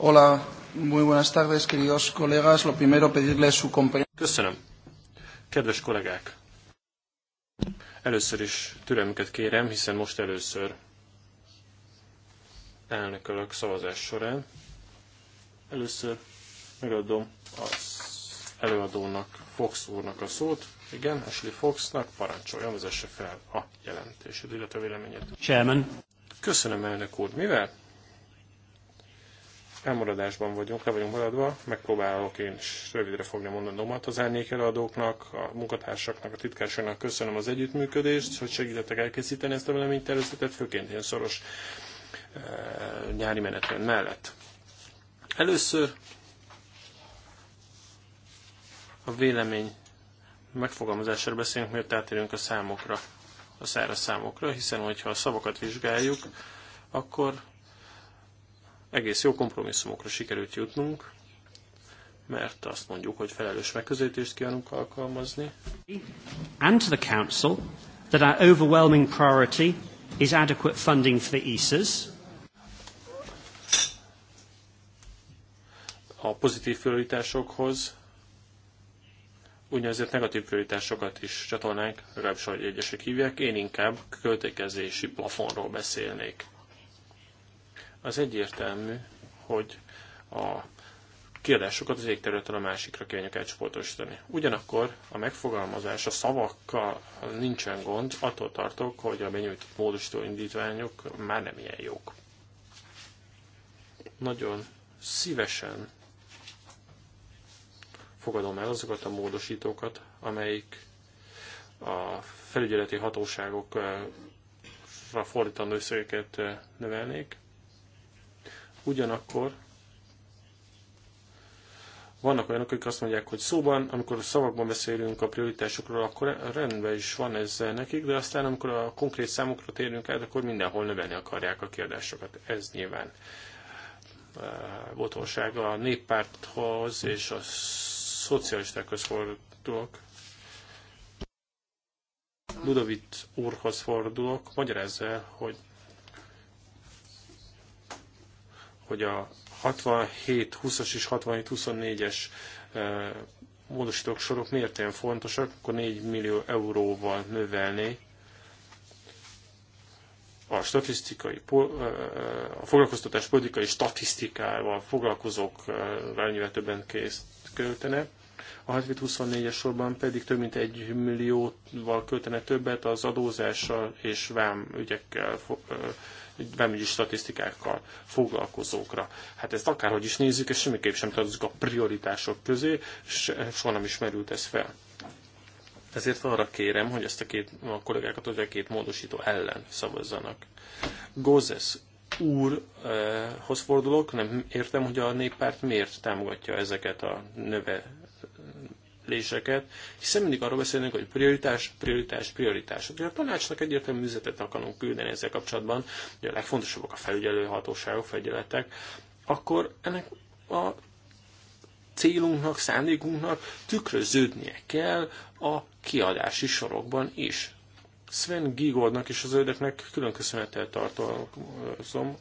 Hola, muy buenas tardes, queridos colegas. Lo primero, su compañía. Köszönöm. Kedves kollégák! Először is türelmüket kérem, hiszen most először elnökölök szavazás során. Először megadom az előadónak, Fox úrnak a szót. Igen, Ashley Foxnak parancsoljon, vezesse fel a jelentését, illetve a véleményét. Chairman. Köszönöm, elnök úr. Mivel elmaradásban vagyunk, le vagyunk maradva, megpróbálok én is rövidre fogni mondanomat az árnyékeladóknak, a munkatársaknak, a titkárságnak köszönöm az együttműködést, hogy segítettek elkészíteni ezt a véleménytervezetet, főként ilyen szoros e, nyári menetrend mellett. Először a vélemény megfogalmazásra beszélünk, miért átérünk a számokra, a száraz számokra, hiszen hogyha a szavakat vizsgáljuk, akkor egész jó kompromisszumokra sikerült jutnunk, mert azt mondjuk, hogy felelős megközelítést kívánunk alkalmazni. And to the Council that our overwhelming priority is adequate funding for the ESAs. A pozitív prioritásokhoz úgynevezett negatív prioritásokat is csatolnánk, legalábbis hogy egyesek hívják, én inkább költekezési plafonról beszélnék az egyértelmű, hogy a kiadásokat az egyik a másikra kívánjuk elcsoportosítani. Ugyanakkor a megfogalmazás, a szavakkal nincsen gond, attól tartok, hogy a benyújtott módosító indítványok már nem ilyen jók. Nagyon szívesen fogadom el azokat a módosítókat, amelyik a felügyeleti hatóságokra eh, fordítandó összegeket eh, növelnék, Ugyanakkor vannak olyanok, akik azt mondják, hogy szóban, amikor szavakban beszélünk a prioritásokról, akkor rendben is van ez nekik, de aztán amikor a konkrét számokra térünk át, akkor mindenhol növelni akarják a kiadásokat. Ez nyilván eh, botonság a néppárthoz és a szocialistákhoz fordulok. Ludovic úrhoz fordulok, magyarázza el, hogy hogy a 67-20-as és 67-24-es eh, módosítók sorok miért ilyen fontosak, akkor 4 millió euróval növelné. a statisztikai, eh, a foglalkoztatás politikai statisztikával foglalkozók eh, valamivel többen kész költene. A 6724-es sorban pedig több mint egy millióval költene többet az adózással és vám ügyekkel bemügyi statisztikákkal foglalkozókra. Hát ezt akárhogy is nézzük, és semmiképp sem tartozik a prioritások közé, és soha nem is ez fel. Ezért arra kérem, hogy ezt a, két, a kollégákat, hogy a két módosító ellen szavazzanak. Gózes úrhoz eh, fordulok, nem értem, hogy a néppárt miért támogatja ezeket a növe, szerepléseket, hiszen mindig arról beszélünk, hogy prioritás, prioritás, prioritás. Ugye a tanácsnak egyértelmű üzenetet akarunk küldeni ezzel kapcsolatban, hogy a legfontosabbak a felügyelő hatóságok, felügyeletek, akkor ennek a célunknak, szándékunknak tükröződnie kell a kiadási sorokban is. Sven Gigordnak és az öldeknek külön köszönettel tartozom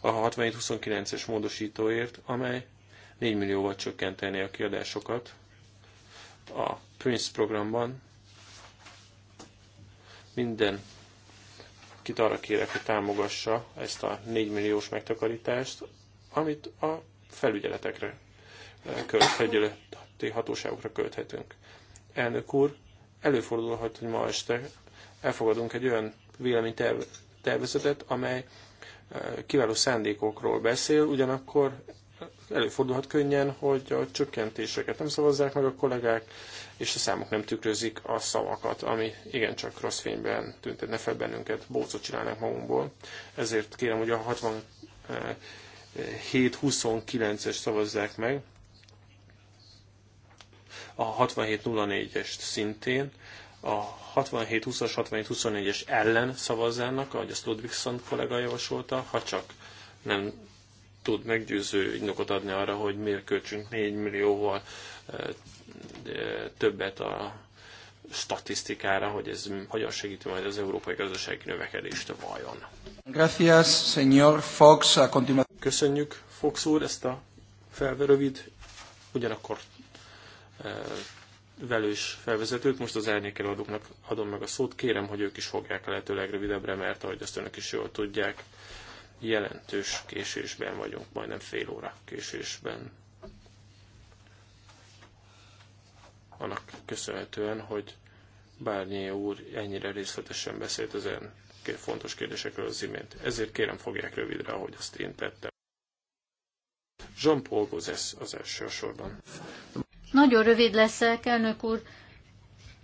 a 6729-es módosítóért, amely 4 millióval csökkenteni a kiadásokat a Prince programban minden kit arra kérek, hogy támogassa ezt a 4 milliós megtakarítást, amit a felügyeletekre, eh, felügyeleti hatóságokra költhetünk. Elnök úr, előfordulhat, hogy ma este elfogadunk egy olyan tervezetet, amely eh, kiváló szándékokról beszél, ugyanakkor előfordulhat könnyen, hogy a csökkentéseket nem szavazzák meg a kollégák, és a számok nem tükrözik a szavakat, ami igencsak rossz fényben tüntetne fel bennünket, bócot csinálnak magunkból. Ezért kérem, hogy a 67-29-es szavazzák meg, a 67-04-est szintén, a 67-20-as, 67-24-es ellen szavazzának, ahogy a Ludwigson kollega javasolta, ha csak nem tud meggyőző indokot adni arra, hogy miért költsünk 4 millióval többet a statisztikára, hogy ez hogyan segíti majd az európai gazdasági növekedést vajon. Gracias, señor Fox. A Köszönjük, Fox úr, ezt a felverövid, ugyanakkor e, velős felvezetőt. Most az árnyékelőadóknak adom meg a szót. Kérem, hogy ők is fogják a lehető legrövidebbre, mert ahogy azt önök is jól tudják, jelentős késésben vagyunk, majdnem fél óra késésben. Annak köszönhetően, hogy Bárnyé úr ennyire részletesen beszélt az ilyen fontos kérdésekről az imént. Ezért kérem fogják rövidre, ahogy azt én tettem. Jean-Paul Gozes az első sorban. Nagyon rövid leszek, elnök úr.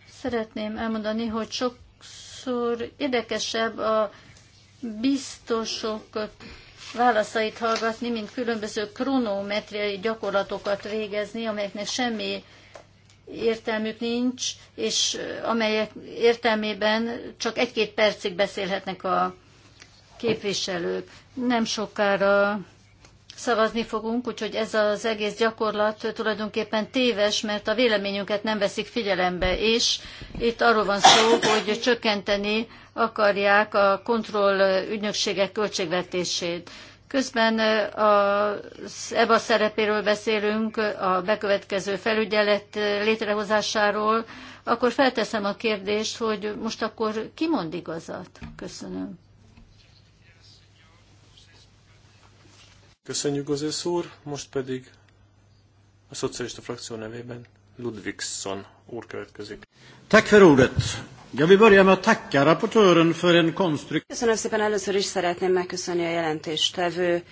Szeretném elmondani, hogy sokszor érdekesebb a biztosok válaszait hallgatni, mint különböző kronometriai gyakorlatokat végezni, amelyeknek semmi értelmük nincs, és amelyek értelmében csak egy-két percig beszélhetnek a képviselők. Nem sokára szavazni fogunk, úgyhogy ez az egész gyakorlat tulajdonképpen téves, mert a véleményünket nem veszik figyelembe, és itt arról van szó, hogy csökkenteni akarják a kontroll ügynökségek költségvetését. Közben az EBA szerepéről beszélünk, a bekövetkező felügyelet létrehozásáról, akkor felteszem a kérdést, hogy most akkor ki mond igazat? Köszönöm. Köszönjük az úr, most pedig a szocialista frakció nevében Ludvigsson úr következik. Tack för ordet. Jag vill börja med att tacka rapportören för en konstruktiv... Köszönöm szépen, először is szeretném megköszönni a jelentéstevő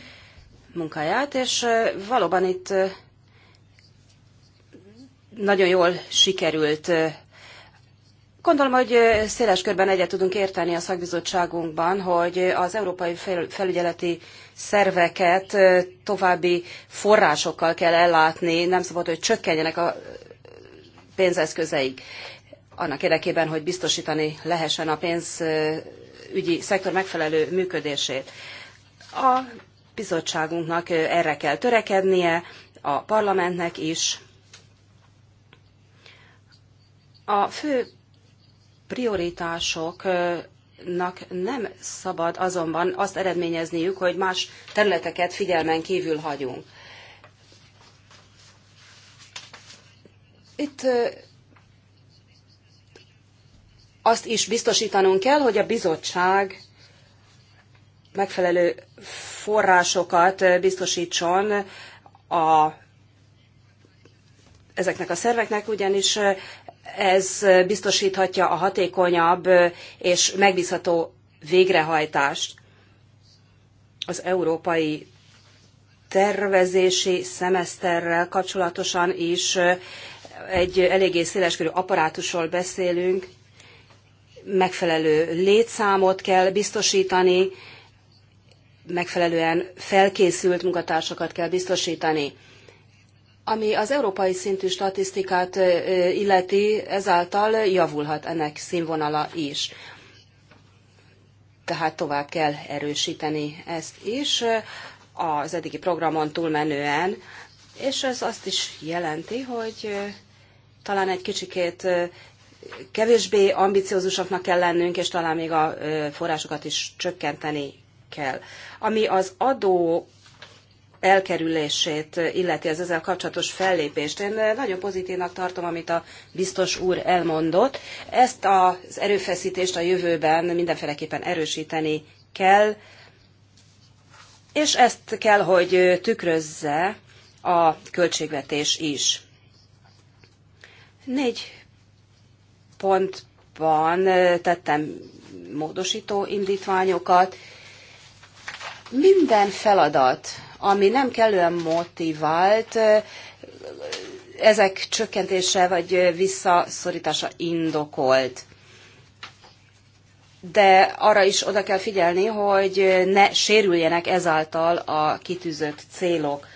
munkáját, és valóban itt nagyon jól sikerült Gondolom, hogy széles körben egyet tudunk érteni a szakbizottságunkban, hogy az európai felügyeleti szerveket további forrásokkal kell ellátni, nem szabad, hogy csökkenjenek a pénzeszközeik annak érdekében, hogy biztosítani lehessen a pénzügyi szektor megfelelő működését. A bizottságunknak erre kell törekednie, a parlamentnek is. A fő prioritásoknak nem szabad azonban azt eredményezniük, hogy más területeket figyelmen kívül hagyunk. Itt azt is biztosítanunk kell, hogy a bizottság megfelelő forrásokat biztosítson a, ezeknek a szerveknek, ugyanis ez biztosíthatja a hatékonyabb és megbízható végrehajtást. Az európai tervezési szemeszterrel kapcsolatosan is egy eléggé széleskörű apparátusról beszélünk, megfelelő létszámot kell biztosítani, megfelelően felkészült munkatársakat kell biztosítani. Ami az európai szintű statisztikát illeti, ezáltal javulhat ennek színvonala is. Tehát tovább kell erősíteni ezt is az eddigi programon túlmenően, és ez azt is jelenti, hogy talán egy kicsikét kevésbé ambiciózusaknak kell lennünk, és talán még a forrásokat is csökkenteni kell. Ami az adó elkerülését illeti az ezzel kapcsolatos fellépést. Én nagyon pozitívnak tartom, amit a biztos úr elmondott. Ezt az erőfeszítést a jövőben mindenféleképpen erősíteni kell, és ezt kell, hogy tükrözze a költségvetés is. Négy pontban tettem módosító indítványokat. Minden feladat, ami nem kellően motivált, ezek csökkentése vagy visszaszorítása indokolt. De arra is oda kell figyelni, hogy ne sérüljenek ezáltal a kitűzött célok.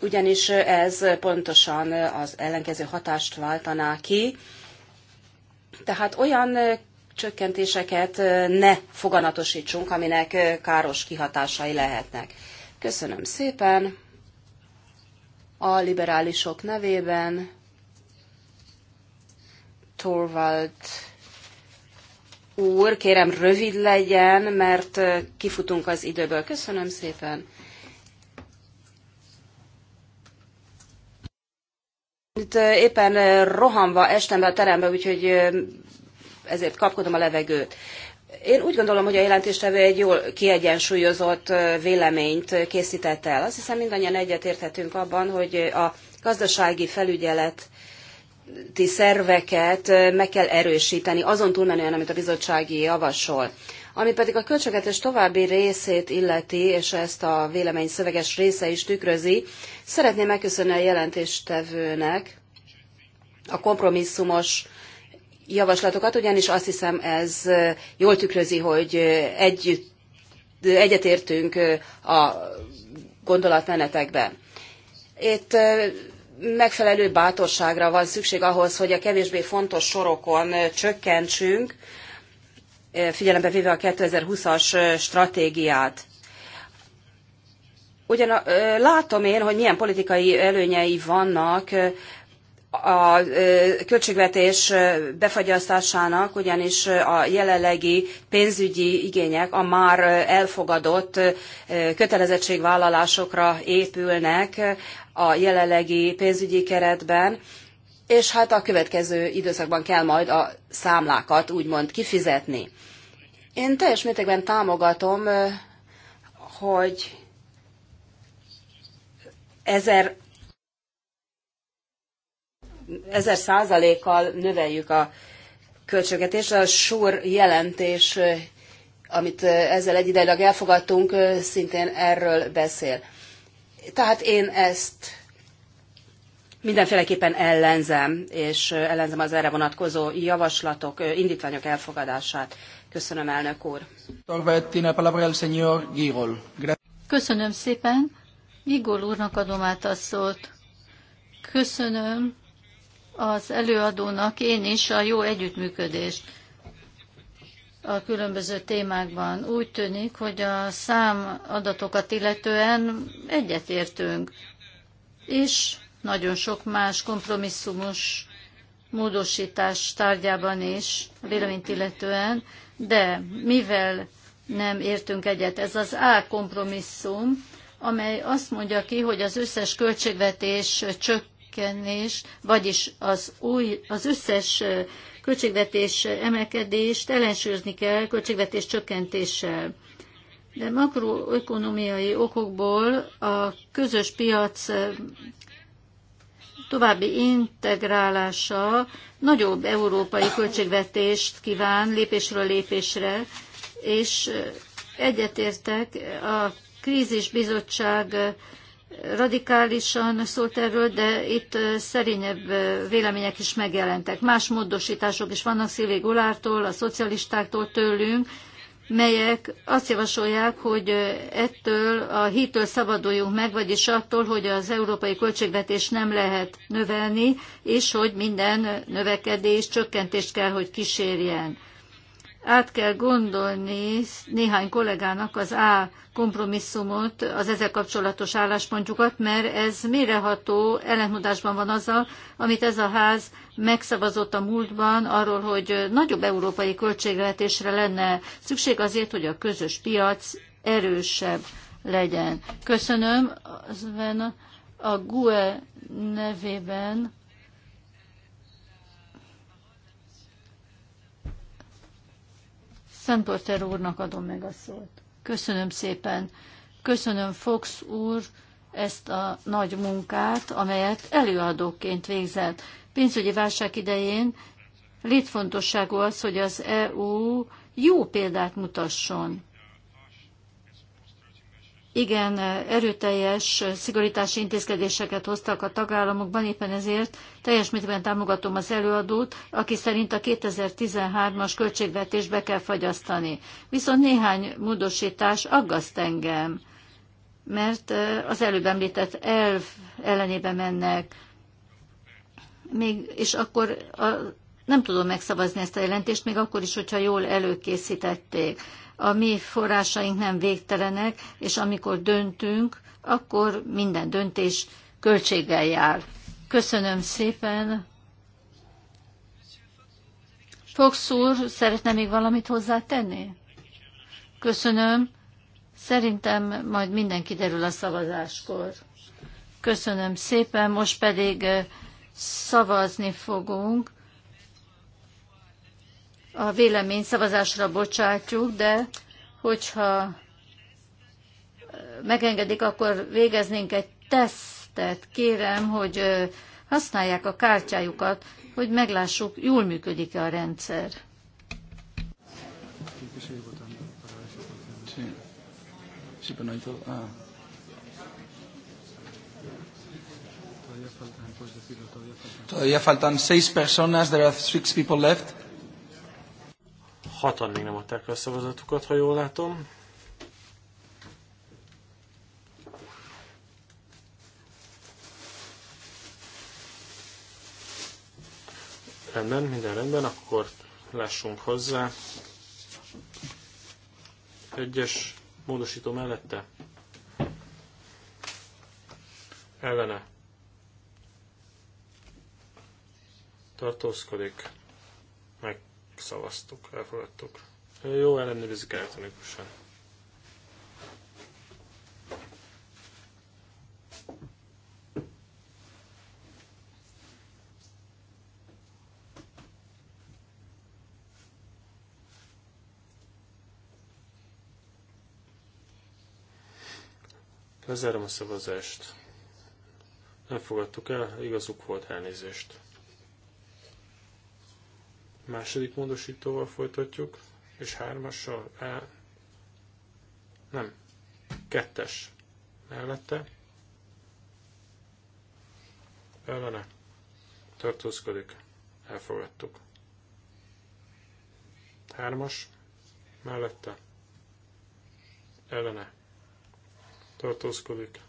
Ugyanis ez pontosan az ellenkező hatást váltaná ki. Tehát olyan csökkentéseket ne foganatosítsunk, aminek káros kihatásai lehetnek. Köszönöm szépen. A liberálisok nevében Torvald úr, kérem rövid legyen, mert kifutunk az időből. Köszönöm szépen. Itt éppen rohanva estem be a terembe, úgyhogy ezért kapkodom a levegőt. Én úgy gondolom, hogy a jelentéstevő egy jól kiegyensúlyozott véleményt készített el. Azt hiszem mindannyian egyetérthetünk abban, hogy a gazdasági felügyelet szerveket meg kell erősíteni, azon túlmenően, amit a bizottsági javasol. Ami pedig a költségvetés további részét illeti, és ezt a vélemény szöveges része is tükrözi, szeretném megköszönni a jelentéstevőnek a kompromisszumos javaslatokat, ugyanis azt hiszem ez jól tükrözi, hogy együtt, egyetértünk a gondolatmenetekben. Itt megfelelő bátorságra van szükség ahhoz, hogy a kevésbé fontos sorokon csökkentsünk, figyelembe véve a 2020-as stratégiát. Ugyan látom én, hogy milyen politikai előnyei vannak a költségvetés befagyasztásának, ugyanis a jelenlegi pénzügyi igények a már elfogadott kötelezettségvállalásokra épülnek a jelenlegi pénzügyi keretben, és hát a következő időszakban kell majd a számlákat úgymond kifizetni. Én teljes mértékben támogatom, hogy ezer ezer százalékkal növeljük a és A sor jelentés, amit ezzel egyidejileg elfogadtunk, szintén erről beszél. Tehát én ezt mindenféleképpen ellenzem, és ellenzem az erre vonatkozó javaslatok, indítványok elfogadását. Köszönöm, elnök úr. Köszönöm szépen. Gigol úrnak adom át a szót. Köszönöm, az előadónak én is a jó együttműködést a különböző témákban. Úgy tűnik, hogy a szám adatokat illetően egyetértünk, és nagyon sok más kompromisszumos módosítás tárgyában is, véleményt illetően, de mivel nem értünk egyet, ez az A kompromisszum, amely azt mondja ki, hogy az összes költségvetés csökkent, csökkenés, vagyis az, új, az összes költségvetés emelkedést ellensőzni kell költségvetés csökkentéssel. De makroökonomiai okokból a közös piac további integrálása nagyobb európai költségvetést kíván lépésről lépésre, és egyetértek a krízisbizottság bizottság radikálisan szólt erről, de itt szerényebb vélemények is megjelentek. Más módosítások is vannak Szilvi Gulártól, a szocialistáktól tőlünk, melyek azt javasolják, hogy ettől a híttől szabaduljunk meg, vagyis attól, hogy az európai költségvetés nem lehet növelni, és hogy minden növekedés csökkentést kell, hogy kísérjen át kell gondolni néhány kollégának az A kompromisszumot, az ezzel kapcsolatos álláspontjukat, mert ez méreható ellentmondásban van azzal, amit ez a ház megszavazott a múltban arról, hogy nagyobb európai költségvetésre lenne szükség azért, hogy a közös piac erősebb legyen. Köszönöm, az a GUE nevében Szentporter úrnak adom meg a szót. Köszönöm szépen. Köszönöm Fox úr ezt a nagy munkát, amelyet előadóként végzett. Pénzügyi válság idején létfontosságú az, hogy az EU jó példát mutasson igen erőteljes szigorítási intézkedéseket hoztak a tagállamokban, éppen ezért teljes mértékben támogatom az előadót, aki szerint a 2013-as költségvetést be kell fagyasztani. Viszont néhány módosítás aggaszt engem, mert eh, az előbb említett elv ellenébe mennek, még, és akkor a, nem tudom megszavazni ezt a jelentést, még akkor is, hogyha jól előkészítették a mi forrásaink nem végtelenek, és amikor döntünk, akkor minden döntés költséggel jár. Köszönöm szépen. Fox úr, szeretne még valamit hozzátenni? Köszönöm. Szerintem majd minden kiderül a szavazáskor. Köszönöm szépen, most pedig eh, szavazni fogunk a vélemény szavazásra bocsátjuk, de hogyha megengedik, akkor végeznénk egy tesztet. Kérem, hogy használják a kártyájukat, hogy meglássuk, jól működik-e a rendszer. Todavía faltan seis personas, there are six people left. Hatan még nem adták a szavazatukat, ha jól látom. Rendben, minden rendben, akkor lássunk hozzá. Egyes módosító mellette. Ellene. Tartózkodik. Meg szavaztuk, elfogadtuk. Jó, ellenőrizzük elektronikusan. Lezárom a szavazást. Nem fogadtuk el, igazuk volt elnézést. Második módosítóval folytatjuk, és hármassal el... Nem. Kettes. Mellette. Ellene. Tartózkodik. Elfogadtuk. Hármas. Mellette. Ellene. Tartózkodik.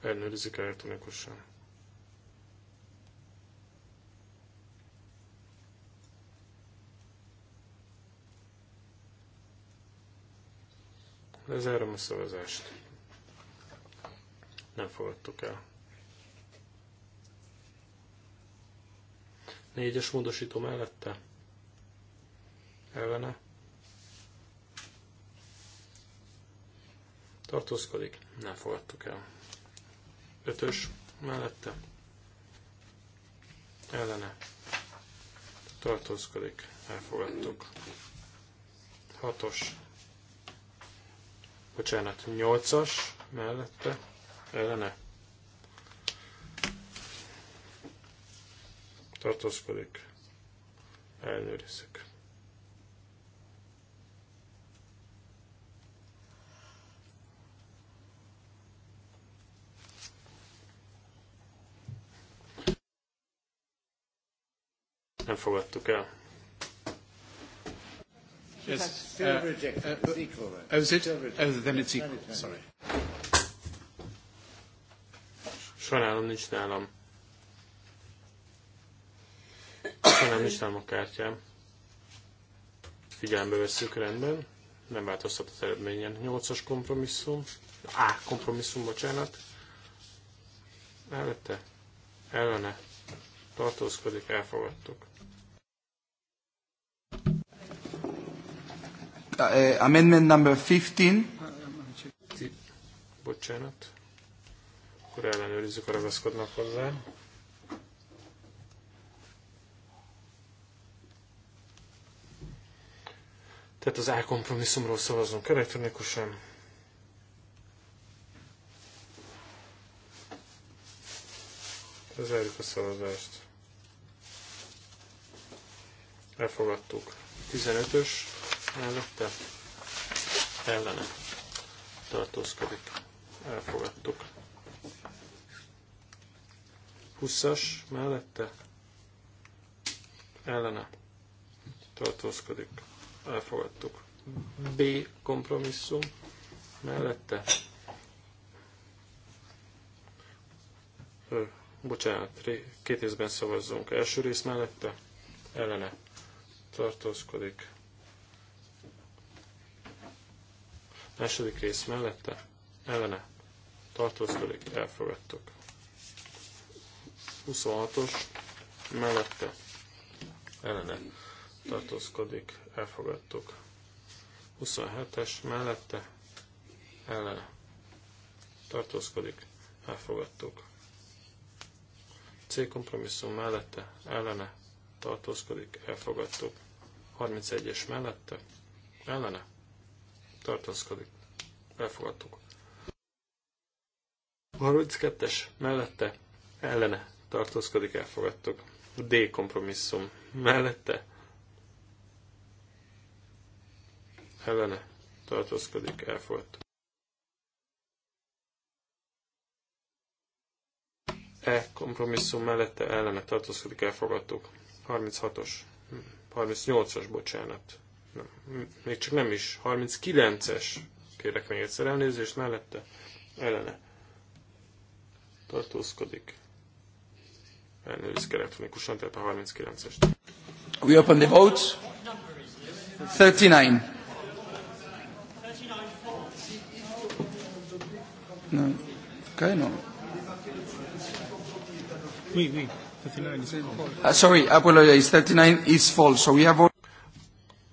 Ellenőrizik elektronikusan. Lezárom a szavazást. Nem fogadtuk el. Négyes módosító mellette. Ellene. Tartózkodik. Nem fogadtuk el. Ötös mellette. Ellene. Tartózkodik. Elfogadtuk. Hatos bocsánat, 8-as mellette, ellene. Tartózkodik. Elnőrizzük. Nem fogadtuk el. Yes. Uh, still rejected. Uh, it's equal then. Oh, is it? Oh, then it's equal. Sorry. Sajnálom, nincs nálam. Sajnálom, nincs nálam a kártyám. Figyelembe veszük rendben. Nem változtat az eredményen. 8-as kompromisszum. Á, kompromisszum, bocsánat. Előtte. Ellene. Tartózkodik, elfogadtuk. uh, amendment number 15. Bocsánat. Akkor ellenőrizzük, ha ragaszkodnak hozzá. Tehát az A kompromisszumról szavazunk elektronikusan. Lezárjuk a szavazást. Elfogadtuk. 15-ös mellette ellene tartózkodik. Elfogadtuk. 20-as mellette ellene tartózkodik. Elfogadtuk. B kompromisszum mellette. Ö, bocsánat, két részben szavazzunk. Első rész mellette ellene tartózkodik. Második rész mellette, ellene, tartózkodik, elfogadtok. 26-os mellette, ellene, tartózkodik, elfogadtok. 27-es mellette, ellene, tartózkodik, elfogadtok. C kompromisszum mellette, ellene, tartózkodik, elfogadtok. 31-es mellette, ellene, tartózkodik. Elfogadtuk. 32-es mellette ellene tartózkodik, elfogadtuk. D kompromisszum mellette ellene tartózkodik, elfogadtuk. E kompromisszum mellette ellene tartózkodik, elfogadtuk. 36-os, 38-as, bocsánat még csak nem is, 39-es, kérek még egyszer elnézést mellette, ellene tartózkodik. Elnézést elektronikusan, tehát a 39-est. We open the vote. 39. No. Okay, no. Oui, oui. 39 is false. Uh, sorry, apologize. 39 is false. So we have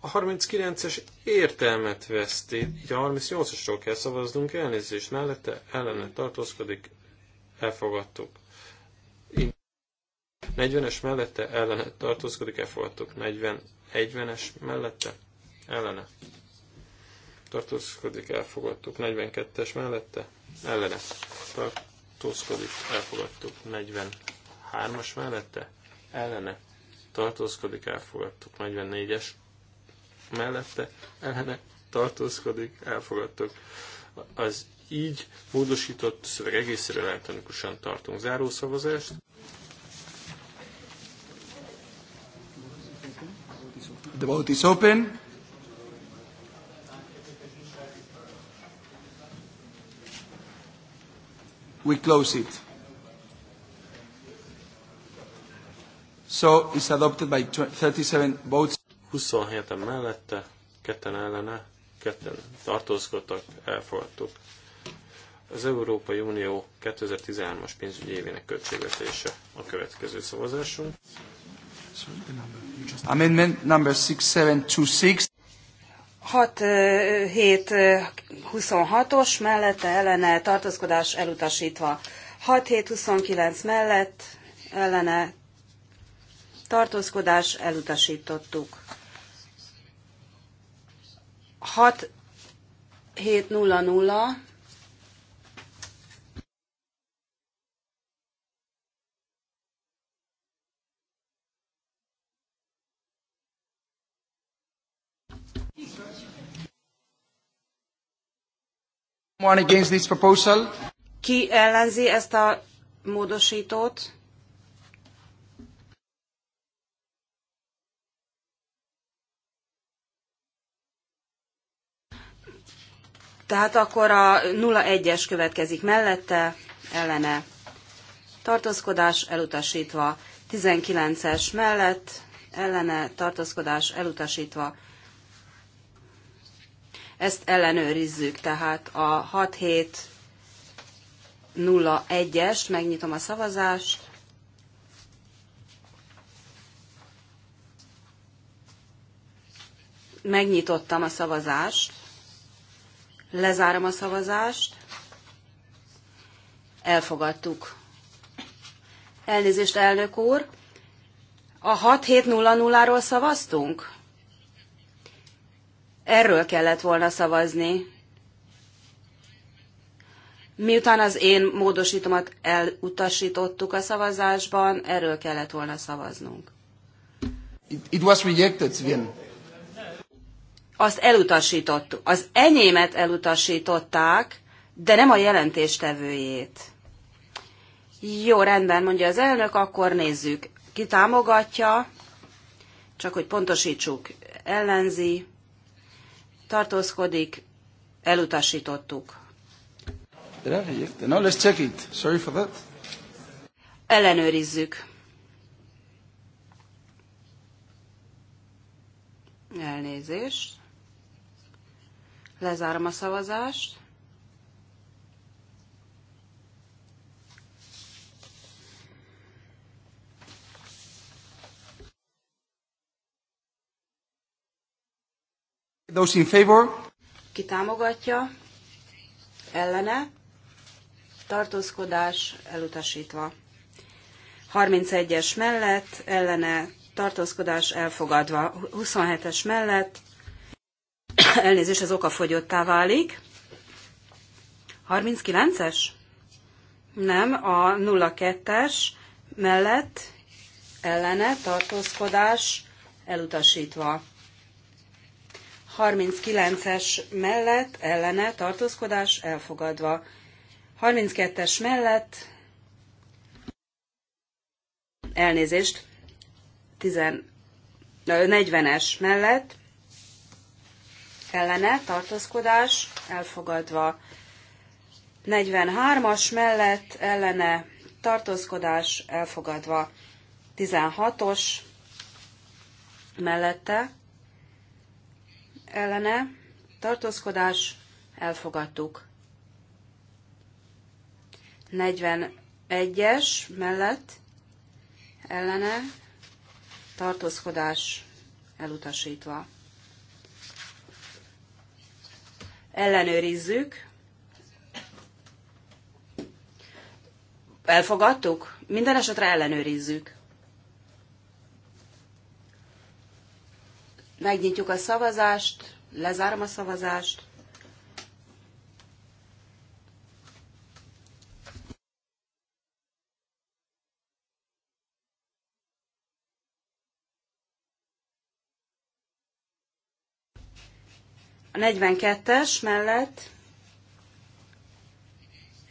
a 39-es értelmet veszti, így a 38-asról kell szavaznunk, elnézést mellette ellene tartózkodik, elfogadtuk. 40-es mellette ellene tartózkodik, elfogadtuk. 40, es mellette ellene tartózkodik, elfogadtuk. 42-es mellette ellene tartózkodik, elfogadtuk. 43-as mellette ellene tartózkodik, elfogadtuk. 44-es mellette ellene tartózkodik, elfogadtok. Az így módosított szöveg egészéről elektronikusan tartunk zárószavazást. The vote is open. We close it. So it's adopted by 37 votes. 27-en mellette, ketten ellene, ketten tartózkodtak, elfogadtuk. Az Európai Unió 2013-as pénzügyi évének költségvetése a következő szavazásunk. Amendment number 6726. 6726-os mellette ellene tartózkodás elutasítva. 6729 mellett ellene tartózkodás elutasítottuk. 6700 Ki ellenzi ezt a módosítót? Tehát akkor a 01-es következik mellette, ellene tartózkodás elutasítva, 19-es mellett, ellene tartózkodás elutasítva. Ezt ellenőrizzük, tehát a 6701-est, megnyitom a szavazást. Megnyitottam a szavazást. Lezárom a szavazást. Elfogadtuk. Elnézést, elnök úr. A 6700-ról szavaztunk? Erről kellett volna szavazni. Miután az én módosítomat elutasítottuk a szavazásban, erről kellett volna szavaznunk. It, it was rejected, Sven azt elutasítottuk. Az enyémet elutasították, de nem a jelentéstevőjét. Jó, rendben, mondja az elnök, akkor nézzük. Ki támogatja, csak hogy pontosítsuk, ellenzi, tartózkodik, elutasítottuk. No, let's check it. Sorry for that. Ellenőrizzük. Elnézést. Lezárom a szavazást. Those in favor? Ki támogatja? Ellene? Tartózkodás elutasítva. 31-es mellett, ellene tartózkodás elfogadva. 27-es mellett, elnézést, az okafogyottá válik. 39-es? Nem, a 02-es mellett ellene tartózkodás elutasítva. 39-es mellett ellene tartózkodás elfogadva. 32-es mellett elnézést, 40-es mellett ellene tartózkodás elfogadva. 43-as mellett ellene tartózkodás elfogadva. 16-os mellette ellene tartózkodás elfogadtuk. 41-es mellett ellene tartózkodás elutasítva. ellenőrizzük. Elfogadtuk? Minden esetre ellenőrizzük. Megnyitjuk a szavazást, lezárom a szavazást. A 42-es mellett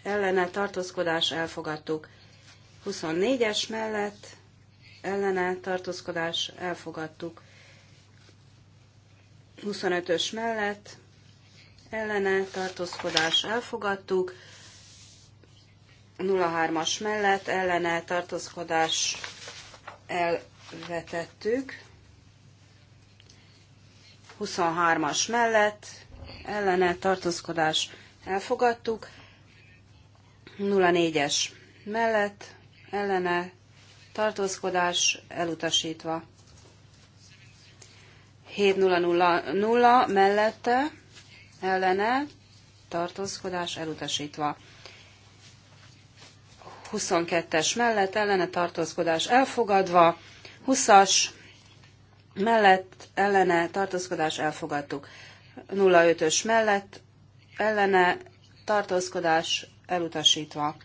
ellene tartózkodás elfogadtuk. 24-es mellett ellene tartózkodás elfogadtuk. 25-ös mellett ellene tartózkodás elfogadtuk. 03-as mellett ellene tartózkodás elvetettük. 23-as mellett ellene tartózkodás elfogadtuk, 04-es mellett ellene tartózkodás elutasítva. 7.000 mellette ellene tartózkodás elutasítva. 22-es mellett ellene tartózkodás elfogadva. 20-as mellett ellene tartózkodás elfogadtuk. 05-ös mellett ellene tartózkodás elutasítva.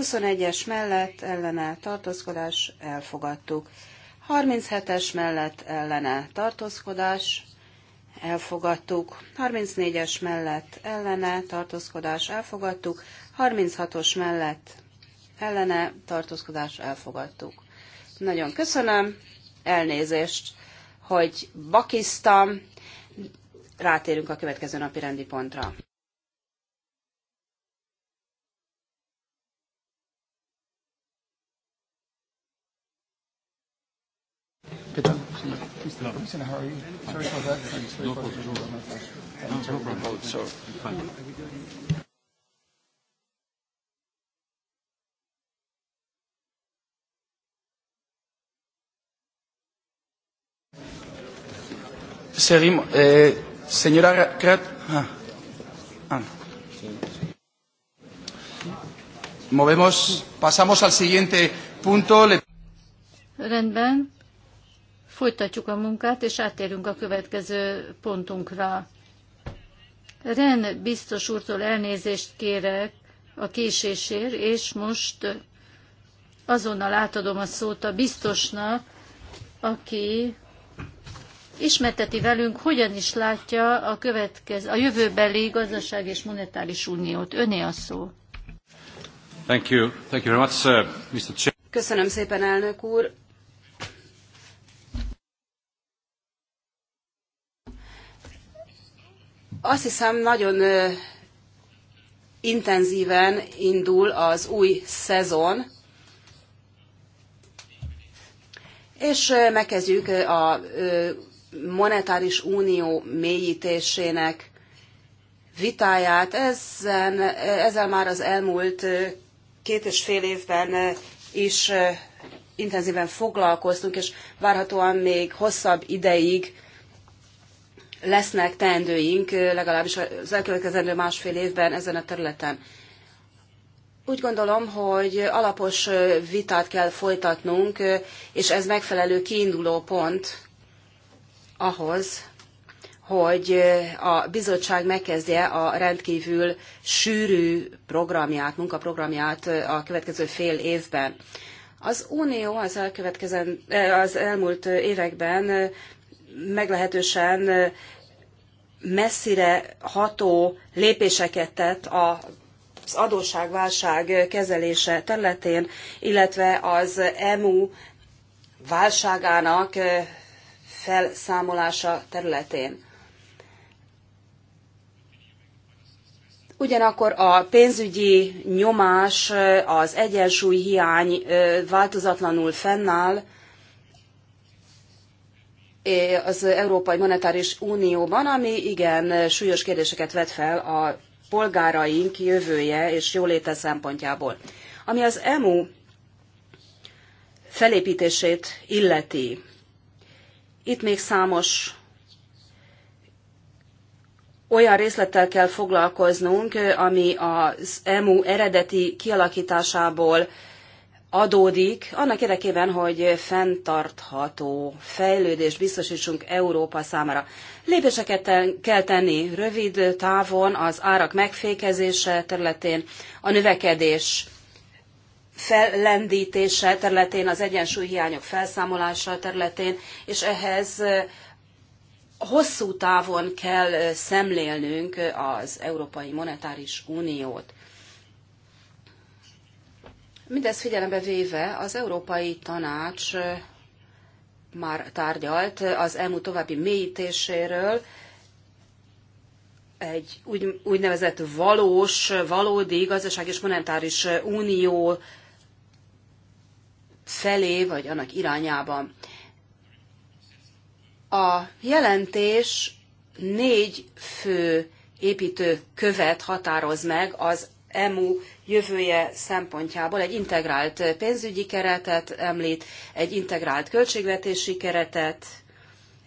21-es mellett ellene tartózkodás elfogadtuk. 37-es mellett ellene tartózkodás elfogadtuk. 34-es mellett ellene tartózkodás elfogadtuk. 36-os mellett ellene tartózkodás elfogadtuk. Nagyon köszönöm, elnézést! hogy bakisztam, rátérünk a következő napi rendi pontra. Good Seguimos. Eh, señora Krat. Ah. Ah. Movemos, pasamos al siguiente punto. Le... Rendben. Folytatjuk a munkát, és átérünk a következő pontunkra. Ren biztos úrtól elnézést kérek a késésért, és most azonnal átadom a szót a biztosnak, aki ismerteti velünk, hogyan is látja a, következő, a jövőbeli gazdaság és monetáris uniót. Öné a szó. Thank you. Thank you very much, uh, Mr. Chair. Köszönöm szépen, elnök úr. Azt hiszem, nagyon intenzíven indul az új szezon, és megkezdjük a monetáris unió mélyítésének vitáját. Ezen, ezzel már az elmúlt két és fél évben is intenzíven foglalkoztunk, és várhatóan még hosszabb ideig lesznek teendőink, legalábbis az elkövetkezendő másfél évben ezen a területen. Úgy gondolom, hogy alapos vitát kell folytatnunk, és ez megfelelő kiinduló pont ahhoz, hogy a bizottság megkezdje a rendkívül sűrű programját, munkaprogramját a következő fél évben. Az Unió az, az elmúlt években meglehetősen messzire ható lépéseket tett a az adósságválság kezelése területén, illetve az EMU válságának felszámolása területén. Ugyanakkor a pénzügyi nyomás, az egyensúly hiány változatlanul fennáll az Európai Monetáris Unióban, ami igen súlyos kérdéseket vet fel a polgáraink jövője és jóléte szempontjából. Ami az EMU felépítését illeti, itt még számos olyan részlettel kell foglalkoznunk, ami az EMU eredeti kialakításából adódik, annak érdekében, hogy fenntartható fejlődést biztosítsunk Európa számára. Lépéseket kell tenni rövid távon az árak megfékezése területén, a növekedés fellendítése területén, az egyensúlyhiányok felszámolása területén, és ehhez eh, hosszú távon kell eh, szemlélnünk eh, az Európai Monetáris Uniót. Mindez figyelembe véve az Európai Tanács már tárgyalt az EMU további mélyítéséről, egy úgy, úgynevezett valós, valódi gazdaság és monetáris unió felé, vagy annak irányába. A jelentés négy fő építő követ határoz meg az EMU jövője szempontjából egy integrált pénzügyi keretet említ, egy integrált költségvetési keretet,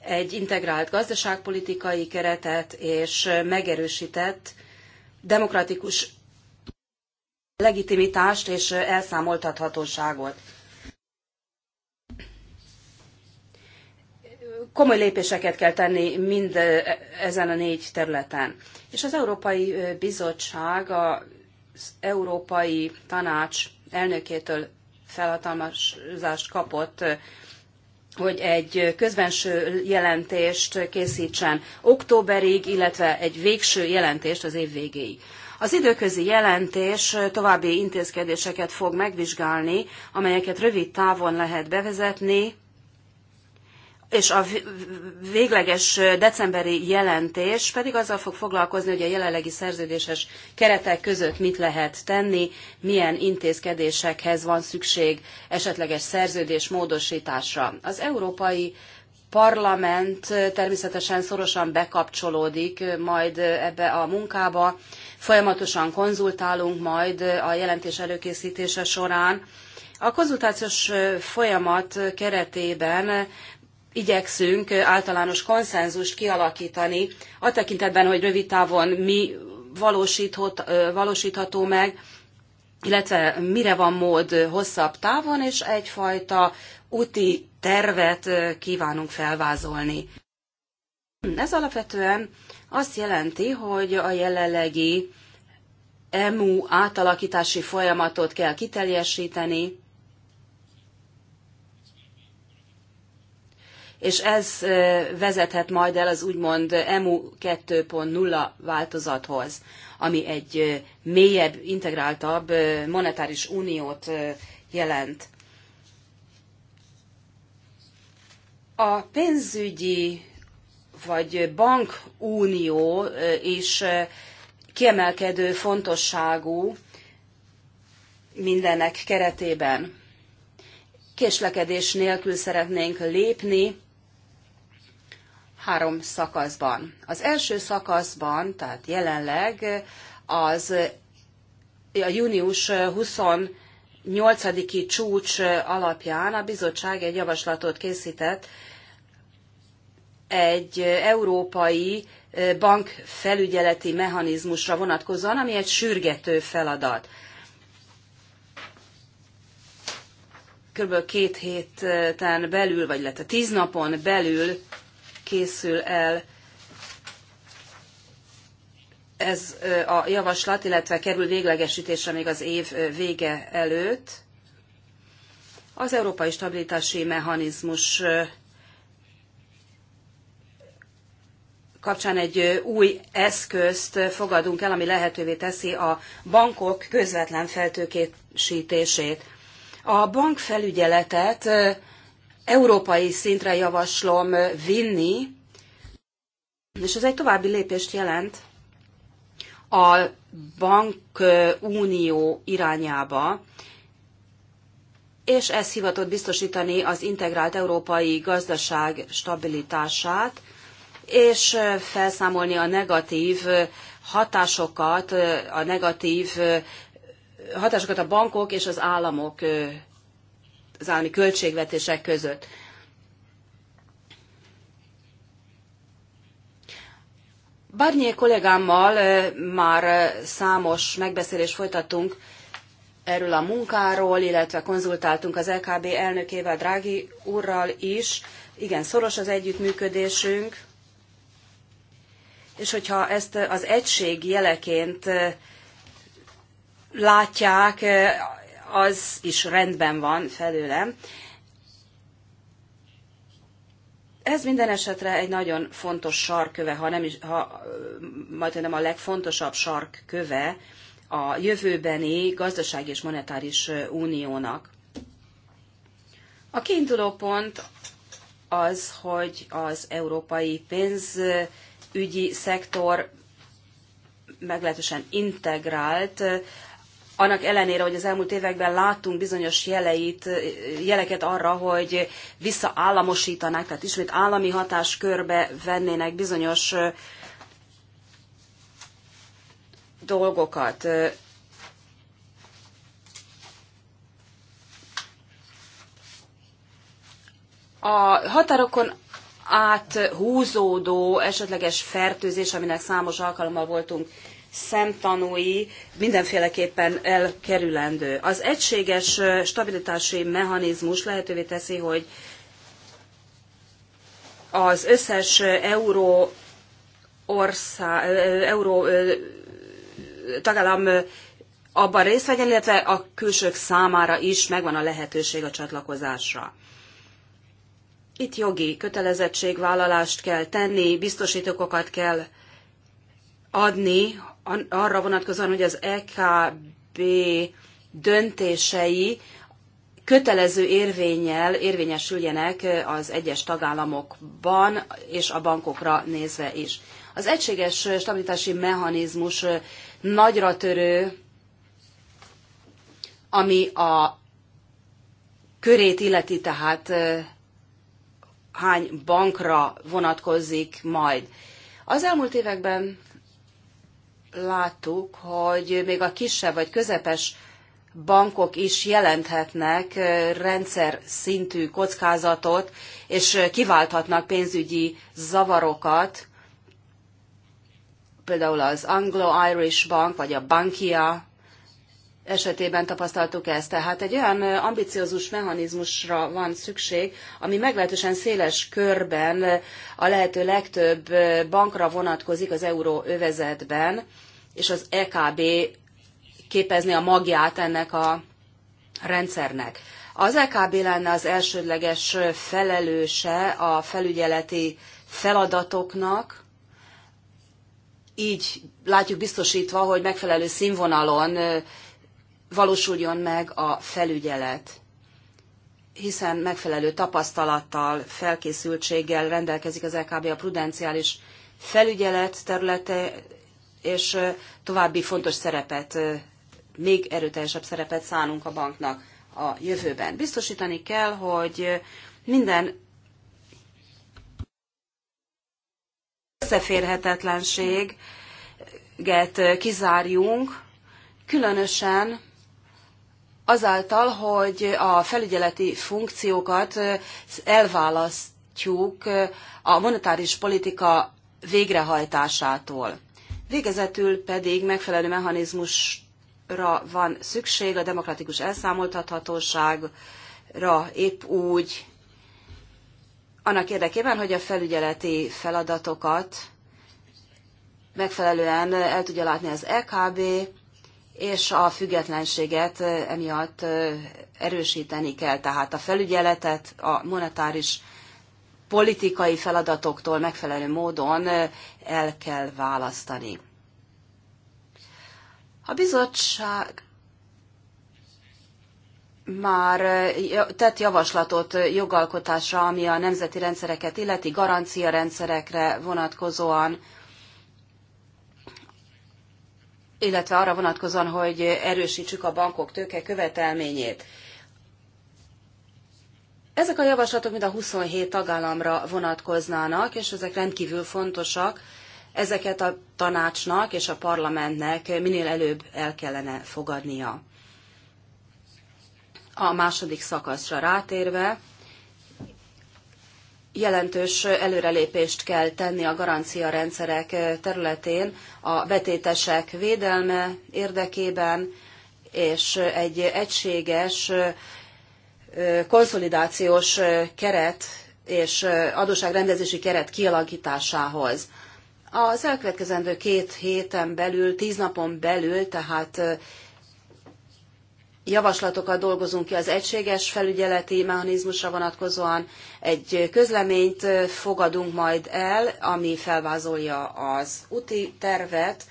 egy integrált gazdaságpolitikai keretet és megerősített demokratikus legitimitást és elszámoltathatóságot. komoly lépéseket kell tenni mind e, ezen a négy területen. És az Európai Bizottság az Európai Tanács elnökétől felhatalmazást kapott, hogy egy közbenső jelentést készítsen októberig, illetve egy végső jelentést az év végéig. Az időközi jelentés további intézkedéseket fog megvizsgálni, amelyeket rövid távon lehet bevezetni, és a végleges decemberi jelentés pedig azzal fog foglalkozni, hogy a jelenlegi szerződéses keretek között mit lehet tenni, milyen intézkedésekhez van szükség esetleges szerződés módosításra. Az Európai Parlament természetesen szorosan bekapcsolódik majd ebbe a munkába, folyamatosan konzultálunk majd a jelentés előkészítése során. A konzultációs folyamat keretében igyekszünk általános konszenzust kialakítani a tekintetben, hogy rövid távon mi valósítható meg, illetve mire van mód hosszabb távon, és egyfajta úti tervet kívánunk felvázolni. Ez alapvetően azt jelenti, hogy a jelenlegi EMU átalakítási folyamatot kell kiteljesíteni, és ez vezethet majd el az úgymond EMU 2.0 változathoz, ami egy mélyebb, integráltabb monetáris uniót jelent. A pénzügyi vagy bankunió is kiemelkedő fontosságú mindennek keretében. Késlekedés nélkül szeretnénk lépni, három szakaszban. Az első szakaszban, tehát jelenleg az a június 28-i csúcs alapján a bizottság egy javaslatot készített egy európai bankfelügyeleti mechanizmusra vonatkozóan, ami egy sürgető feladat. Körülbelül két héten belül, vagy a tíz napon belül készül el ez a javaslat, illetve kerül véglegesítésre még az év vége előtt. Az Európai Stabilitási Mechanizmus kapcsán egy új eszközt fogadunk el, ami lehetővé teszi a bankok közvetlen feltőkésítését. A bankfelügyeletet európai szintre javaslom vinni, és ez egy további lépést jelent a bankunió irányába, és ez hivatott biztosítani az integrált európai gazdaság stabilitását, és felszámolni a negatív hatásokat, a negatív hatásokat a bankok és az államok az állami költségvetések között. Barnier kollégámmal már számos megbeszélést folytattunk erről a munkáról, illetve konzultáltunk az LKB elnökével, Drági úrral is. Igen, szoros az együttműködésünk, és hogyha ezt az egység jeleként látják, az is rendben van felőlem. Ez minden esetre egy nagyon fontos sarköve, ha nem is, ha, majd nem a legfontosabb sarkköve a jövőbeni gazdasági és monetáris uniónak. A kiinduló pont az, hogy az európai pénzügyi szektor meglehetősen integrált annak ellenére, hogy az elmúlt években láttunk bizonyos jeleit, jeleket arra, hogy visszaállamosítanák, tehát ismét állami hatáskörbe vennének bizonyos dolgokat. A határokon áthúzódó esetleges fertőzés, aminek számos alkalommal voltunk szemtanúi mindenféleképpen elkerülendő. Az egységes stabilitási mechanizmus lehetővé teszi, hogy az összes euró ország, euró tagállam abban részt vegyen, illetve a külsők számára is megvan a lehetőség a csatlakozásra. Itt jogi kötelezettségvállalást kell tenni, biztosítókokat kell adni arra vonatkozóan, hogy az EKB döntései kötelező érvényel érvényesüljenek az egyes tagállamokban és a bankokra nézve is. Az egységes stabilitási mechanizmus nagyra törő, ami a körét illeti, tehát hány bankra vonatkozik majd. Az elmúlt években láttuk, hogy még a kisebb vagy közepes bankok is jelenthetnek rendszer szintű kockázatot, és kiválthatnak pénzügyi zavarokat, például az Anglo-Irish Bank, vagy a Bankia esetében tapasztaltuk ezt. Tehát egy olyan ambiciózus mechanizmusra van szükség, ami meglehetősen széles körben a lehető legtöbb bankra vonatkozik az euróövezetben, és az EKB képezni a magját ennek a rendszernek. Az EKB lenne az elsődleges felelőse a felügyeleti feladatoknak, így látjuk biztosítva, hogy megfelelő színvonalon valósuljon meg a felügyelet hiszen megfelelő tapasztalattal, felkészültséggel rendelkezik az EKB a prudenciális felügyelet területe és további fontos szerepet, még erőteljesebb szerepet szánunk a banknak a jövőben. Biztosítani kell, hogy minden összeférhetetlenséget kizárjunk, különösen azáltal, hogy a felügyeleti funkciókat elválasztjuk a monetáris politika végrehajtásától. Végezetül pedig megfelelő mechanizmusra van szükség, a demokratikus elszámoltathatóságra épp úgy, annak érdekében, hogy a felügyeleti feladatokat megfelelően el tudja látni az EKB, és a függetlenséget emiatt erősíteni kell, tehát a felügyeletet, a monetáris politikai feladatoktól megfelelő módon el kell választani. A bizottság már tett javaslatot jogalkotásra, ami a nemzeti rendszereket illeti garancia rendszerekre vonatkozóan, illetve arra vonatkozóan, hogy erősítsük a bankok tőke követelményét. Ezek a javaslatok mind a 27 tagállamra vonatkoznának, és ezek rendkívül fontosak. Ezeket a tanácsnak és a parlamentnek minél előbb el kellene fogadnia. A második szakaszra rátérve, jelentős előrelépést kell tenni a garancia rendszerek területén a betétesek védelme érdekében, és egy egységes konszolidációs keret és adósságrendezési keret kialakításához. Az elkövetkezendő két héten belül, tíz napon belül, tehát javaslatokat dolgozunk ki az egységes felügyeleti mechanizmusra vonatkozóan. Egy közleményt fogadunk majd el, ami felvázolja az úti tervet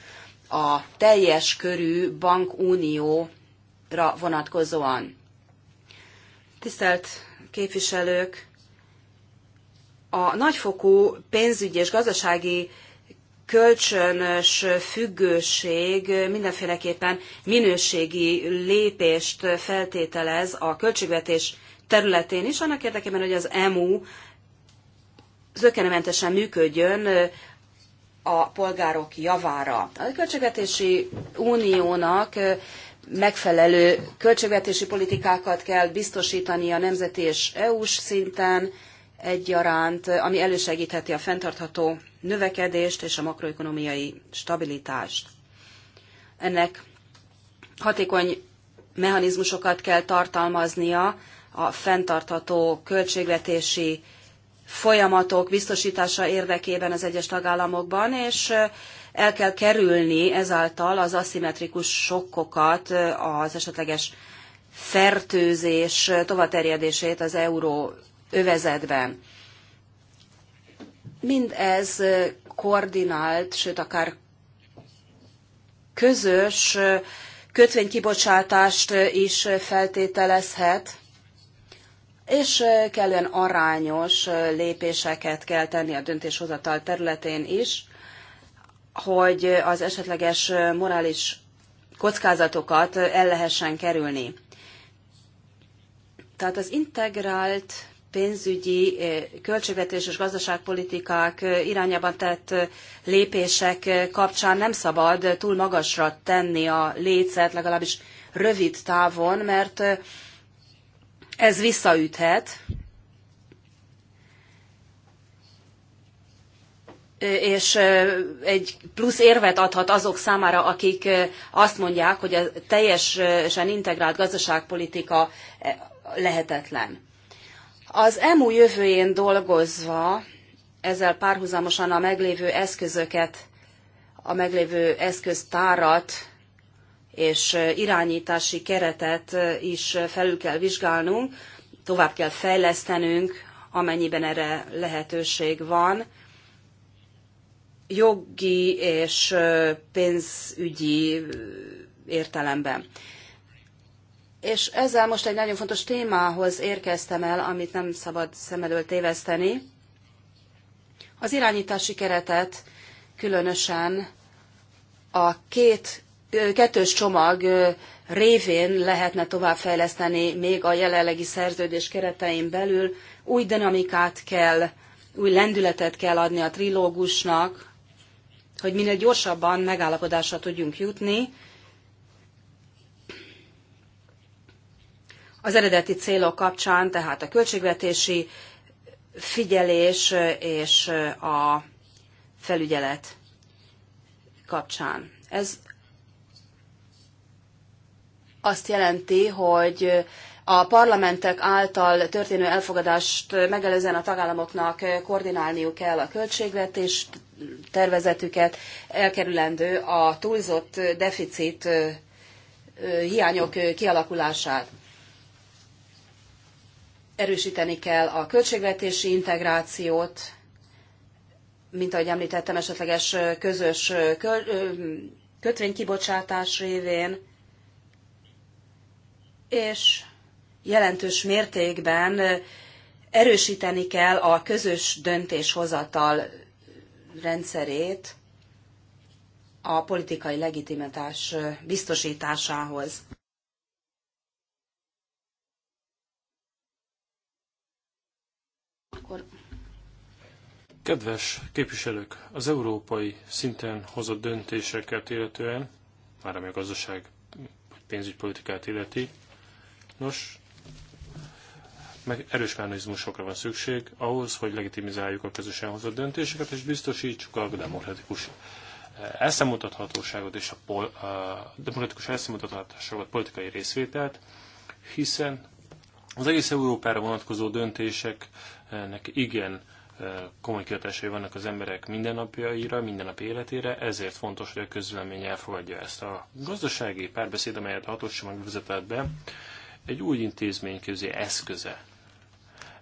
a teljes körű bankunióra vonatkozóan. Tisztelt képviselők, a nagyfokú pénzügyi és gazdasági kölcsönös függőség mindenféleképpen minőségi lépést feltételez a költségvetés területén is, annak érdekében, hogy az EMU zökkenőmentesen működjön a polgárok javára. A költségvetési uniónak megfelelő költségvetési politikákat kell biztosítani a nemzeti és EU-s szinten egyaránt, ami elősegítheti a fenntartható növekedést és a makroökonómiai stabilitást. Ennek hatékony mechanizmusokat kell tartalmaznia a fenntartható költségvetési folyamatok biztosítása érdekében az egyes tagállamokban, és el kell kerülni ezáltal az aszimmetrikus sokkokat, az esetleges fertőzés tovaterjedését az euró övezetben. Mindez koordinált, sőt akár közös kötvénykibocsátást is feltételezhet, és kellően arányos lépéseket kell tenni a döntéshozatal területén is, hogy az esetleges morális kockázatokat el lehessen kerülni. Tehát az integrált pénzügyi eh, költségvetés és gazdaságpolitikák eh, irányában tett eh, lépések kapcsán nem szabad túl magasra tenni a lécet, legalábbis rövid távon, mert ez visszaüthet, és egy plusz érvet adhat azok számára, akik azt mondják, hogy a teljesen integrált gazdaságpolitika lehetetlen. Az EMU jövőjén dolgozva, ezzel párhuzamosan a meglévő eszközöket, a meglévő eszköztárat és irányítási keretet is felül kell vizsgálnunk, tovább kell fejlesztenünk, amennyiben erre lehetőség van jogi és pénzügyi értelemben. És ezzel most egy nagyon fontos témához érkeztem el, amit nem szabad szem elől téveszteni. Az irányítási keretet különösen a két kettős csomag révén lehetne továbbfejleszteni még a jelenlegi szerződés keretein belül. Új dinamikát kell, új lendületet kell adni a trilógusnak, hogy minél gyorsabban megállapodásra tudjunk jutni. Az eredeti célok kapcsán, tehát a költségvetési figyelés és a felügyelet kapcsán. Ez azt jelenti, hogy a parlamentek által történő elfogadást megelőzően a tagállamoknak koordinálniuk kell a költségvetést, tervezetüket, elkerülendő a túlzott deficit hiányok kialakulását. Erősíteni kell a költségvetési integrációt, mint ahogy említettem, esetleges közös kötvénykibocsátás révén, és jelentős mértékben erősíteni kell a közös döntéshozatal rendszerét a politikai legitimitás biztosításához. Akkor... Kedves képviselők, az európai szinten hozott döntéseket illetően, már ami a gazdaság vagy pénzügypolitikát illeti, nos, meg erős mechanizmusokra van szükség ahhoz, hogy legitimizáljuk a közösen hozott döntéseket, és biztosítsuk a demokratikus eh, elszámoltathatóságot és a, pol, a demokratikus elszámoltathatóságot, politikai részvételt, hiszen az egész Európára vonatkozó döntéseknek igen eh, komoly kihatásai vannak az emberek mindennapjaira, mindennapi életére, ezért fontos, hogy a közvélemény elfogadja ezt. A gazdasági párbeszéd, amelyet a hatóság be, egy új intézmény közé eszköze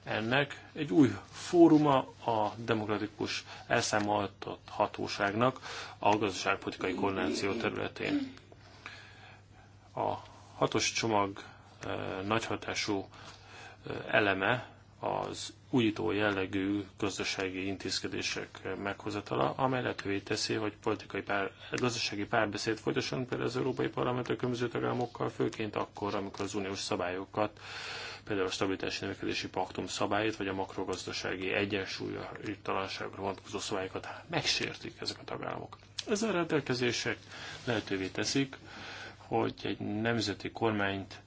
ennek egy új fóruma a demokratikus elszámoltat hatóságnak a gazdaságpolitikai koordináció területén. A hatos csomag eh, nagyhatású eh, eleme az újító jellegű gazdasági intézkedések meghozatala, amely lehetővé teszi, hogy politikai pár, gazdasági párbeszéd folytasson például az Európai Parlament a különböző tagállamokkal, főként akkor, amikor az uniós szabályokat például a stabilitási növekedési paktum szabályait, vagy a makrogazdasági egyensúlytalanságra vonatkozó szabályokat megsértik ezek a tagállamok. a rendelkezések lehetővé teszik, hogy egy nemzeti kormányt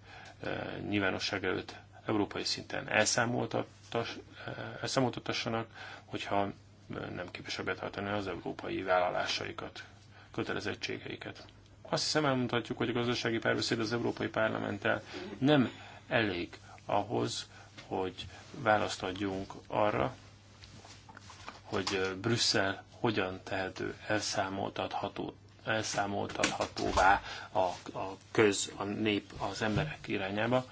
e, nyilvánosság előtt európai szinten eh, elszámoltatassanak, hogyha eh, nem képesek betartani az európai vállalásaikat, kötelezettségeiket. Azt hiszem elmondhatjuk, hogy a gazdasági párbeszéd az Európai Parlamenttel nem elég ahhoz, hogy választ adjunk arra, hogy Brüsszel hogyan tehető elszámoltatható, elszámoltathatóvá a, a köz, a nép, az emberek irányába.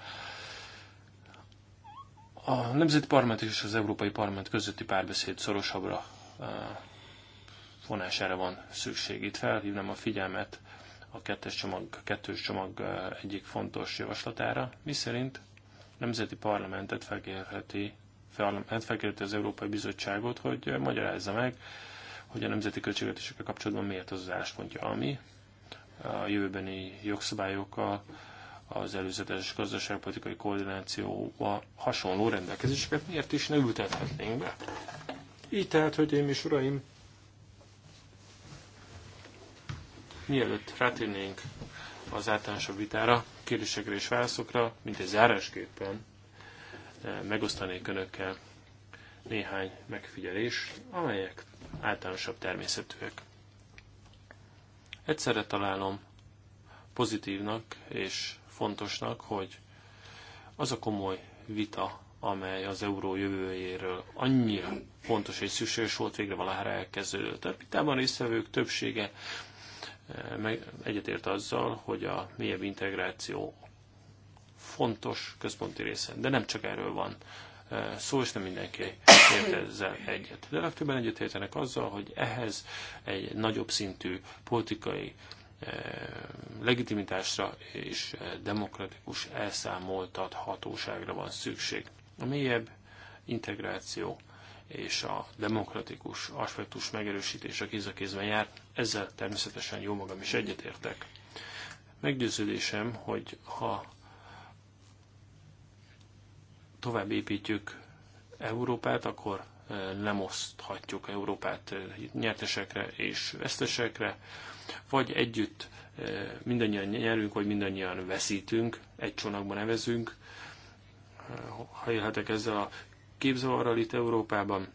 A Nemzeti Parlament és az Európai Parlament közötti párbeszéd szorosabbra eh, vonására van szükség. Itt felhívnám a figyelmet a kettes csomag, kettős csomag eh, egyik fontos javaslatára, miszerint nemzeti parlamentet felkérheti, parlament hát felkérheti az Európai Bizottságot, hogy magyarázza meg, hogy a nemzeti költségvetésekkel kapcsolatban miért az az álláspontja, ami a jövőbeni jogszabályokkal, az előzetes gazdaságpolitikai koordinációval hasonló rendelkezéseket miért is ne ültethetnénk be. Így tehát, hölgyeim és uraim, mielőtt rátérnénk az általánosabb vitára, kérdésekre és válaszokra, mint egy zárásképpen eh, megosztanék önökkel néhány megfigyelés, amelyek általánosabb természetűek. Egyszerre találom pozitívnak és fontosnak, hogy az a komoly vita, amely az euró jövőjéről annyira fontos és szükséges volt, végre valahára elkezdődött. A vitában résztvevők többsége meg egyetért azzal, hogy a mélyebb integráció fontos központi része. De nem csak erről van eh, szó, és nem mindenki ért ezzel egyet. De legtöbben egyetértenek azzal, hogy ehhez egy nagyobb szintű politikai eh, legitimitásra és eh, demokratikus elszámoltathatóságra van szükség. A mélyebb integráció és a demokratikus aspektus megerősítése kéz a kézben jár. Ezzel természetesen jó magam is egyetértek. Meggyőződésem, hogy ha tovább építjük Európát, akkor eh, nem oszthatjuk Európát eh, nyertesekre és vesztesekre, vagy együtt eh, mindannyian nyerünk, vagy mindannyian veszítünk, egy csónakban nevezünk, ha élhetek ezzel a képzavarral itt Európában.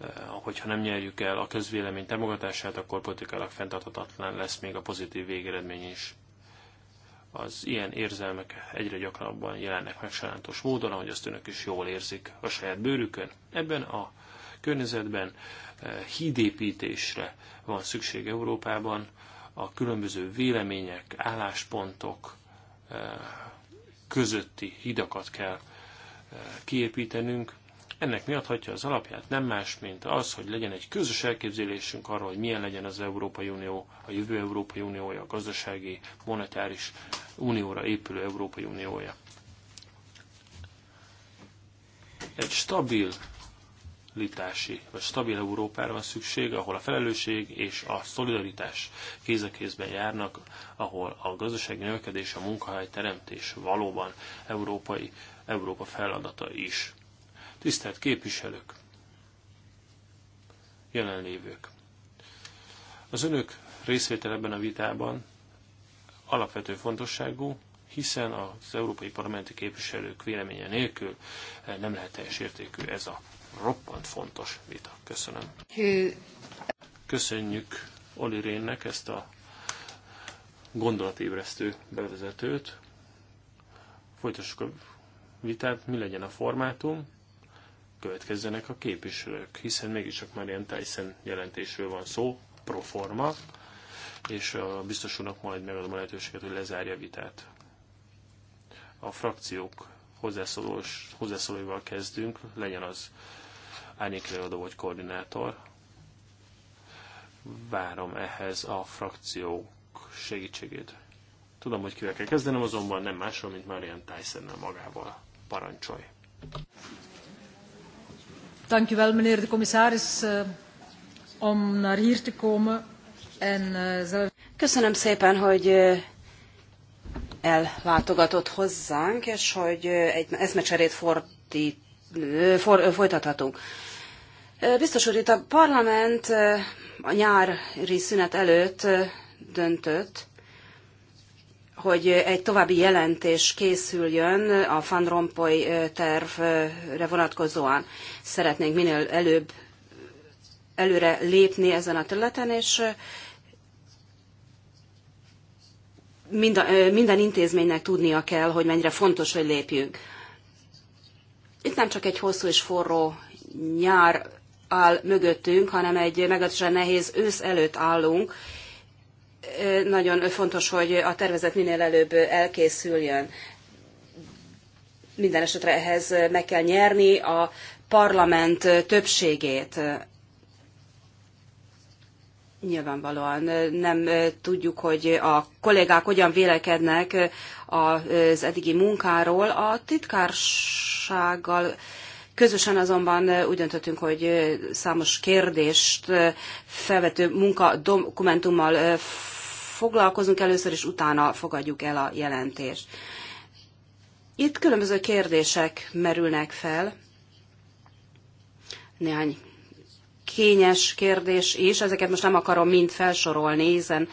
Eh, hogyha nem nyerjük el a közvélemény támogatását, akkor politikailag fenntarthatatlan lesz még a pozitív végeredmény is. Az ilyen érzelmek egyre gyakrabban jelennek meg sajátos módon, ahogy azt önök is jól érzik a saját bőrükön. Ebben a környezetben eh, hídépítésre van szükség Európában, a különböző vélemények, álláspontok eh, közötti hidakat kell kiépítenünk. Ennek mi adhatja az alapját? Nem más, mint az, hogy legyen egy közös elképzelésünk arról, hogy milyen legyen az Európai Unió, a jövő Európai Uniója, a gazdasági, monetáris unióra épülő Európai Uniója. Egy stabil litási, vagy stabil Európára van szükség, ahol a felelősség és a szolidaritás kéz a kézben járnak, ahol a gazdasági növekedés, a munkahely teremtés valóban európai Európa feladata is. Tisztelt képviselők, jelenlévők! Az önök részvétel ebben a vitában alapvető fontosságú, hiszen az európai parlamenti képviselők véleménye nélkül nem lehet teljes értékű ez a roppant fontos vita. Köszönöm. Köszönjük Oli Rénnek ezt a gondolatébresztő bevezetőt. Folytassuk a vitát, mi legyen a formátum, következzenek a képviselők, hiszen mégiscsak már ilyen Tyson jelentésről van szó, proforma, és a biztosulnak majd megadom a lehetőséget, hogy lezárja a vitát. A frakciók hozzászólós, hozzászólóival kezdünk, legyen az árnyékelőadó vagy koordinátor. Várom ehhez a frakciók segítségét. Tudom, hogy kivel kell kezdenem, azonban nem másról, mint Marian Tyson-nel magával. Parancsolj! Dank u wel, meneer de commissaris, eh, om naar hier te komen. En, eh, Köszönöm szépen, hogy eh, ellátogatott hozzánk, és hogy egy eszmecserét fordít, for, folytathatunk. Biztos úr, itt a parlament a nyári szünet előtt döntött hogy egy további jelentés készüljön a Van Rompuy tervre vonatkozóan. Szeretnénk minél előbb előre lépni ezen a területen, és minden, minden intézménynek tudnia kell, hogy mennyire fontos, hogy lépjünk. Itt nem csak egy hosszú és forró nyár áll mögöttünk, hanem egy meglehetősen nehéz ősz előtt állunk, nagyon fontos, hogy a tervezet minél előbb elkészüljön. Minden esetre ehhez meg kell nyerni a parlament többségét. Nyilvánvalóan nem tudjuk, hogy a kollégák hogyan vélekednek az eddigi munkáról. A titkársággal Közösen azonban úgy döntöttünk, hogy számos kérdést felvető munkadokumentummal foglalkozunk először, és utána fogadjuk el a jelentést. Itt különböző kérdések merülnek fel, néhány kényes kérdés is, ezeket most nem akarom mind felsorolni, hiszen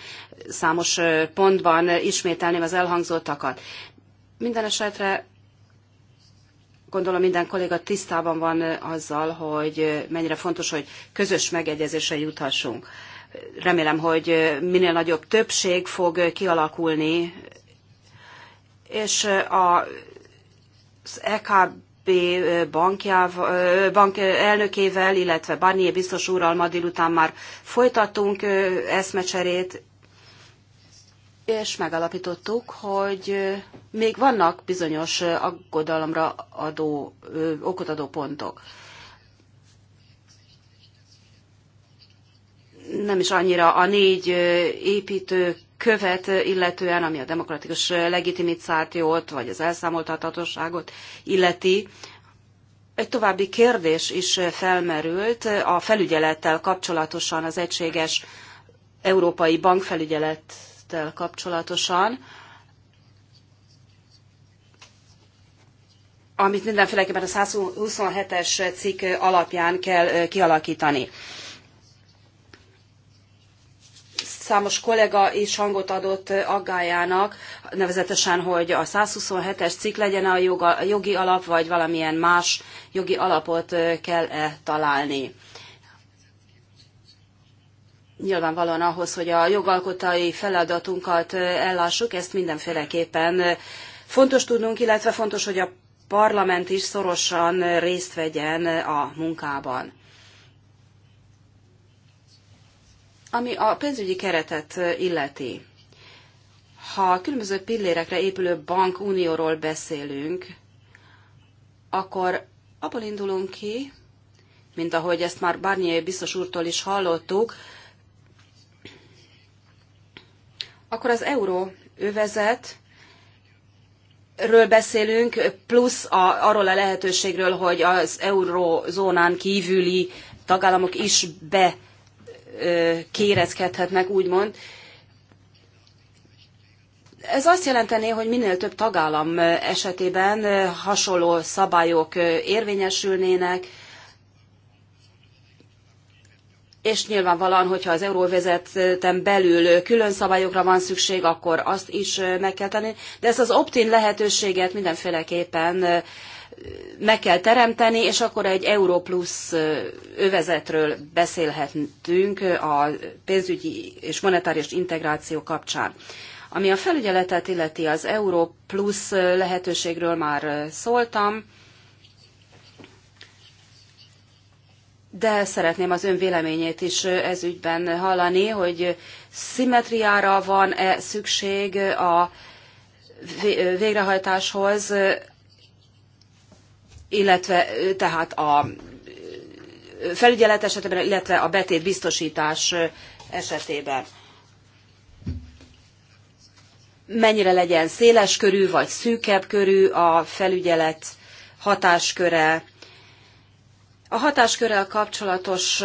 számos pontban ismételném az elhangzottakat. Minden esetre Gondolom minden kolléga tisztában van azzal, hogy mennyire fontos, hogy közös megegyezésre juthassunk. Remélem, hogy minél nagyobb többség fog kialakulni, és a, az EKB bankjával, bank elnökével, illetve Barnier biztos úrral ma délután már folytattunk eszmecserét, és megalapítottuk, hogy még vannak bizonyos aggodalomra adó, okot adó pontok. Nem is annyira a négy építő követ illetően, ami a demokratikus legitimizációt vagy az elszámoltathatóságot illeti. Egy további kérdés is felmerült a felügyelettel kapcsolatosan az egységes európai bankfelügyelet tervezettel kapcsolatosan, amit mindenféleképpen a 127-es cikk alapján kell kialakítani. Számos kollega is hangot adott aggájának, nevezetesen, hogy a 127-es cikk legyen a jogi alap, vagy valamilyen más jogi alapot kell-e találni nyilvánvalóan ahhoz, hogy a jogalkotói feladatunkat ellássuk, ezt mindenféleképpen fontos tudnunk, illetve fontos, hogy a parlament is szorosan részt vegyen a munkában. Ami a pénzügyi keretet illeti, ha a különböző pillérekre épülő bankunióról beszélünk, akkor abból indulunk ki, mint ahogy ezt már Barnier biztos úrtól is hallottuk, akkor az euró övezet ről beszélünk, plusz a, arról a lehetőségről, hogy az eurózónán kívüli tagállamok is bekérezkedhetnek, úgymond. Ez azt jelentené, hogy minél több tagállam esetében hasonló szabályok érvényesülnének, és nyilvánvalóan, hogyha az euróvezeten belül külön szabályokra van szükség, akkor azt is meg kell tenni, de ezt az opt-in lehetőséget mindenféleképpen meg kell teremteni, és akkor egy Euró plusz övezetről beszélhetünk a pénzügyi és monetáris integráció kapcsán. Ami a felügyeletet illeti az Euró plusz lehetőségről már szóltam, de szeretném az ön véleményét is ez ügyben hallani, hogy szimmetriára van-e szükség a végrehajtáshoz, illetve tehát a felügyelet esetében, illetve a betét biztosítás esetében. Mennyire legyen széles körű vagy szűkebb körű a felügyelet hatásköre, a hatáskörrel kapcsolatos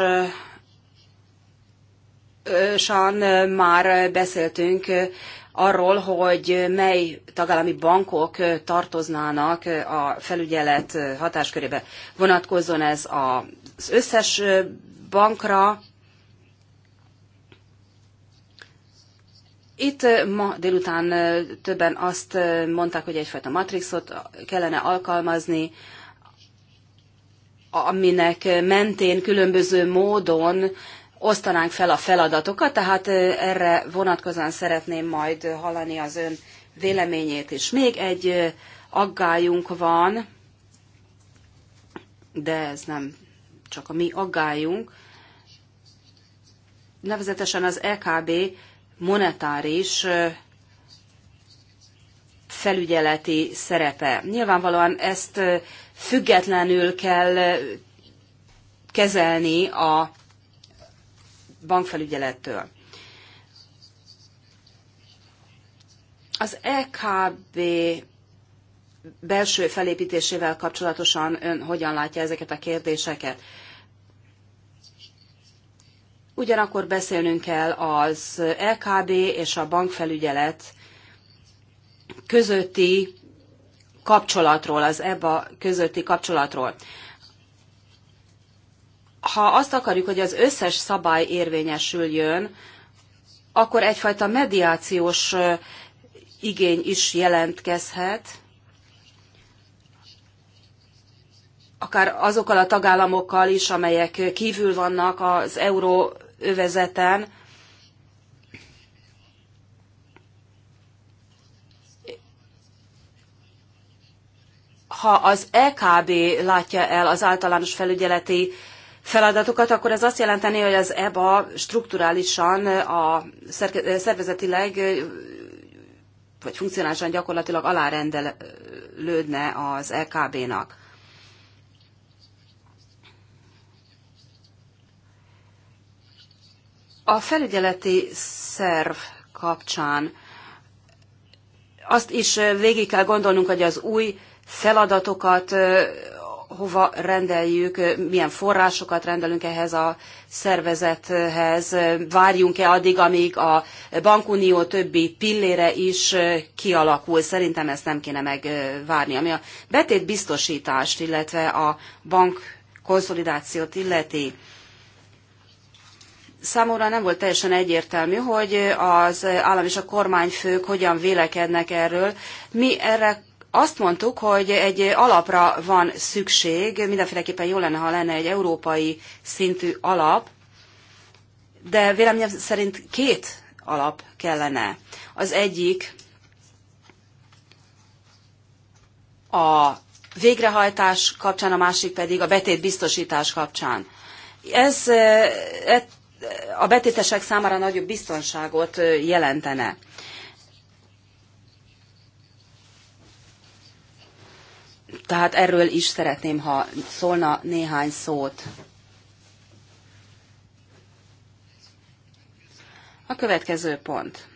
már beszéltünk arról, hogy mely tagállami bankok tartoznának a felügyelet hatáskörébe. Vonatkozzon ez az összes bankra. Itt ma délután többen azt mondták, hogy egyfajta matrixot kellene alkalmazni, aminek mentén különböző módon osztanánk fel a feladatokat, tehát erre vonatkozóan szeretném majd hallani az ön véleményét is. Még egy aggályunk van, de ez nem csak a mi aggályunk, nevezetesen az EKB monetáris felügyeleti szerepe. Nyilvánvalóan ezt függetlenül kell kezelni a bankfelügyelettől. Az EKB belső felépítésével kapcsolatosan ön hogyan látja ezeket a kérdéseket? Ugyanakkor beszélnünk kell az EKB és a bankfelügyelet közötti kapcsolatról, az EBA közötti kapcsolatról. Ha azt akarjuk, hogy az összes szabály érvényesüljön, akkor egyfajta mediációs igény is jelentkezhet, akár azokkal a tagállamokkal is, amelyek kívül vannak az euróövezeten, ha az EKB látja el az általános felügyeleti feladatokat, akkor ez azt jelenteni, hogy az EBA strukturálisan a szervezetileg vagy funkcionálisan gyakorlatilag alárendelődne az LKB-nak. E a felügyeleti szerv kapcsán azt is végig kell gondolnunk, hogy az új feladatokat hova rendeljük, milyen forrásokat rendelünk ehhez a szervezethez, várjunk-e addig, amíg a bankunió többi pillére is kialakul. Szerintem ezt nem kéne megvárni. Ami a betétbiztosítást, illetve a bank konszolidációt illeti, Számomra nem volt teljesen egyértelmű, hogy az állam és a kormányfők hogyan vélekednek erről. Mi erre azt mondtuk, hogy egy alapra van szükség, mindenféleképpen jó lenne, ha lenne egy európai szintű alap, de véleményem szerint két alap kellene. Az egyik a végrehajtás kapcsán, a másik pedig a biztosítás kapcsán. Ez e, e, a betétesek számára nagyobb biztonságot e, jelentene. Tehát erről is szeretném, ha szólna néhány szót. A következő pont.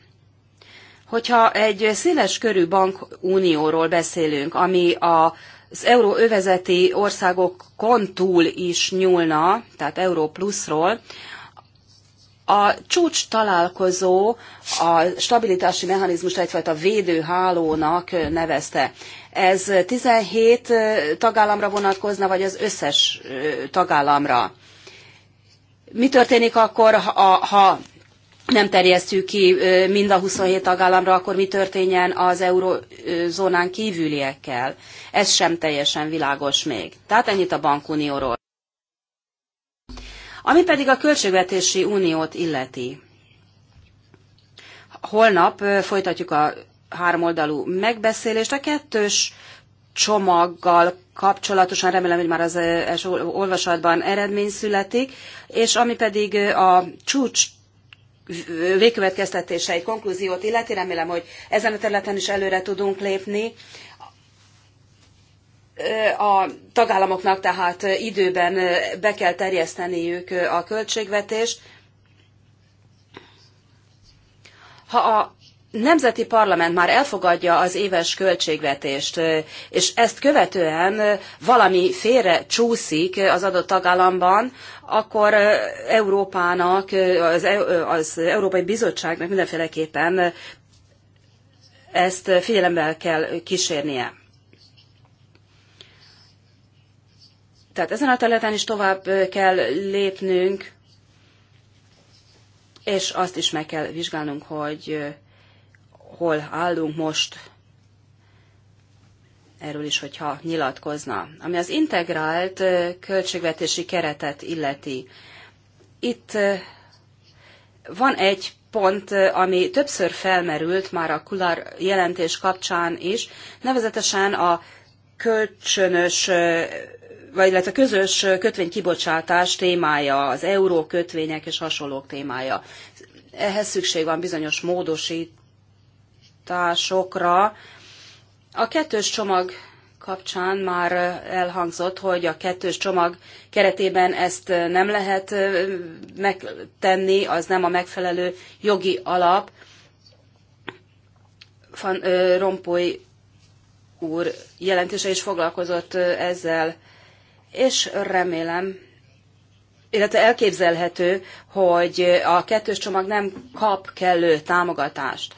Hogyha egy széles körű bankunióról beszélünk, ami a az euróövezeti országokon túl is nyúlna, tehát euró pluszról, a csúcs találkozó a stabilitási mechanizmust egyfajta védőhálónak nevezte ez 17 tagállamra vonatkozna, vagy az összes tagállamra? Mi történik akkor, ha, ha nem terjesztjük ki mind a 27 tagállamra, akkor mi történjen az eurozónán kívüliekkel? Ez sem teljesen világos még. Tehát ennyit a bankunióról. Ami pedig a költségvetési uniót illeti. Holnap folytatjuk a háromoldalú megbeszélést. A kettős csomaggal kapcsolatosan remélem, hogy már az eh, első olvasatban eredmény születik, és ami pedig eh, a csúcs végkövetkeztetéseit, konklúziót illeti, remélem, hogy ezen a területen is előre tudunk lépni. Eh, a tagállamoknak tehát időben be kell terjeszteniük a költségvetést. Ha a nemzeti parlament már elfogadja az éves költségvetést, és ezt követően valami félre csúszik az adott tagállamban, akkor Európának, az, e-, az Európai Bizottságnak mindenféleképpen ezt figyelembe kell kísérnie. Tehát ezen a területen is tovább kell lépnünk, és azt is meg kell vizsgálnunk, hogy hol állunk most, erről is, hogyha nyilatkozna. Ami az integrált költségvetési keretet illeti. Itt van egy pont, ami többször felmerült már a Kulár jelentés kapcsán is, nevezetesen a kölcsönös vagy illetve közös kötvénykibocsátás témája, az euró kötvények és hasonlók témája. Ehhez szükség van bizonyos módosít, kibocsátásokra. A kettős csomag kapcsán már elhangzott, hogy a kettős csomag keretében ezt nem lehet megtenni, az nem a megfelelő jogi alap. Van Rompuy úr jelentése is foglalkozott ezzel, és remélem, illetve elképzelhető, hogy a kettős csomag nem kap kellő támogatást.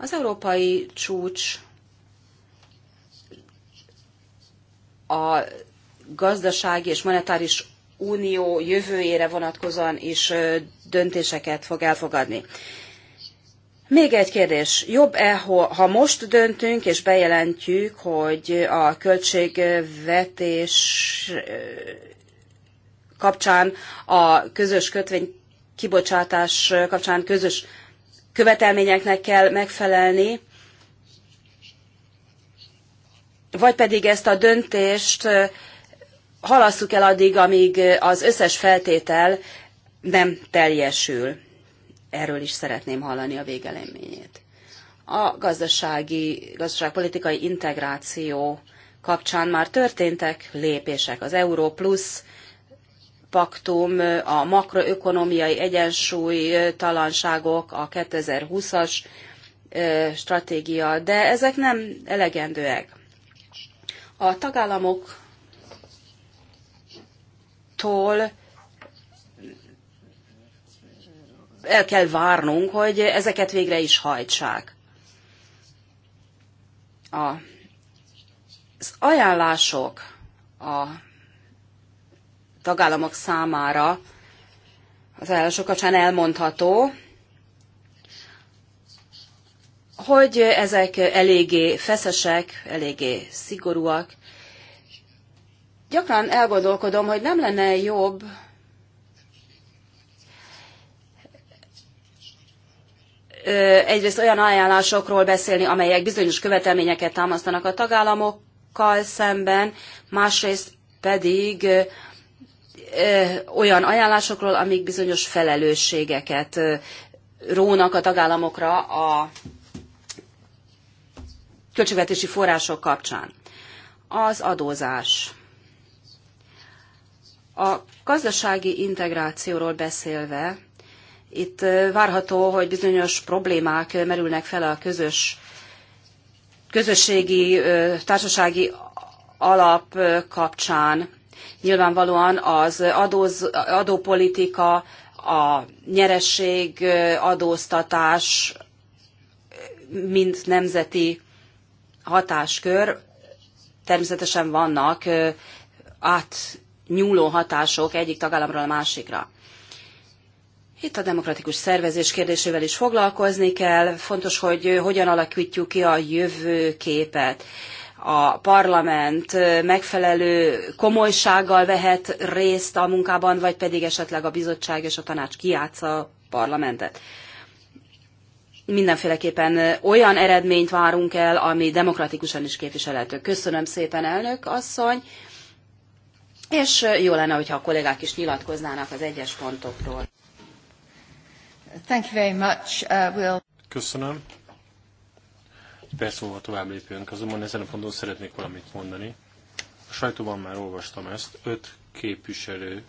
Az európai csúcs a gazdasági és monetáris unió jövőjére vonatkozóan is döntéseket fog elfogadni. Még egy kérdés. Jobb-e, ha most döntünk és bejelentjük, hogy a költségvetés kapcsán a közös kötvény kibocsátás kapcsán közös követelményeknek kell megfelelni, vagy pedig ezt a döntést halasszuk el addig, amíg az összes feltétel nem teljesül. Erről is szeretném hallani a végeleményét. A gazdasági, gazdaságpolitikai integráció kapcsán már történtek lépések. Az Euró plusz paktum, a makroökonomiai egyensúlytalanságok, a 2020-as stratégia, de ezek nem elegendőek. A tagállamoktól el kell várnunk, hogy ezeket végre is hajtsák. A, az ajánlások a tagállamok számára az eljárások kapcsán elmondható, hogy ezek eléggé feszesek, eléggé szigorúak. Gyakran elgondolkodom, hogy nem lenne jobb egyrészt olyan ajánlásokról beszélni, amelyek bizonyos követelményeket támasztanak a tagállamokkal szemben, másrészt pedig olyan ajánlásokról, amik bizonyos felelősségeket rónak a tagállamokra a költségvetési források kapcsán. Az adózás. A gazdasági integrációról beszélve, itt várható, hogy bizonyos problémák merülnek fel a közös, közösségi, társasági alap kapcsán. Nyilvánvalóan az adóz, adópolitika, a nyeresség, adóztatás, mind nemzeti hatáskör. Természetesen vannak átnyúló hatások egyik tagállamról a másikra. Itt a demokratikus szervezés kérdésével is foglalkozni kell. Fontos, hogy hogyan alakítjuk ki a jövőképet a parlament megfelelő komolysággal vehet részt a munkában, vagy pedig esetleg a bizottság és a tanács kiátsza a parlamentet. Mindenféleképpen olyan eredményt várunk el, ami demokratikusan is képviselhető. Köszönöm szépen, elnök asszony, és jó lenne, hogyha a kollégák is nyilatkoznának az egyes pontokról. Thank you very much. Uh, we'll... Köszönöm beszólva tovább lépjünk. Azonban ezen a ponton szeretnék valamit mondani. A sajtóban már olvastam ezt, öt képviselő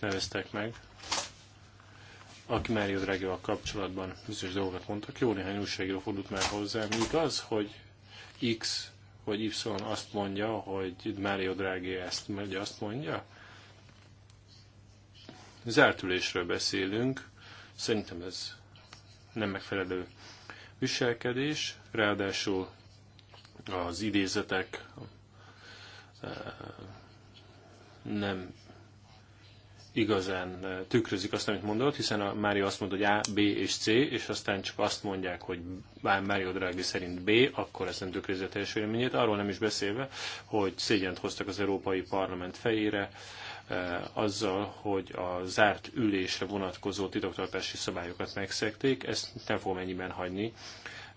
neveztek meg, aki Mário Draghival kapcsolatban bizonyos dolgokat mondtak. Jó néhány újságíró fordult már hozzá. Igaz, hogy X vagy Y azt mondja, hogy Mário Draghi ezt megy, azt mondja? zártülésről beszélünk. Szerintem ez nem megfelelő viselkedés, ráadásul az idézetek eh, nem igazán eh, tükrözik azt, amit mondott, hiszen a Mário azt mondta, hogy A, B és C, és aztán csak azt mondják, hogy Mário Draghi szerint B, akkor ezt nem tükrözi a teljes véleményét, arról nem is beszélve, hogy szégyent hoztak az Európai Parlament fejére, azzal, hogy a zárt ülésre vonatkozó titoktartási szabályokat megszekték, ezt nem fogom ennyiben hagyni,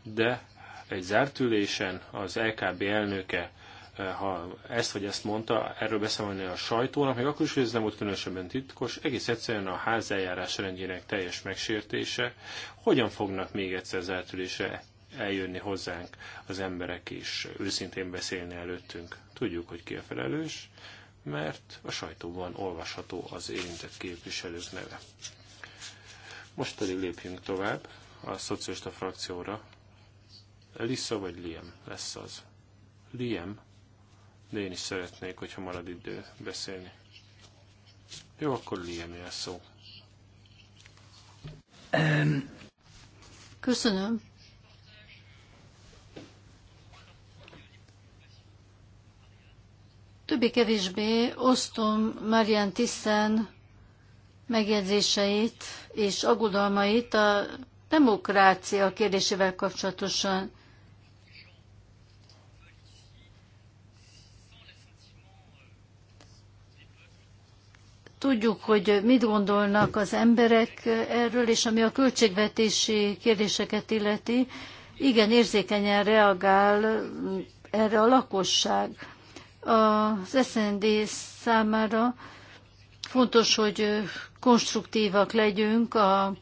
de egy zárt ülésen az LKB elnöke ha ezt vagy ezt mondta, erről beszámolni a sajtónak, még akkor is, hogy ez nem volt különösebben titkos, egész egyszerűen a házeljárás rendjének teljes megsértése, hogyan fognak még egyszer zárt ülésre eljönni hozzánk az emberek is őszintén beszélni előttünk. Tudjuk, hogy ki a felelős, mert a sajtóban olvasható az érintett képviselők neve. Most pedig lépjünk tovább a szocialista frakcióra. Lisa vagy Liam lesz az. Liam, de én is szeretnék, hogyha marad idő beszélni. Jó, akkor Liam jel szó. Köszönöm. többé-kevésbé osztom Marian Tiszen megjegyzéseit és aggodalmait a demokrácia kérdésével kapcsolatosan. Tudjuk, hogy mit gondolnak az emberek erről, és ami a költségvetési kérdéseket illeti, igen érzékenyen reagál erre a lakosság az SND számára fontos, hogy konstruktívak legyünk a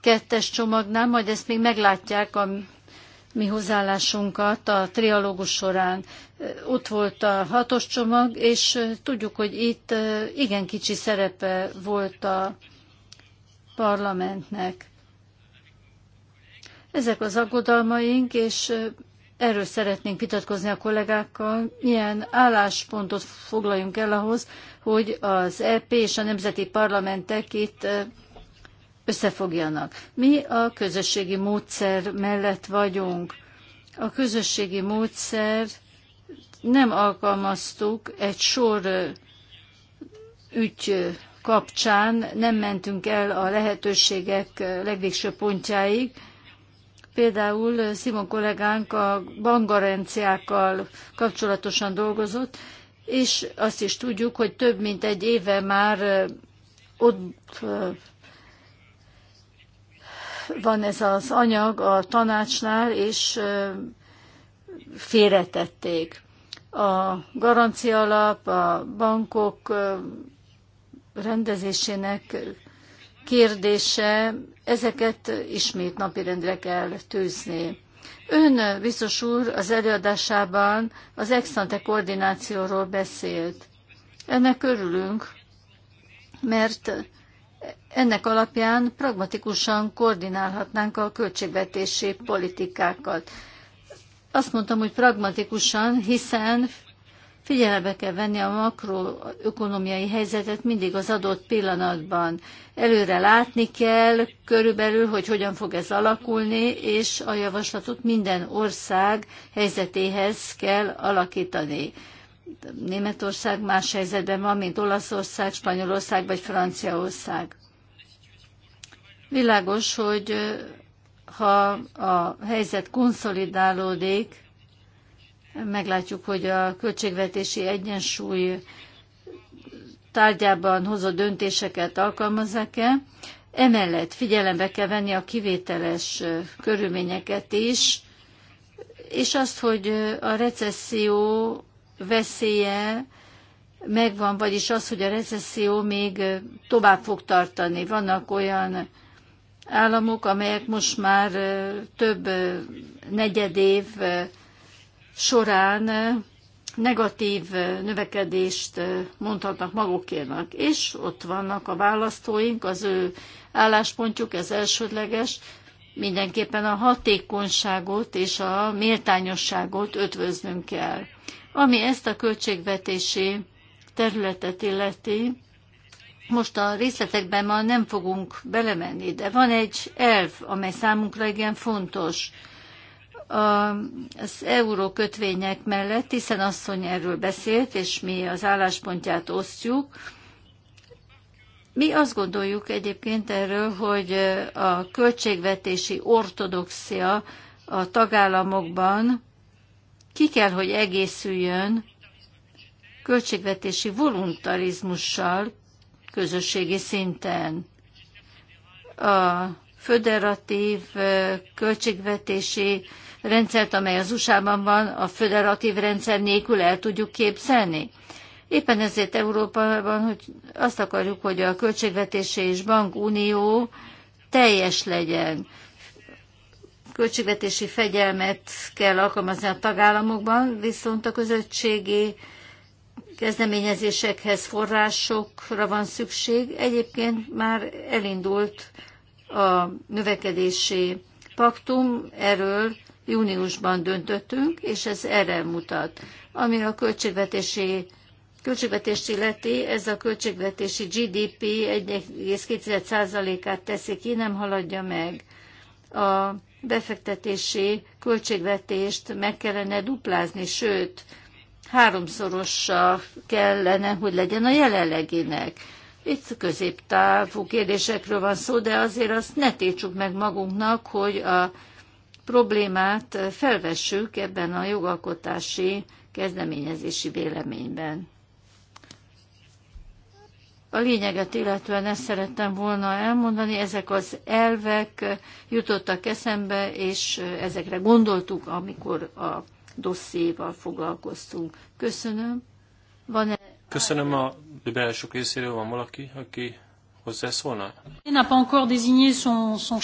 kettes csomagnál, majd ezt még meglátják a mi hozzáállásunkat a trialógus során. Ott volt a hatos csomag, és tudjuk, hogy itt igen kicsi szerepe volt a parlamentnek. Ezek az aggodalmaink, és Erről szeretnénk vitatkozni a kollégákkal, milyen álláspontot foglaljunk el ahhoz, hogy az EP és a nemzeti parlamentek itt összefogjanak. Mi a közösségi módszer mellett vagyunk. A közösségi módszer nem alkalmaztuk egy sor ügy kapcsán, nem mentünk el a lehetőségek legvégső pontjáig, Például Simon kollégánk a bangarenciákkal kapcsolatosan dolgozott, és azt is tudjuk, hogy több mint egy éve már ott van ez az anyag a tanácsnál, és félretették. A garancia alap a bankok rendezésének kérdése, ezeket ismét napirendre kell tűzni. Ön, biztos úr, az előadásában az exante koordinációról beszélt. Ennek örülünk, mert ennek alapján pragmatikusan koordinálhatnánk a költségvetési politikákat. Azt mondtam, hogy pragmatikusan, hiszen Figyelembe kell venni a makroökonomiai helyzetet mindig az adott pillanatban. Előre látni kell körülbelül, hogy hogyan fog ez alakulni, és a javaslatot minden ország helyzetéhez kell alakítani. Németország más helyzetben van, mint Olaszország, Spanyolország vagy Franciaország. Világos, hogy ha a helyzet konszolidálódik, meglátjuk, hogy a költségvetési egyensúly tárgyában hozott döntéseket alkalmazzák-e. Emellett figyelembe kell venni a kivételes körülményeket is, és azt, hogy a recesszió veszélye megvan, vagyis az, hogy a recesszió még tovább fog tartani. Vannak olyan államok, amelyek most már több negyed év során negatív növekedést mondhatnak magukénak. És ott vannak a választóink, az ő álláspontjuk, ez elsődleges, mindenképpen a hatékonyságot és a méltányosságot ötvöznünk kell. Ami ezt a költségvetési területet illeti, most a részletekben ma nem fogunk belemenni, de van egy elv, amely számunkra igen fontos az euró kötvények mellett, hiszen asszony erről beszélt, és mi az álláspontját osztjuk. Mi azt gondoljuk egyébként erről, hogy a költségvetési ortodoxia a tagállamokban ki kell, hogy egészüljön költségvetési voluntarizmussal közösségi szinten. A föderatív költségvetési rendszert, amely az USA-ban van, a föderatív rendszer nélkül el tudjuk képzelni? Éppen ezért Európában hogy azt akarjuk, hogy a költségvetési és bankunió teljes legyen. Költségvetési fegyelmet kell alkalmazni a tagállamokban, viszont a közösségi kezdeményezésekhez forrásokra van szükség. Egyébként már elindult a növekedési paktum, erről júniusban döntöttünk, és ez erre mutat. Ami a költségvetési költségvetést illeti, ez a költségvetési GDP 1,2%-át teszi ki, nem haladja meg. A befektetési költségvetést meg kellene duplázni, sőt, háromszorossa kellene, hogy legyen a jelenleginek. Itt középtávú kérdésekről van szó, de azért azt ne tétsük meg magunknak, hogy a problémát felvessük ebben a jogalkotási kezdeményezési véleményben. A lényeget illetően ezt szerettem volna elmondani, ezek az elvek jutottak eszembe, és ezekre gondoltuk, amikor a dosszéval foglalkoztunk. Köszönöm. Van -e... Köszönöm a liberálisok részéről, van valaki, aki hozzászólna? Én a pankor désigné son, son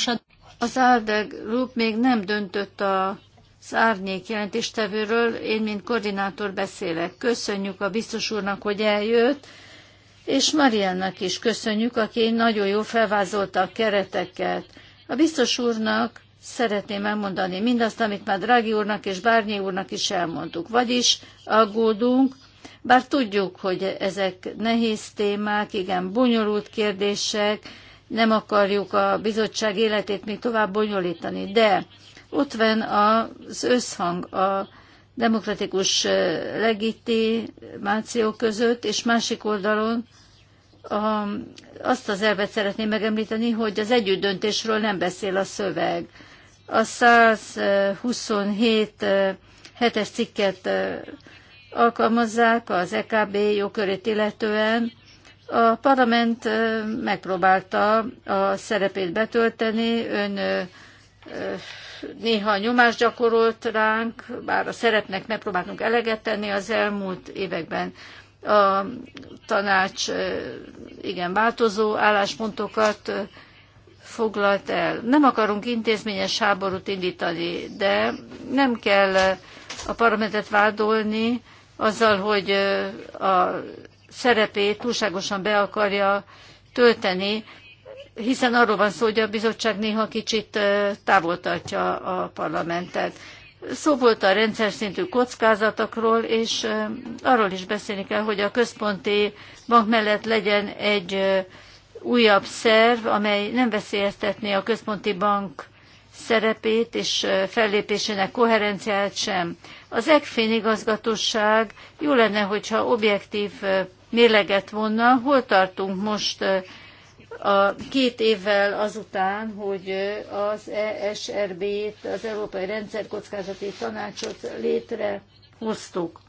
az ALDE Group még nem döntött a az árnyék jelentéstevőről, én mint koordinátor beszélek. Köszönjük a biztos úrnak, hogy eljött, és Mariannak is köszönjük, aki nagyon jó felvázolta a kereteket. A biztos úrnak szeretném elmondani mindazt, amit már Drági úrnak és Bárnyi úrnak is elmondtuk. Vagyis aggódunk, bár tudjuk, hogy ezek nehéz témák, igen, bonyolult kérdések, nem akarjuk a bizottság életét még tovább bonyolítani, de ott van az összhang a demokratikus eh, legitimáció között, és másik oldalon a, azt az elvet szeretném megemlíteni, hogy az együtt döntésről nem beszél a szöveg. A 127 eh, hetes cikket eh, alkalmazzák az EKB jogkörét illetően, a parlament megpróbálta a szerepét betölteni, ön néha nyomást gyakorolt ránk, bár a szerepnek megpróbáltunk eleget tenni az elmúlt években. A tanács igen változó álláspontokat foglalt el. Nem akarunk intézményes háborút indítani, de nem kell a parlamentet vádolni azzal, hogy a szerepét túlságosan be akarja tölteni, hiszen arról van szó, hogy a bizottság néha kicsit távol tartja a parlamentet. Szó volt a rendszer szintű kockázatokról, és arról is beszélni kell, hogy a központi bank mellett legyen egy újabb szerv, amely nem veszélyeztetné a központi bank szerepét és fellépésének koherenciát sem. Az ECFIN igazgatóság jó lenne, hogyha objektív mérleget vonna. Hol tartunk most a két évvel azután, hogy az ESRB-t, az Európai Rendszerkockázati Tanácsot létrehoztuk?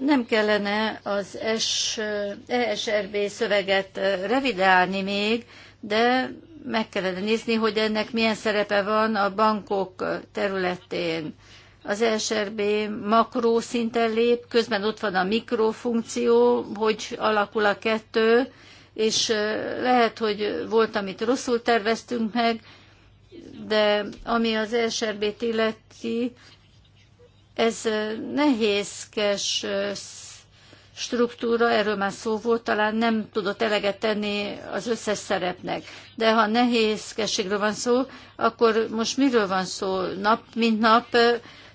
nem kellene az ESRB szöveget revidálni még, de meg kellene nézni, hogy ennek milyen szerepe van a bankok területén az SRB makró szinten lép, közben ott van a mikrofunkció, hogy alakul a kettő, és lehet, hogy volt, amit rosszul terveztünk meg, de ami az SRB-t illeti, ez nehézkes struktúra, erről már szó volt, talán nem tudott eleget tenni az összes szerepnek. De ha nehézkességről van szó, akkor most miről van szó? Nap, mint nap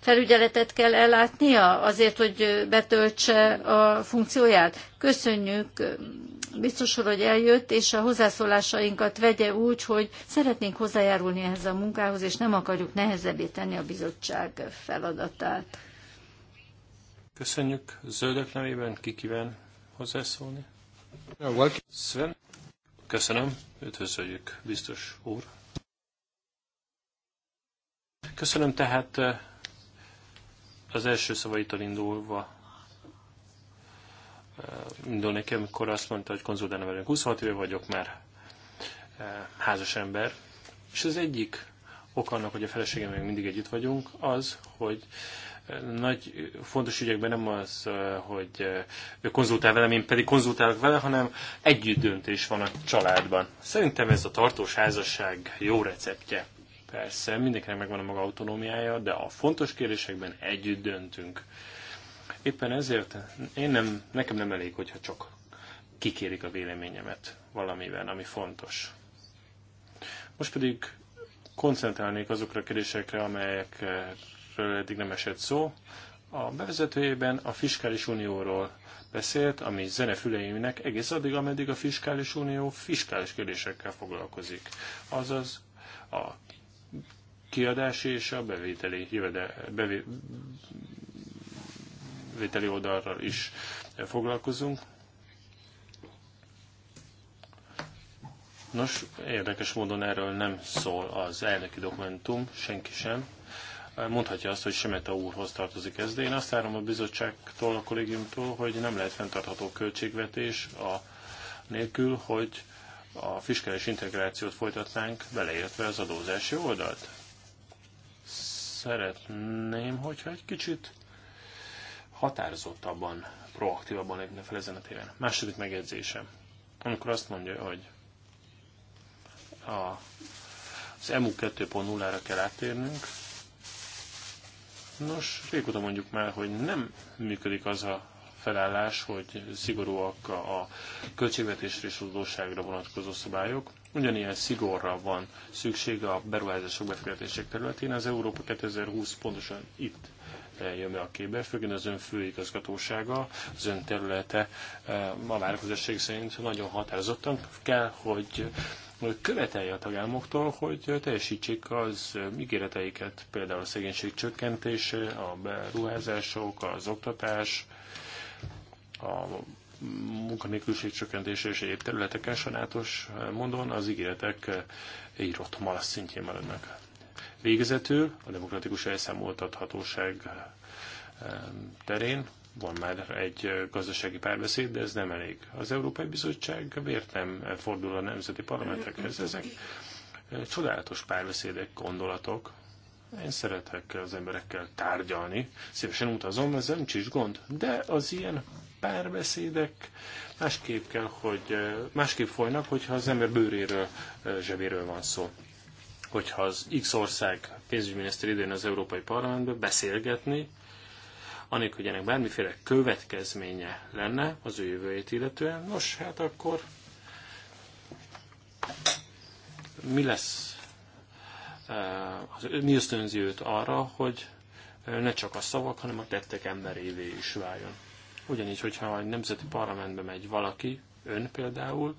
felügyeletet kell ellátnia azért, hogy betöltse a funkcióját. Köszönjük biztos hogy eljött, és a hozzászólásainkat vegye úgy, hogy szeretnénk hozzájárulni ehhez a munkához, és nem akarjuk nehezebbé tenni a bizottság feladatát. Köszönjük. Zöldök nevében ki kíván hozzászólni? Sven. Köszönöm. Üdvözöljük, biztos úr. Köszönöm tehát eh, az első szavaitól indulva eh, indulnék, amikor azt mondta, hogy konzultálna velünk. 26 éve vagyok már eh, házas ember, és az egyik ok annak, hogy a feleségem még mindig együtt vagyunk, az, hogy eh, nagy fontos ügyekben nem az, hogy ő konzultál velem, én pedig konzultálok vele, hanem együtt döntés van a családban. Szerintem ez a tartós házasság jó receptje. Persze, mindenkinek megvan a maga autonómiája, de a fontos kérdésekben együtt döntünk. Éppen ezért én nem, nekem nem elég, hogyha csak kikérik a véleményemet valamiben, ami fontos. Most pedig koncentrálnék azokra a kérdésekre, amelyekről eddig nem esett szó. A bevezetőjében a fiskális unióról beszélt, ami zenefüleimnek egész addig, ameddig a fiskális unió fiskális kérdésekkel foglalkozik. Azaz a kiadási és a bevételi, jövede, bevételi oldalra is foglalkozunk. Nos, érdekes módon erről nem szól az elnöki dokumentum, senki sem. Mondhatja azt, hogy Semeta úrhoz tartozik ez, de én azt várom a bizottságtól, a kollégiumtól, hogy nem lehet fenntartható költségvetés a nélkül, hogy a fiskális integrációt folytatnánk, beleértve az adózási oldalt szeretném, hogyha egy kicsit határozottabban, proaktívabban lépne fel ezen a téren. Második megjegyzésem. Amikor azt mondja, hogy a, az EMU 2.0-ra kell áttérnünk, nos, régóta mondjuk már, hogy nem működik az a felállás, hogy szigorúak a költségvetésre és adósságra vonatkozó szabályok, Ugyanilyen szigorra van szüksége a beruházások befektetések területén. Az Európa 2020 pontosan itt eh, jön be a képbe, főként az ön főigazgatósága, az ön területe eh, a várakozásség szerint nagyon határozottan kell, hogy követelje a tagállamoktól, hogy teljesítsék az ígéreteiket, például a szegénység csökkentése, a beruházások, az oktatás, a munkanélküliség csökkentése és egyéb területeken sajnálatos mondon az ígéretek írott malasz szintjén maradnak. Végezetül a demokratikus elszámoltathatóság eh, terén van már egy gazdasági párbeszéd, de ez nem elég. Az Európai Bizottság miért nem fordul a nemzeti parlamentekhez? Ezek eh, csodálatos párbeszédek, gondolatok. Én szeretek az emberekkel tárgyalni, szívesen utazom, ez nincs is gond, de az ilyen párbeszédek másképp kell, hogy eh, másképp folynak, hogyha az ember bőréről, eh, zsebéről van szó. Hogyha az X ország pénzügyminiszter idén az Európai Parlamentben beszélgetni, anélkül, hogy ennek bármiféle következménye lenne az ő jövőjét illetően, nos, hát akkor mi lesz, eh, mi ösztönzi őt arra, hogy ne csak a szavak, hanem a tettek emberévé is váljon. Ugyanígy, hogyha a nemzeti parlamentbe megy valaki, ön például,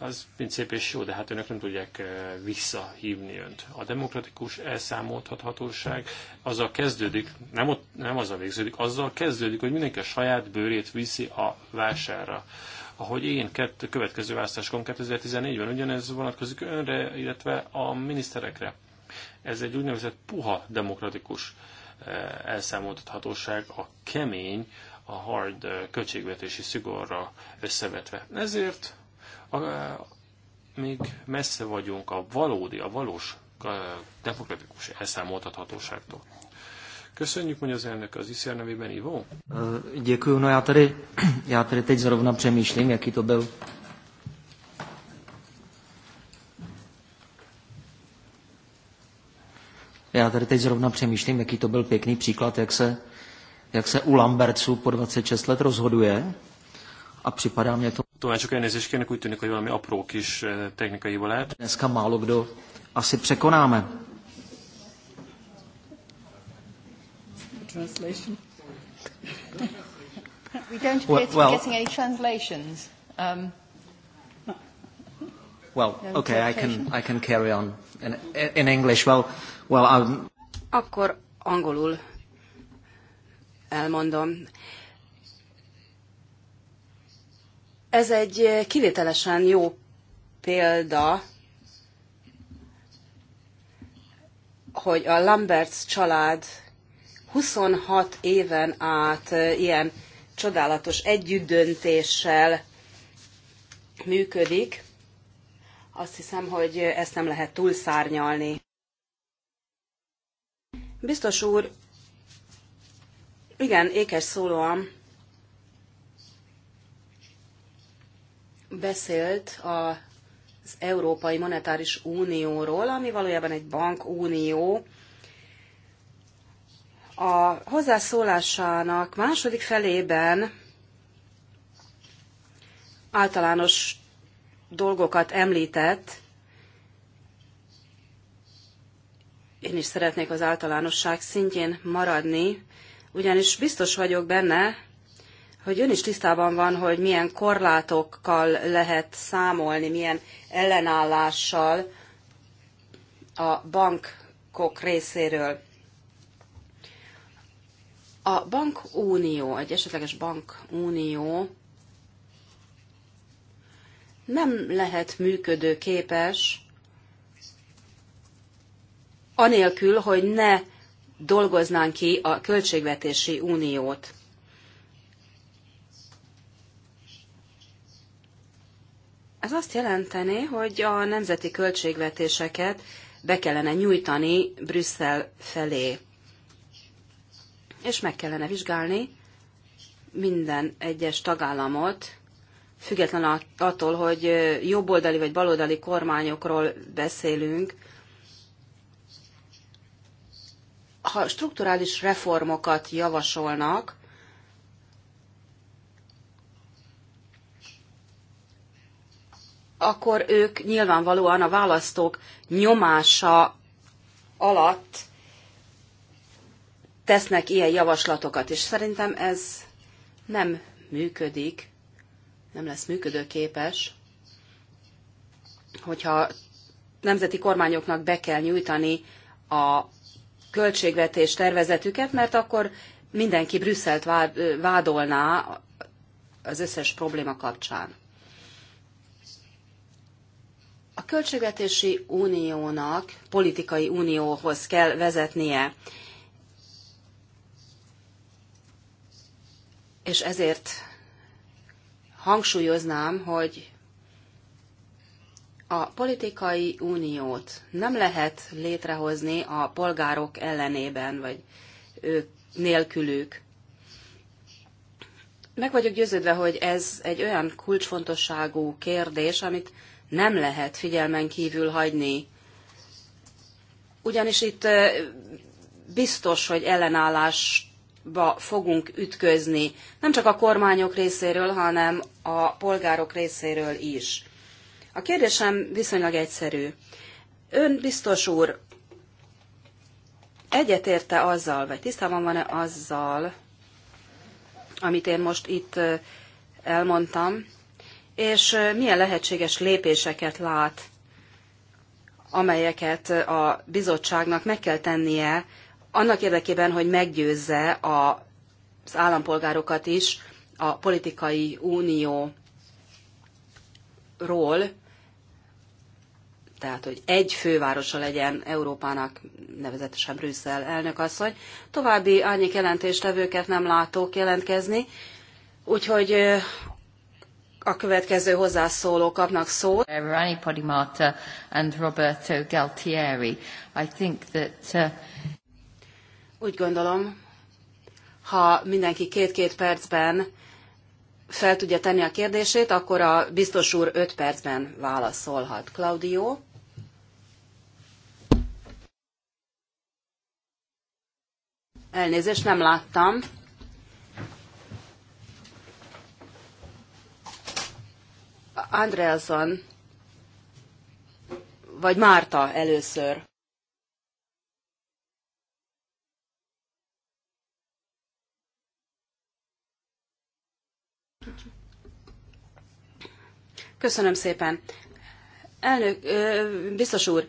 az mind szép és jó, de hát önök nem tudják eh, visszahívni önt. A demokratikus elszámoltathatóság azzal kezdődik, nem, ott, nem azzal végződik, azzal kezdődik, hogy mindenki a saját bőrét viszi a vásárra. Ahogy én kett, következő választáskon 2014-ben ugyanez vonatkozik önre, illetve a miniszterekre. Ez egy úgynevezett puha demokratikus eh, elszámoltathatóság, a kemény a hard költségvetési szigorra összevetve. Ezért a, még messze vagyunk a valódi, a valós a demokratikus elszámoltathatóságtól. Köszönjük, hogy az elnök az ISZR nevében, Ivo. Děkuji, no já tady, já tady teď zrovna přemýšlím, jaký to byl. Já tady teď zrovna přemýšlím, jaký to byl pěkný příklad, jak se jak se u Lambertsů po 26 let rozhoduje a připadá mě to... Tolmácsok elnézéskének úgy tűnik, hogy valami apró kis eh, technikai lehet. Dneska málo kdo asi překonáme. Translation. We don't appear to well, be getting any translations. Um, well, okay, I can, I can carry on in, in English. Well, well, I'm... Um, Akkor angolul elmondom. Ez egy kivételesen jó példa, hogy a Lamberts család 26 éven át ilyen csodálatos együttdöntéssel működik. Azt hiszem, hogy ezt nem lehet túlszárnyalni. Biztos úr, igen, ékes szólóan beszélt a az Európai Monetáris Unióról, ami valójában egy bankunió. A hozzászólásának második felében általános dolgokat említett. Én is szeretnék az általánosság szintjén maradni, ugyanis biztos vagyok benne, hogy ön is tisztában van, hogy milyen korlátokkal lehet számolni, milyen ellenállással a bankok részéről. A bankunió, egy esetleges bankunió nem lehet működő képes, anélkül, hogy ne dolgoznánk ki a költségvetési uniót. Ez azt jelenteni, hogy a nemzeti költségvetéseket be kellene nyújtani Brüsszel felé. És meg kellene vizsgálni minden egyes tagállamot, független attól, hogy jobboldali vagy baloldali kormányokról beszélünk, ha strukturális reformokat javasolnak, akkor ők nyilvánvalóan a választók nyomása alatt tesznek ilyen javaslatokat, és szerintem ez nem működik, nem lesz működőképes, hogyha nemzeti kormányoknak be kell nyújtani a költségvetés tervezetüket, mert akkor mindenki Brüsszelt vádolná az összes probléma kapcsán. A költségvetési uniónak politikai unióhoz kell vezetnie, és ezért hangsúlyoznám, hogy a politikai uniót nem lehet létrehozni a polgárok ellenében, vagy ők nélkülük. Meg vagyok győződve, hogy ez egy olyan kulcsfontosságú kérdés, amit nem lehet figyelmen kívül hagyni. Ugyanis itt biztos, hogy ellenállásba fogunk ütközni, nem csak a kormányok részéről, hanem a polgárok részéről is. A kérdésem viszonylag egyszerű. Ön biztos úr egyetérte azzal, vagy tisztában van-e azzal, amit én most itt elmondtam, és milyen lehetséges lépéseket lát, amelyeket a bizottságnak meg kell tennie annak érdekében, hogy meggyőzze az állampolgárokat is a politikai unióról, tehát hogy egy fővárosa legyen Európának, nevezetesen Brüsszel elnökasszony. További annyi jelentéstevőket nem látok jelentkezni, úgyhogy a következő hozzászóló kapnak szót. Rani Podimata and Roberto Galtieri. I think that, uh... Úgy gondolom, ha mindenki két-két percben fel tudja tenni a kérdését, akkor a biztos úr öt percben válaszolhat. Claudio? Elnézést, nem láttam. Andreason, vagy Márta először. Köszönöm szépen. Elnök, biztos úr,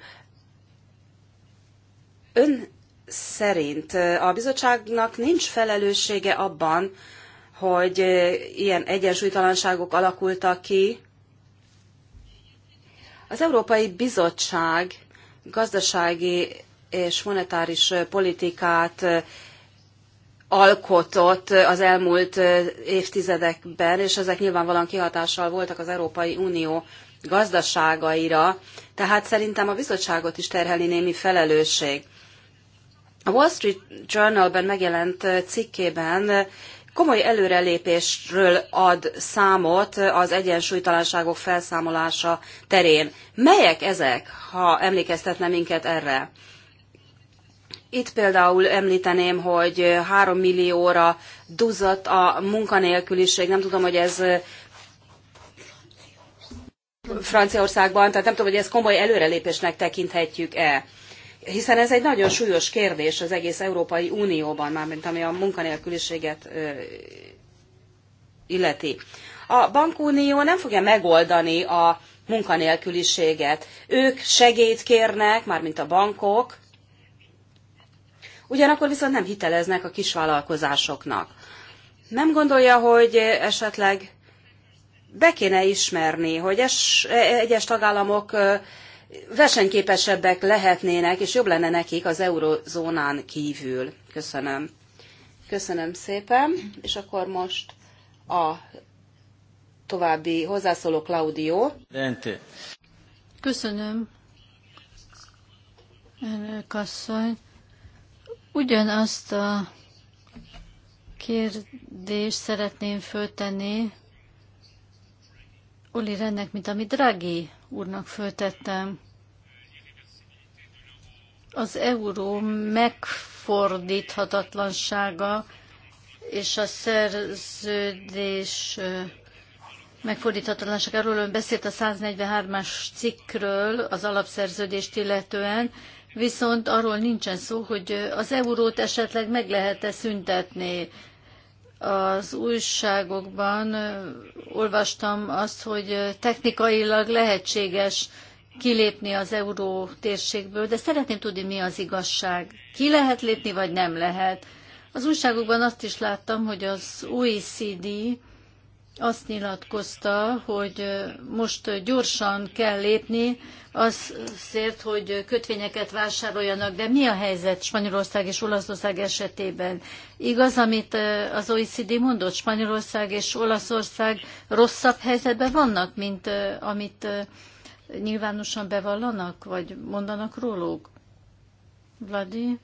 ön szerint a bizottságnak nincs felelőssége abban, hogy ilyen egyensúlytalanságok alakultak ki. Az Európai Bizottság gazdasági és monetáris politikát alkotott az elmúlt évtizedekben, és ezek nyilvánvalóan kihatással voltak az Európai Unió gazdaságaira, tehát szerintem a bizottságot is terheli némi felelősség. A Wall Street Journal-ben megjelent cikkében komoly előrelépésről ad számot az egyensúlytalanságok felszámolása terén. Melyek ezek, ha emlékeztetne minket erre? Itt például említeném, hogy 3 millióra duzzadt a munkanélküliség. Nem tudom, hogy ez Franciaországban, tehát nem tudom, hogy ez komoly előrelépésnek tekinthetjük-e hiszen ez egy nagyon súlyos kérdés az egész Európai Unióban, mármint ami a munkanélküliséget illeti. A bankunió nem fogja megoldani a munkanélküliséget. Ők segélyt kérnek, mármint a bankok, ugyanakkor viszont nem hiteleznek a kisvállalkozásoknak. Nem gondolja, hogy esetleg be kéne ismerni, hogy es, egyes tagállamok versenyképesebbek lehetnének, és jobb lenne nekik az eurozónán kívül. Köszönöm. Köszönöm szépen, és akkor most a további hozzászóló Claudio. Köszönöm, elnök asszony. Ugyanazt a kérdést szeretném föltenni Oli Rennek, mint ami Draghi úrnak föltettem. Az euró megfordíthatatlansága és a szerződés megfordíthatatlanságáról ön beszélt a 143-as cikkről az alapszerződést illetően, viszont arról nincsen szó, hogy az eurót esetleg meg lehet-e szüntetni az újságokban olvastam azt, hogy technikailag lehetséges kilépni az euró térségből, de szeretném tudni, mi az igazság. Ki lehet lépni, vagy nem lehet? Az újságokban azt is láttam, hogy az OECD azt nyilatkozta, hogy most gyorsan kell lépni azért, hogy kötvényeket vásároljanak, de mi a helyzet Spanyolország és Olaszország esetében? Igaz, amit az OECD mondott, Spanyolország és Olaszország rosszabb helyzetben vannak, mint amit nyilvánosan bevallanak, vagy mondanak róluk? Vladi?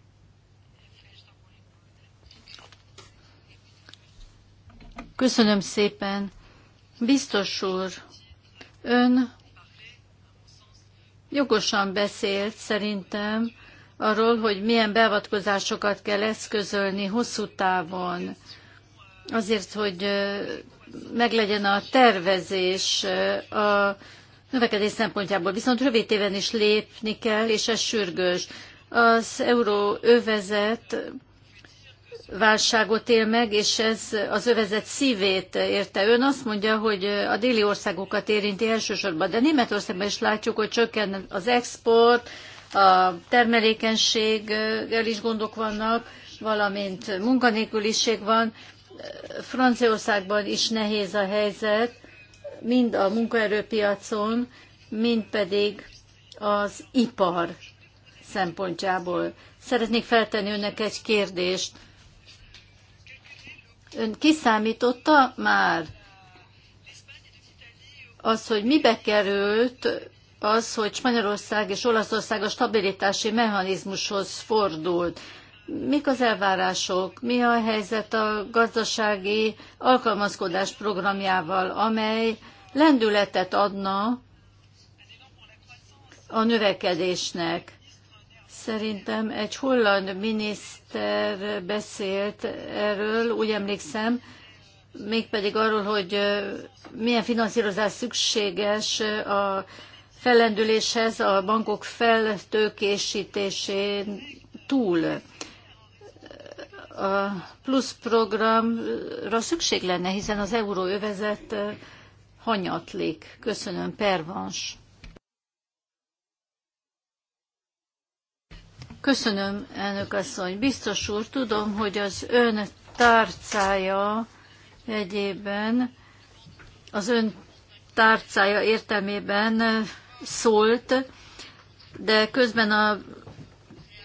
Köszönöm szépen. Biztos úr, ön jogosan beszélt szerintem arról, hogy milyen beavatkozásokat kell eszközölni hosszú távon, azért, hogy meglegyen a tervezés a növekedés szempontjából. Viszont rövid éven is lépni kell, és ez sürgős. Az euróövezet válságot él meg, és ez az övezet szívét érte. Ön azt mondja, hogy a déli országokat érinti elsősorban, de Németországban is látjuk, hogy csökken az export, a termelékenységgel is gondok vannak, valamint munkanélküliség van. Franciaországban is nehéz a helyzet, mind a munkaerőpiacon, mind pedig az ipar szempontjából. Szeretnék feltenni önnek egy kérdést. Ön kiszámította már az, hogy mibe került az, hogy Spanyolország és Olaszország a stabilitási mechanizmushoz fordult. Mik az elvárások? Mi a helyzet a gazdasági alkalmazkodás programjával, amely lendületet adna a növekedésnek? Szerintem egy holland miniszter beszélt erről, úgy emlékszem, mégpedig arról, hogy milyen finanszírozás szükséges a fellendüléshez a bankok feltőkésítésén túl. A plusz programra szükség lenne, hiszen az euróövezet hanyatlik. Köszönöm, pervans. Köszönöm, elnök asszony. Biztos úr, tudom, hogy az ön tárcája egyében, az ön tárcája értelmében szólt, de közben a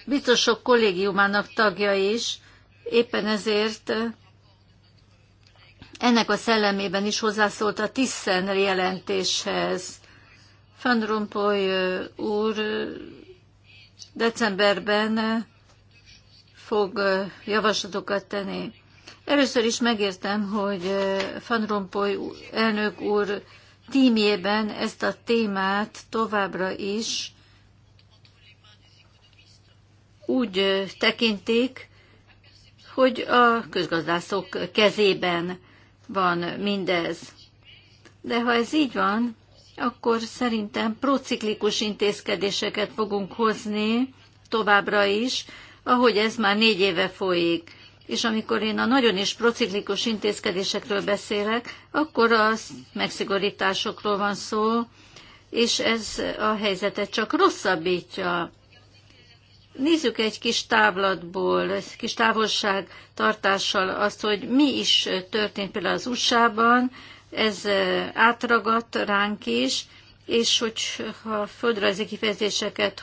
biztosok kollégiumának tagja is, éppen ezért ennek a szellemében is hozzászólt a Tiszen jelentéshez. Van Rompuy úr decemberben fog javaslatokat tenni. Először is megértem, hogy Van Rompuy elnök úr tímjében ezt a témát továbbra is úgy tekintik, hogy a közgazdászok kezében van mindez. De ha ez így van, akkor szerintem prociklikus intézkedéseket fogunk hozni továbbra is, ahogy ez már négy éve folyik. És amikor én a nagyon is prociklikus intézkedésekről beszélek, akkor az megszigorításokról van szó, és ez a helyzetet csak rosszabbítja. Nézzük egy kis távlatból, egy kis távolságtartással azt, hogy mi is történt például az USA-ban, ez átragadt ránk is, és hogyha földrajzi kifejezéseket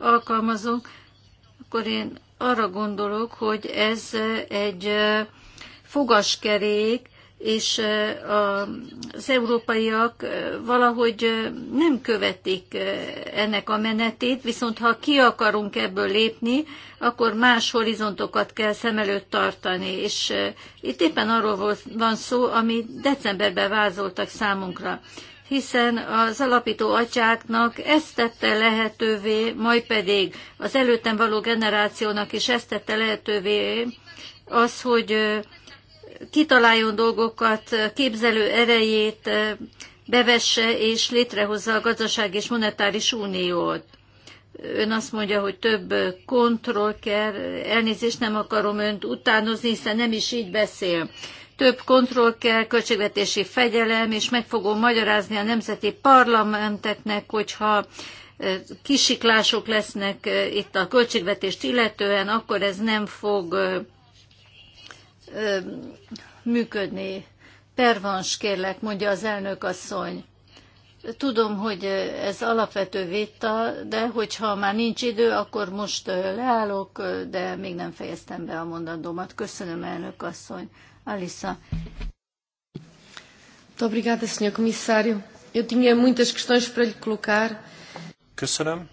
alkalmazunk, akkor én arra gondolok, hogy ez egy fogaskerék, és az európaiak valahogy nem követik ennek a menetét, viszont ha ki akarunk ebből lépni, akkor más horizontokat kell szem előtt tartani, és itt éppen arról van szó, ami decemberben vázoltak számunkra hiszen az alapító atyáknak ezt tette lehetővé, majd pedig az előttem való generációnak is ezt tette lehetővé az, hogy kitaláljon dolgokat, képzelő erejét bevesse és létrehozza a gazdaság és monetáris uniót. Ön azt mondja, hogy több kontroll kell, elnézést nem akarom önt utánozni, hiszen nem is így beszél. Több kontroll kell, költségvetési fegyelem, és meg fogom magyarázni a nemzeti parlamenteknek, hogyha kisiklások lesznek itt a költségvetést illetően, akkor ez nem fog ö, működni. Pervans, kérlek, mondja az elnök asszony. Tudom, hogy ez alapvető vita, de hogyha már nincs idő, akkor most leállok, de még nem fejeztem be a mondandómat. Köszönöm, elnök asszony. Alisa. Obrigada, Comissário. Eu tinha muitas questões para lhe colocar. Köszönöm.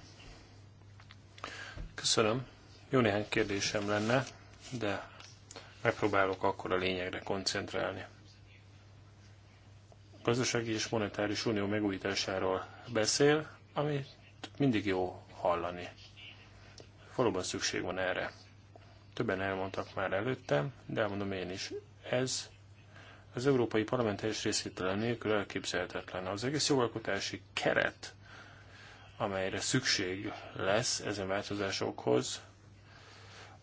Köszönöm. Jó néhány kérdésem lenne, de Megpróbálok akkor a lényegre koncentrálni. A gazdasági és monetáris unió megújításáról beszél, amit mindig jó hallani. Valóban szükség van erre. Többen elmondtak már előttem, de elmondom én is. Ez az Európai Parlament teljes részvételen nélkül elképzelhetetlen. Az egész jogalkotási keret, amelyre szükség lesz ezen változásokhoz,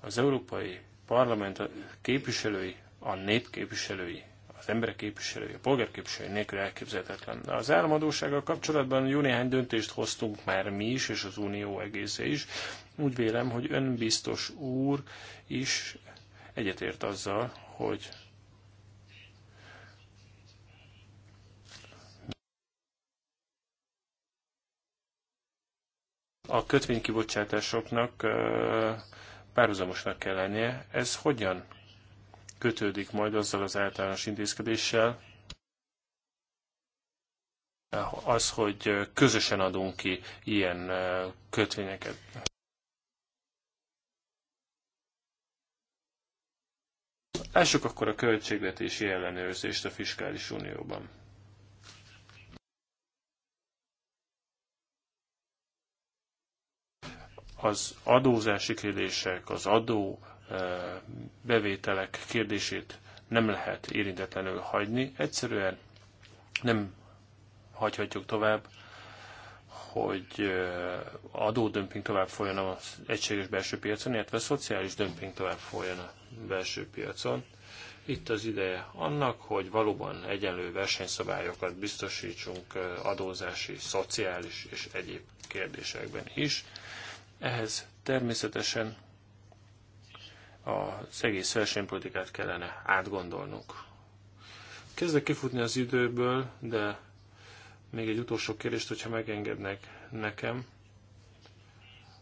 az Európai parlament képviselői, a nép képviselői, az emberek képviselői, a polgár képviselői nélkül elképzelhetetlen. De az államadósággal kapcsolatban jó néhány döntést hoztunk már mi is, és az Unió egészé is. Úgy vélem, hogy önbiztos úr is egyetért azzal, hogy a kötvénykibocsátásoknak párhuzamosnak kell lennie. Ez hogyan kötődik majd azzal az általános intézkedéssel, az, hogy közösen adunk ki ilyen kötvényeket. Lássuk akkor a költségvetési ellenőrzést a fiskális unióban. az adózási kérdések, az adó eh, bevételek kérdését nem lehet érintetlenül hagyni. Egyszerűen nem hagyhatjuk tovább, hogy eh, adódömping tovább folyjon az egységes belső piacon, illetve a szociális dömping tovább folyjon a belső piacon. Itt az ideje annak, hogy valóban egyenlő versenyszabályokat biztosítsunk eh, adózási, szociális és egyéb kérdésekben is. Ehhez természetesen az egész versenypolitikát kellene átgondolnunk. Kezdek kifutni az időből, de még egy utolsó kérdést, hogyha megengednek nekem.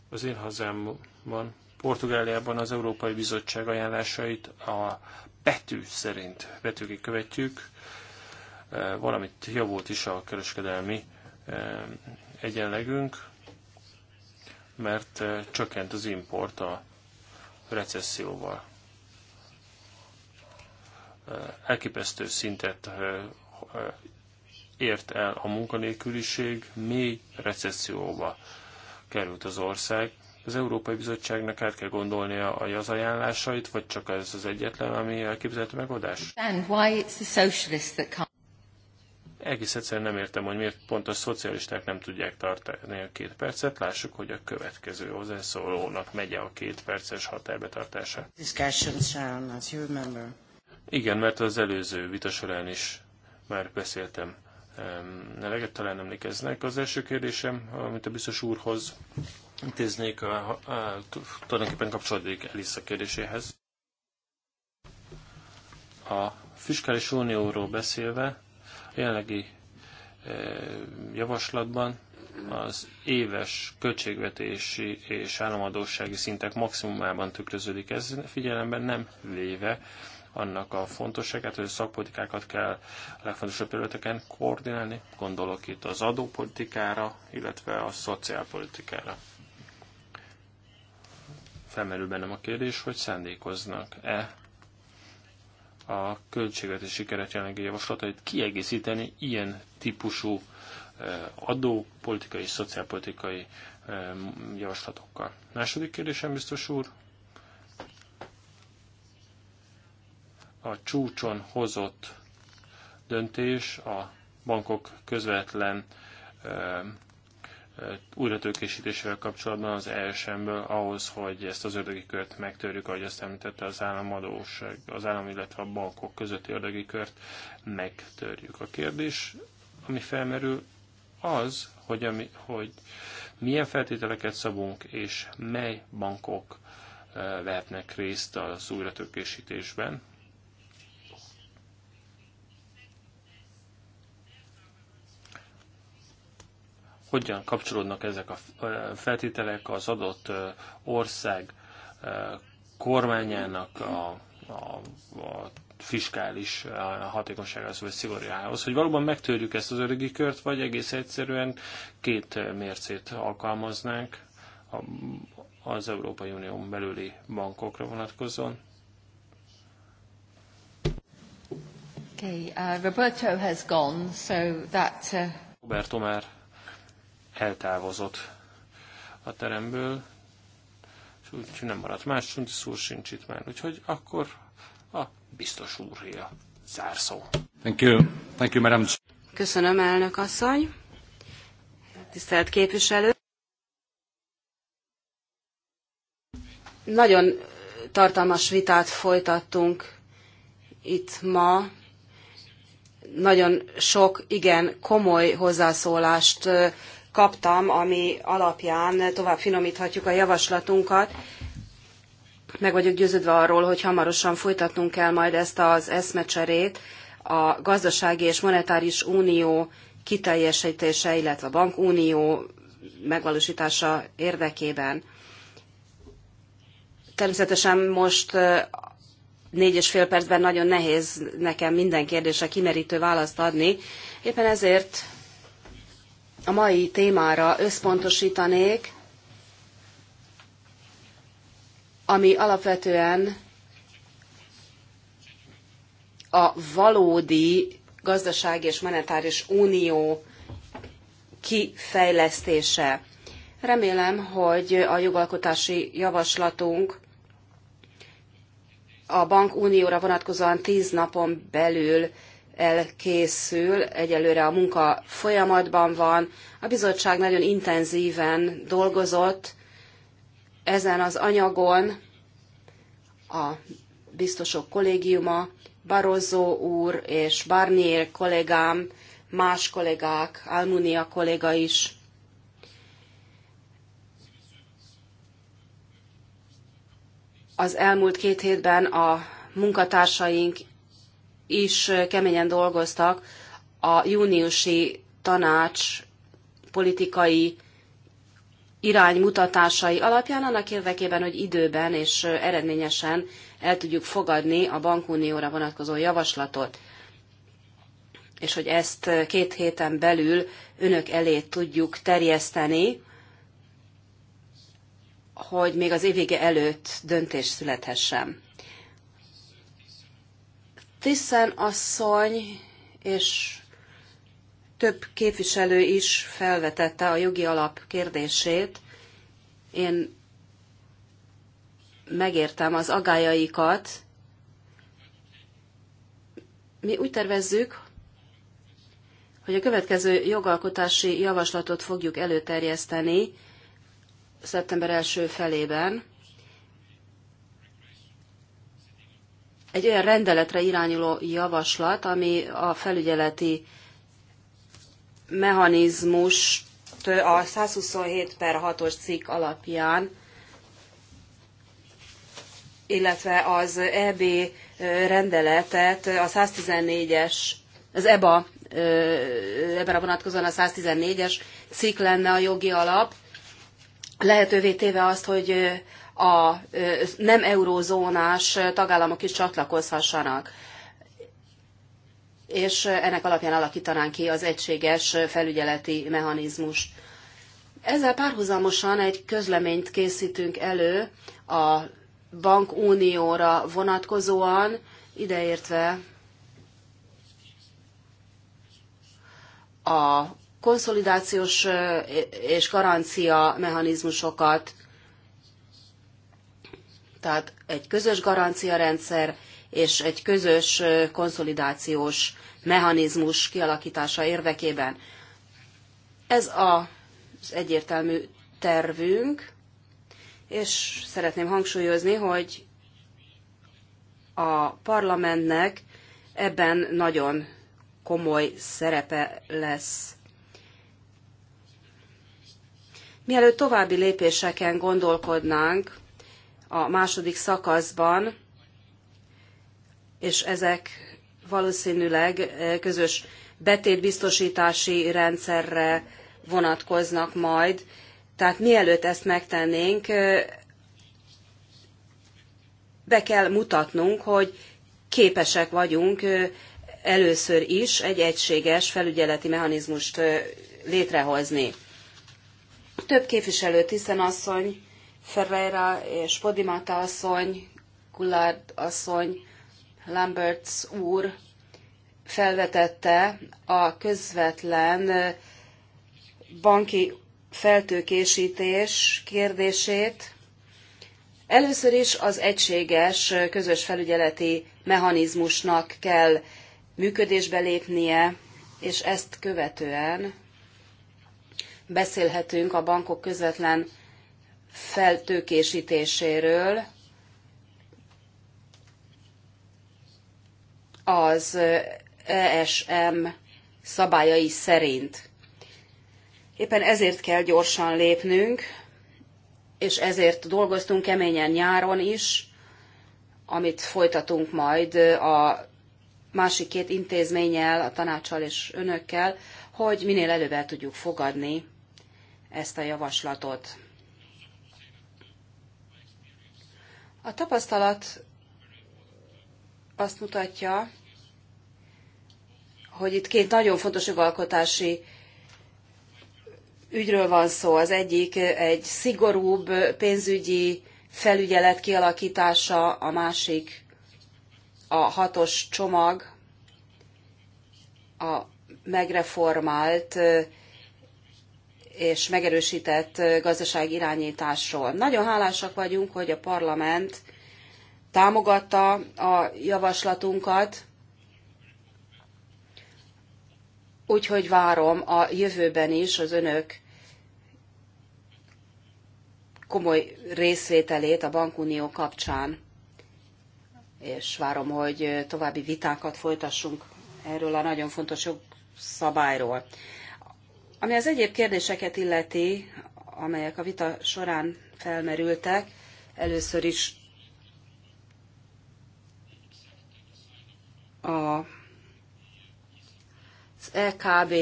Az én hazámban, Portugáliában az Európai Bizottság ajánlásait a betű szerint betűkig követjük, valamit javult is a kereskedelmi eh, egyenlegünk mert eh, csökkent az import a recesszióval. Eh, elképesztő szintet eh, ért el a munkanélküliség, mély recesszióba került az ország. Az Európai Bizottságnak át kell gondolnia az ajánlásait, vagy csak ez az egyetlen, ami elképzelhető megoldás? Egész egyszerűen nem értem, hogy miért pont a szocialisták nem tudják tartani a két percet. Lássuk, hogy a következő hozzászólónak megy a két perces határbetartása. Igen, mert az előző vita során is már beszéltem eleget talán emlékeznek. Az első kérdésem, amit a biztos úrhoz intéznék, a, a, a, tulajdonképpen kapcsolódik Elisza kérdéséhez. A fiskális unióról beszélve, a jelenlegi eh, javaslatban az éves költségvetési és államadósági szintek maximumában tükröződik ez, figyelemben nem véve annak a fontosságát, hogy a szakpolitikákat kell a legfontosabb területeken koordinálni, gondolok itt az adópolitikára, illetve a szociálpolitikára. Felmerül bennem a kérdés, hogy szándékoznak-e a költségvetési keret jelenlegi javaslatait kiegészíteni ilyen típusú eh, adó, politikai és szociálpolitikai eh, javaslatokkal. Második kérdésem, biztos úr, a csúcson hozott döntés a bankok közvetlen eh, újratőkésítésével kapcsolatban az ESM-ből ahhoz, hogy ezt az ördögi kört megtörjük, ahogy azt említette az államadóság, az állam, illetve a bankok közötti ördögi kört megtörjük. A kérdés, ami felmerül, az, hogy, ami, hogy milyen feltételeket szabunk, és mely bankok eh, vehetnek részt az újratőkésítésben, hogyan kapcsolódnak ezek a feltételek az adott ország kormányának a, a, a fiskális hatékonyságához vagy szigorjához, hogy valóban megtörjük ezt az örögi kört, vagy egész egyszerűen két mércét alkalmaznánk az Európai Unión belüli bankokra vonatkozóan. Okay, uh, Roberto has gone, so that... Uh... Roberto már eltávozott a teremből, és úgy nem maradt más, Csunti szúr sincs itt már. Úgyhogy akkor a biztos úrja a zárszó. Thank you. Thank you, madam. Köszönöm, elnök asszony. Tisztelt képviselő. Nagyon tartalmas vitát folytattunk itt ma. Nagyon sok, igen, komoly hozzászólást kaptam, ami alapján tovább finomíthatjuk a javaslatunkat. Meg vagyok győződve arról, hogy hamarosan folytatnunk kell majd ezt az eszmecserét a gazdasági és monetáris unió kiteljesítése, illetve a bankunió megvalósítása érdekében. Természetesen most négy és fél percben nagyon nehéz nekem minden kérdésre kimerítő választ adni. Éppen ezért a mai témára összpontosítanék, ami alapvetően a valódi gazdasági és monetáris unió kifejlesztése. Remélem, hogy a jogalkotási javaslatunk a bankunióra vonatkozóan tíz napon belül elkészül, egyelőre a munka folyamatban van. A bizottság nagyon intenzíven dolgozott ezen az anyagon, a biztosok kollégiuma, Barozó úr és Barnier kollégám, más kollégák, Almunia kolléga is. Az elmúlt két hétben a munkatársaink is keményen dolgoztak a júniusi tanács politikai iránymutatásai alapján, annak érdekében, hogy időben és eredményesen el tudjuk fogadni a bankunióra vonatkozó javaslatot, és hogy ezt két héten belül önök elé tudjuk terjeszteni, hogy még az évvége előtt döntés születhessen. Tiszen asszony és több képviselő is felvetette a jogi alap kérdését. Én megértem az agályaikat. Mi úgy tervezzük, hogy a következő jogalkotási javaslatot fogjuk előterjeszteni szeptember első felében. egy olyan rendeletre irányuló javaslat, ami a felügyeleti mechanizmus, a 127 per 6-os cikk alapján, illetve az EB rendeletet, a 114-es, az EBA ebben a vonatkozóan a 114-es cikk lenne a jogi alap, lehetővé téve azt, hogy a nem eurózónás tagállamok is csatlakozhassanak és ennek alapján alakítanánk ki az egységes felügyeleti mechanizmust. Ezzel párhuzamosan egy közleményt készítünk elő a bankunióra vonatkozóan, ideértve a konszolidációs és garancia mechanizmusokat, tehát egy közös garanciarendszer és egy közös konszolidációs mechanizmus kialakítása érdekében. Ez az egyértelmű tervünk, és szeretném hangsúlyozni, hogy a parlamentnek ebben nagyon komoly szerepe lesz. Mielőtt további lépéseken gondolkodnánk a második szakaszban, és ezek valószínűleg e, közös betétbiztosítási rendszerre vonatkoznak majd. Tehát mielőtt ezt megtennénk, e, be kell mutatnunk, hogy képesek vagyunk e, először is egy egységes felügyeleti mechanizmust létrehozni. Több képviselő, Tiszen asszony, Ferreira és Podimata asszony, Gullard asszony, Lamberts úr felvetette a közvetlen banki feltőkésítés kérdését. Először is az egységes közös felügyeleti mechanizmusnak kell működésbe lépnie, és ezt követően beszélhetünk a bankok közvetlen feltőkésítéséről, az ESM szabályai szerint. Éppen ezért kell gyorsan lépnünk, és ezért dolgoztunk keményen nyáron is, amit folytatunk majd a másik két intézménnyel, a tanácssal és önökkel, hogy minél előbb el tudjuk fogadni ezt a javaslatot. A tapasztalat azt mutatja, hogy itt két nagyon fontos jogalkotási ügyről van szó. Az egyik egy szigorúbb pénzügyi felügyelet kialakítása, a másik a hatos csomag, a megreformált és megerősített irányításról. Nagyon hálásak vagyunk, hogy a parlament támogatta a javaslatunkat, úgyhogy várom a jövőben is az önök komoly részvételét a bankunió kapcsán, és várom, hogy további vitákat folytassunk erről a nagyon fontos jogszabályról. Ami az egyéb kérdéseket illeti, amelyek a vita során felmerültek, először is a, az EKB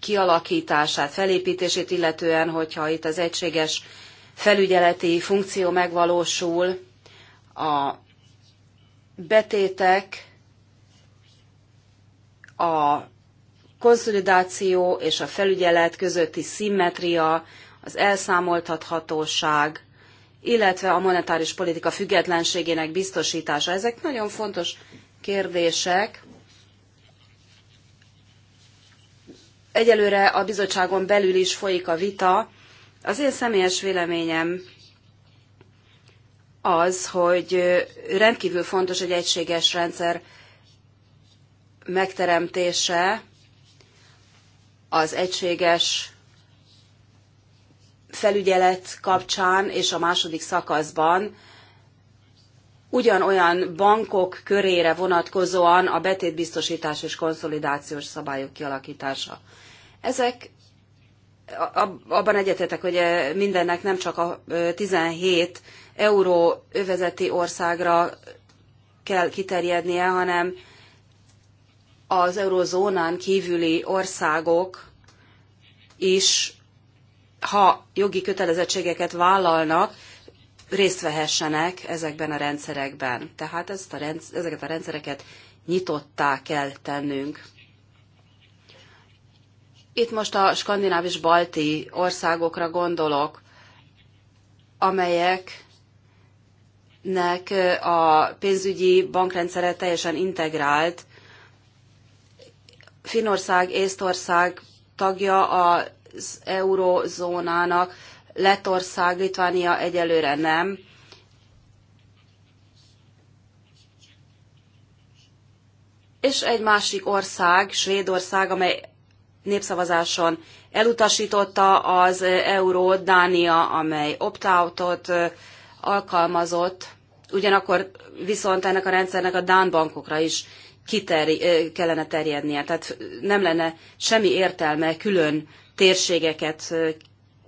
kialakítását, felépítését illetően, hogyha itt az egységes felügyeleti funkció megvalósul, a betétek a konszolidáció és a felügyelet közötti szimmetria, az elszámoltathatóság, illetve a monetáris politika függetlenségének biztosítása. Ezek nagyon fontos kérdések. Egyelőre a bizottságon belül is folyik a vita. Az én személyes véleményem az, hogy rendkívül fontos egy egységes rendszer megteremtése az egységes felügyelet kapcsán és a második szakaszban ugyanolyan bankok körére vonatkozóan a betétbiztosítás és konszolidációs szabályok kialakítása. Ezek abban egyetetek, hogy mindennek nem csak a 17 euró övezeti országra kell kiterjednie, hanem az eurozónán kívüli országok is, ha jogi kötelezettségeket vállalnak, részt vehessenek ezekben a rendszerekben. Tehát ezt a rendsz- ezeket a rendszereket nyitottá kell tennünk. Itt most a skandináv és balti országokra gondolok, amelyeknek a pénzügyi bankrendszere teljesen integrált, Finország, Észtország tagja az eurozónának, Letország, Litvánia egyelőre nem. És egy másik ország, Svédország, amely népszavazáson elutasította az eurót, Dánia, amely opt-outot alkalmazott, ugyanakkor viszont ennek a rendszernek a Dán bankokra is kiteri, kellene terjednie. Tehát nem lenne semmi értelme külön térségeket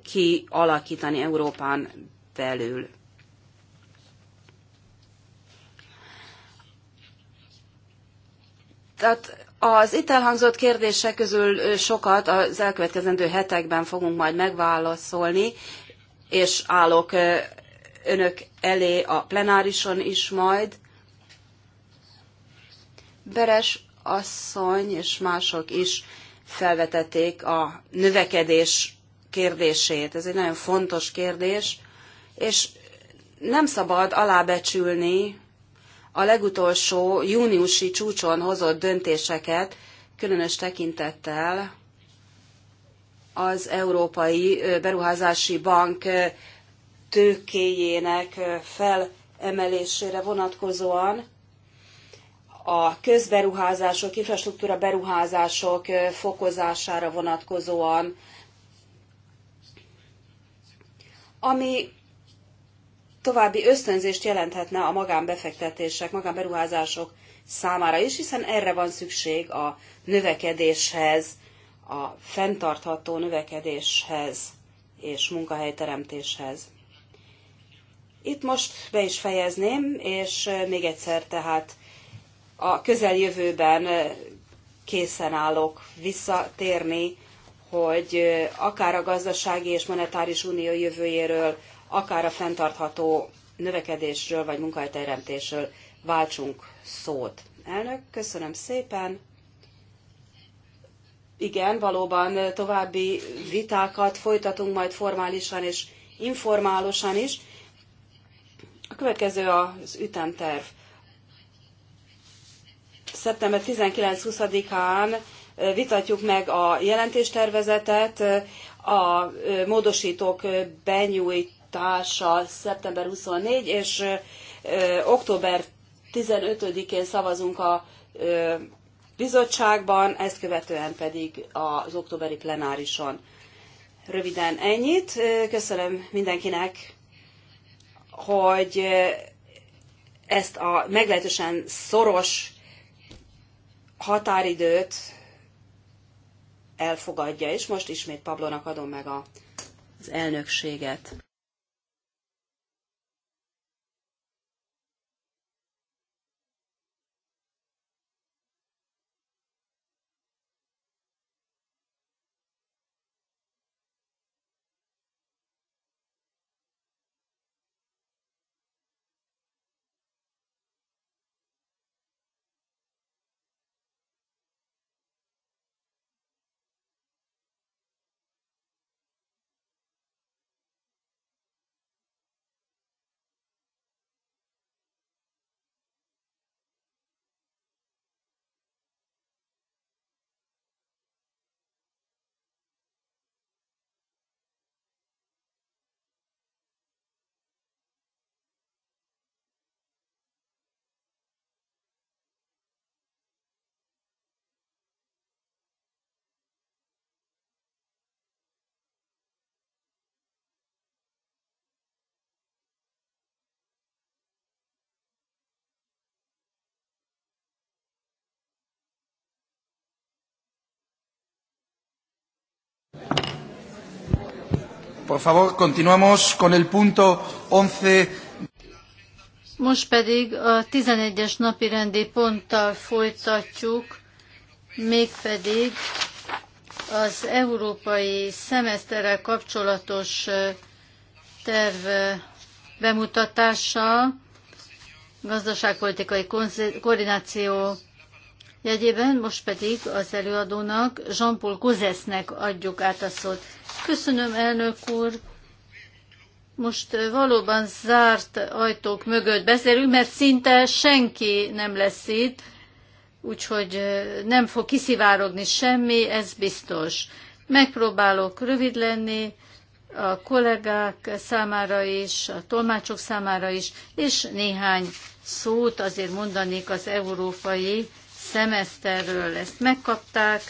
kialakítani Európán belül. Tehát az itt elhangzott kérdések közül sokat az elkövetkezendő hetekben fogunk majd megválaszolni, és állok önök elé a plenárison is majd, Beres asszony és mások is felvetették a növekedés kérdését. Ez egy nagyon fontos kérdés, és nem szabad alábecsülni a legutolsó júniusi csúcson hozott döntéseket, különös tekintettel az Európai Beruházási Bank tőkéjének felemelésére vonatkozóan, a közberuházások, infrastruktúra beruházások fokozására vonatkozóan, ami további ösztönzést jelenthetne a magánbefektetések, magánberuházások számára is, hiszen erre van szükség a növekedéshez, a fenntartható növekedéshez és munkahelyteremtéshez. Itt most be is fejezném, és még egyszer tehát a közeljövőben készen állok visszatérni, hogy akár a gazdasági és monetáris unió jövőjéről, akár a fenntartható növekedésről vagy munkahelyteremtésről váltsunk szót. Elnök, köszönöm szépen. Igen, valóban további vitákat folytatunk majd formálisan és informálosan is. A következő az ütemterv szeptember 19-20-án vitatjuk meg a jelentéstervezetet, a módosítók benyújtása szeptember 24, és október 15-én szavazunk a bizottságban, ezt követően pedig az októberi plenárison. Röviden ennyit. Köszönöm mindenkinek, hogy ezt a meglehetősen szoros határidőt elfogadja, és most ismét Pablónak adom meg a, az elnökséget. Por favor, continuamos con el punto 11. Most pedig a 11-es napi rendi ponttal folytatjuk, mégpedig az európai szemeszterrel kapcsolatos terv bemutatása, gazdaságpolitikai koordináció jegyében, most pedig az előadónak, Jean-Paul Gozesznek adjuk át a szót. Köszönöm, elnök úr! Most valóban zárt ajtók mögött beszélünk, mert szinte senki nem lesz itt, úgyhogy nem fog kiszivárogni semmi, ez biztos. Megpróbálok rövid lenni, a kollégák számára is, a tolmácsok számára is, és néhány szót azért mondanék az európai szemeszterről. Ezt megkapták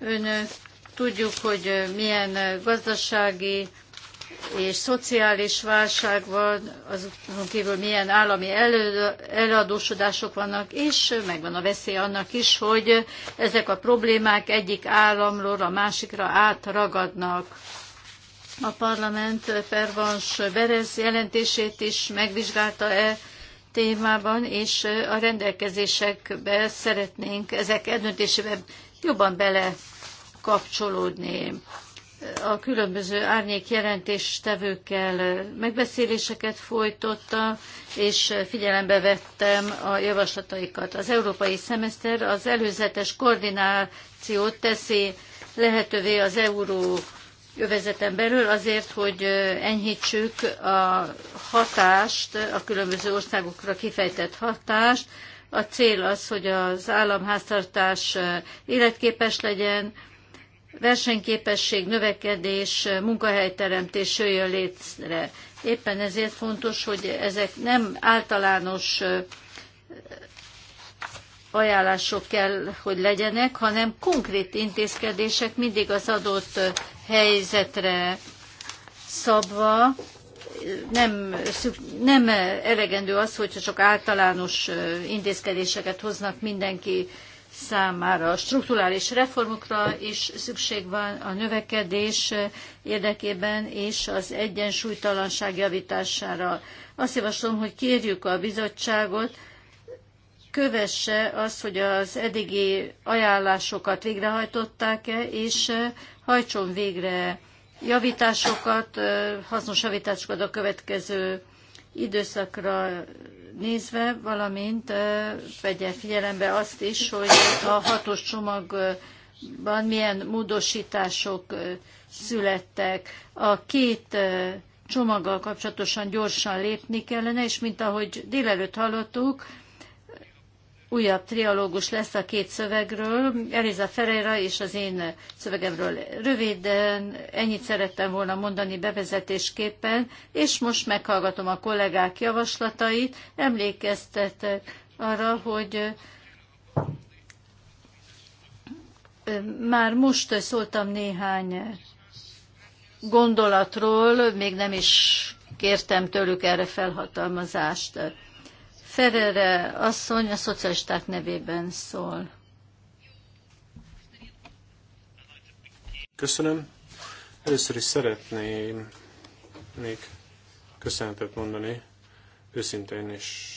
önök. Tudjuk, hogy milyen gazdasági és szociális válság van, azon kívül milyen állami eladósodások vannak, és megvan a veszély annak is, hogy ezek a problémák egyik államról a másikra átragadnak. A parlament Pervans Berez jelentését is megvizsgálta-e témában, és a rendelkezésekbe szeretnénk ezek eldöntésében jobban belekapcsolódni. A különböző árnyék jelentéstevőkkel megbeszéléseket folytotta, és figyelembe vettem a javaslataikat. Az európai szemeszter az előzetes koordinációt teszi lehetővé az euró övezeten belül azért, hogy enyhítsük a hatást, a különböző országokra kifejtett hatást. A cél az, hogy az államháztartás életképes legyen, versenyképesség, növekedés, munkahelyteremtés jöjjön létre. Éppen ezért fontos, hogy ezek nem általános ajánlások kell, hogy legyenek, hanem konkrét intézkedések mindig az adott helyzetre szabva, nem, nem elegendő az, hogyha csak általános intézkedéseket hoznak mindenki számára. A strukturális reformokra is szükség van a növekedés érdekében és az egyensúlytalanság javítására. Azt javaslom, hogy kérjük a bizottságot, kövesse azt, hogy az eddigi ajánlásokat végrehajtották-e, és hajtson végre javításokat, hasznos javításokat a következő időszakra nézve, valamint vegye figyelembe azt is, hogy a hatos csomagban milyen módosítások születtek. A két csomaggal kapcsolatosan gyorsan lépni kellene, és mint ahogy délelőtt hallottuk, újabb trialógus lesz a két szövegről, Eliza Ferreira és az én szövegemről. Röviden ennyit szerettem volna mondani bevezetésképpen, és most meghallgatom a kollégák javaslatait, emlékeztetek arra, hogy már most szóltam néhány gondolatról, még nem is kértem tőlük erre felhatalmazást. Ferrer asszony a szocialisták nevében szól. Köszönöm. Először is szeretném még köszönetet mondani őszintén és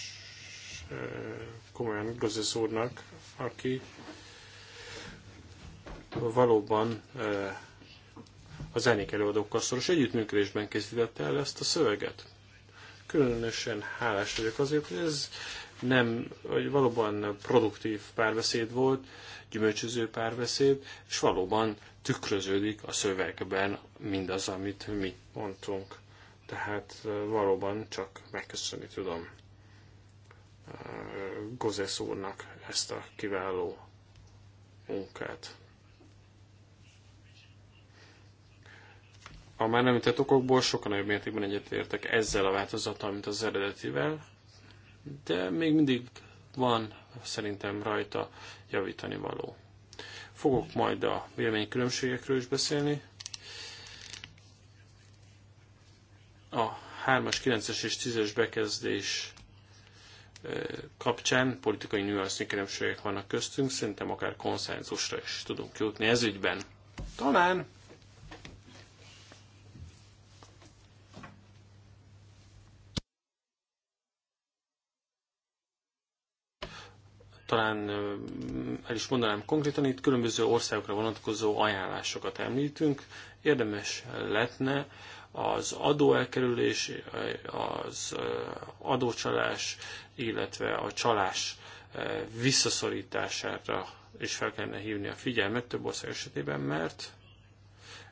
komolyan Gozes úrnak, aki valóban az zenék előadókkal szoros együttműködésben készítette el ezt a szöveget. Különösen hálás vagyok azért, hogy ez nem, hogy valóban produktív párbeszéd volt, gyümölcsöző párbeszéd, és valóban tükröződik a szövegben mindaz, amit mi mondtunk. Tehát valóban csak megköszönni tudom Gozesz úrnak ezt a kiváló munkát. a már nem említett okokból sokkal nagyobb mértékben egyetértek ezzel a változattal, mint az eredetivel, de még mindig van szerintem rajta javítani való. Fogok majd a véleménykülönbségekről is beszélni. A 3-as, 9-es és 10-es bekezdés kapcsán politikai nüansznyi különbségek vannak köztünk, szerintem akár konszenzusra is tudunk jutni ez ügyben. Talán talán el is mondanám konkrétan, itt különböző országokra vonatkozó ajánlásokat említünk. Érdemes lehetne az adóelkerülés, az adócsalás, illetve a csalás visszaszorítására is fel kellene hívni a figyelmet több ország esetében, mert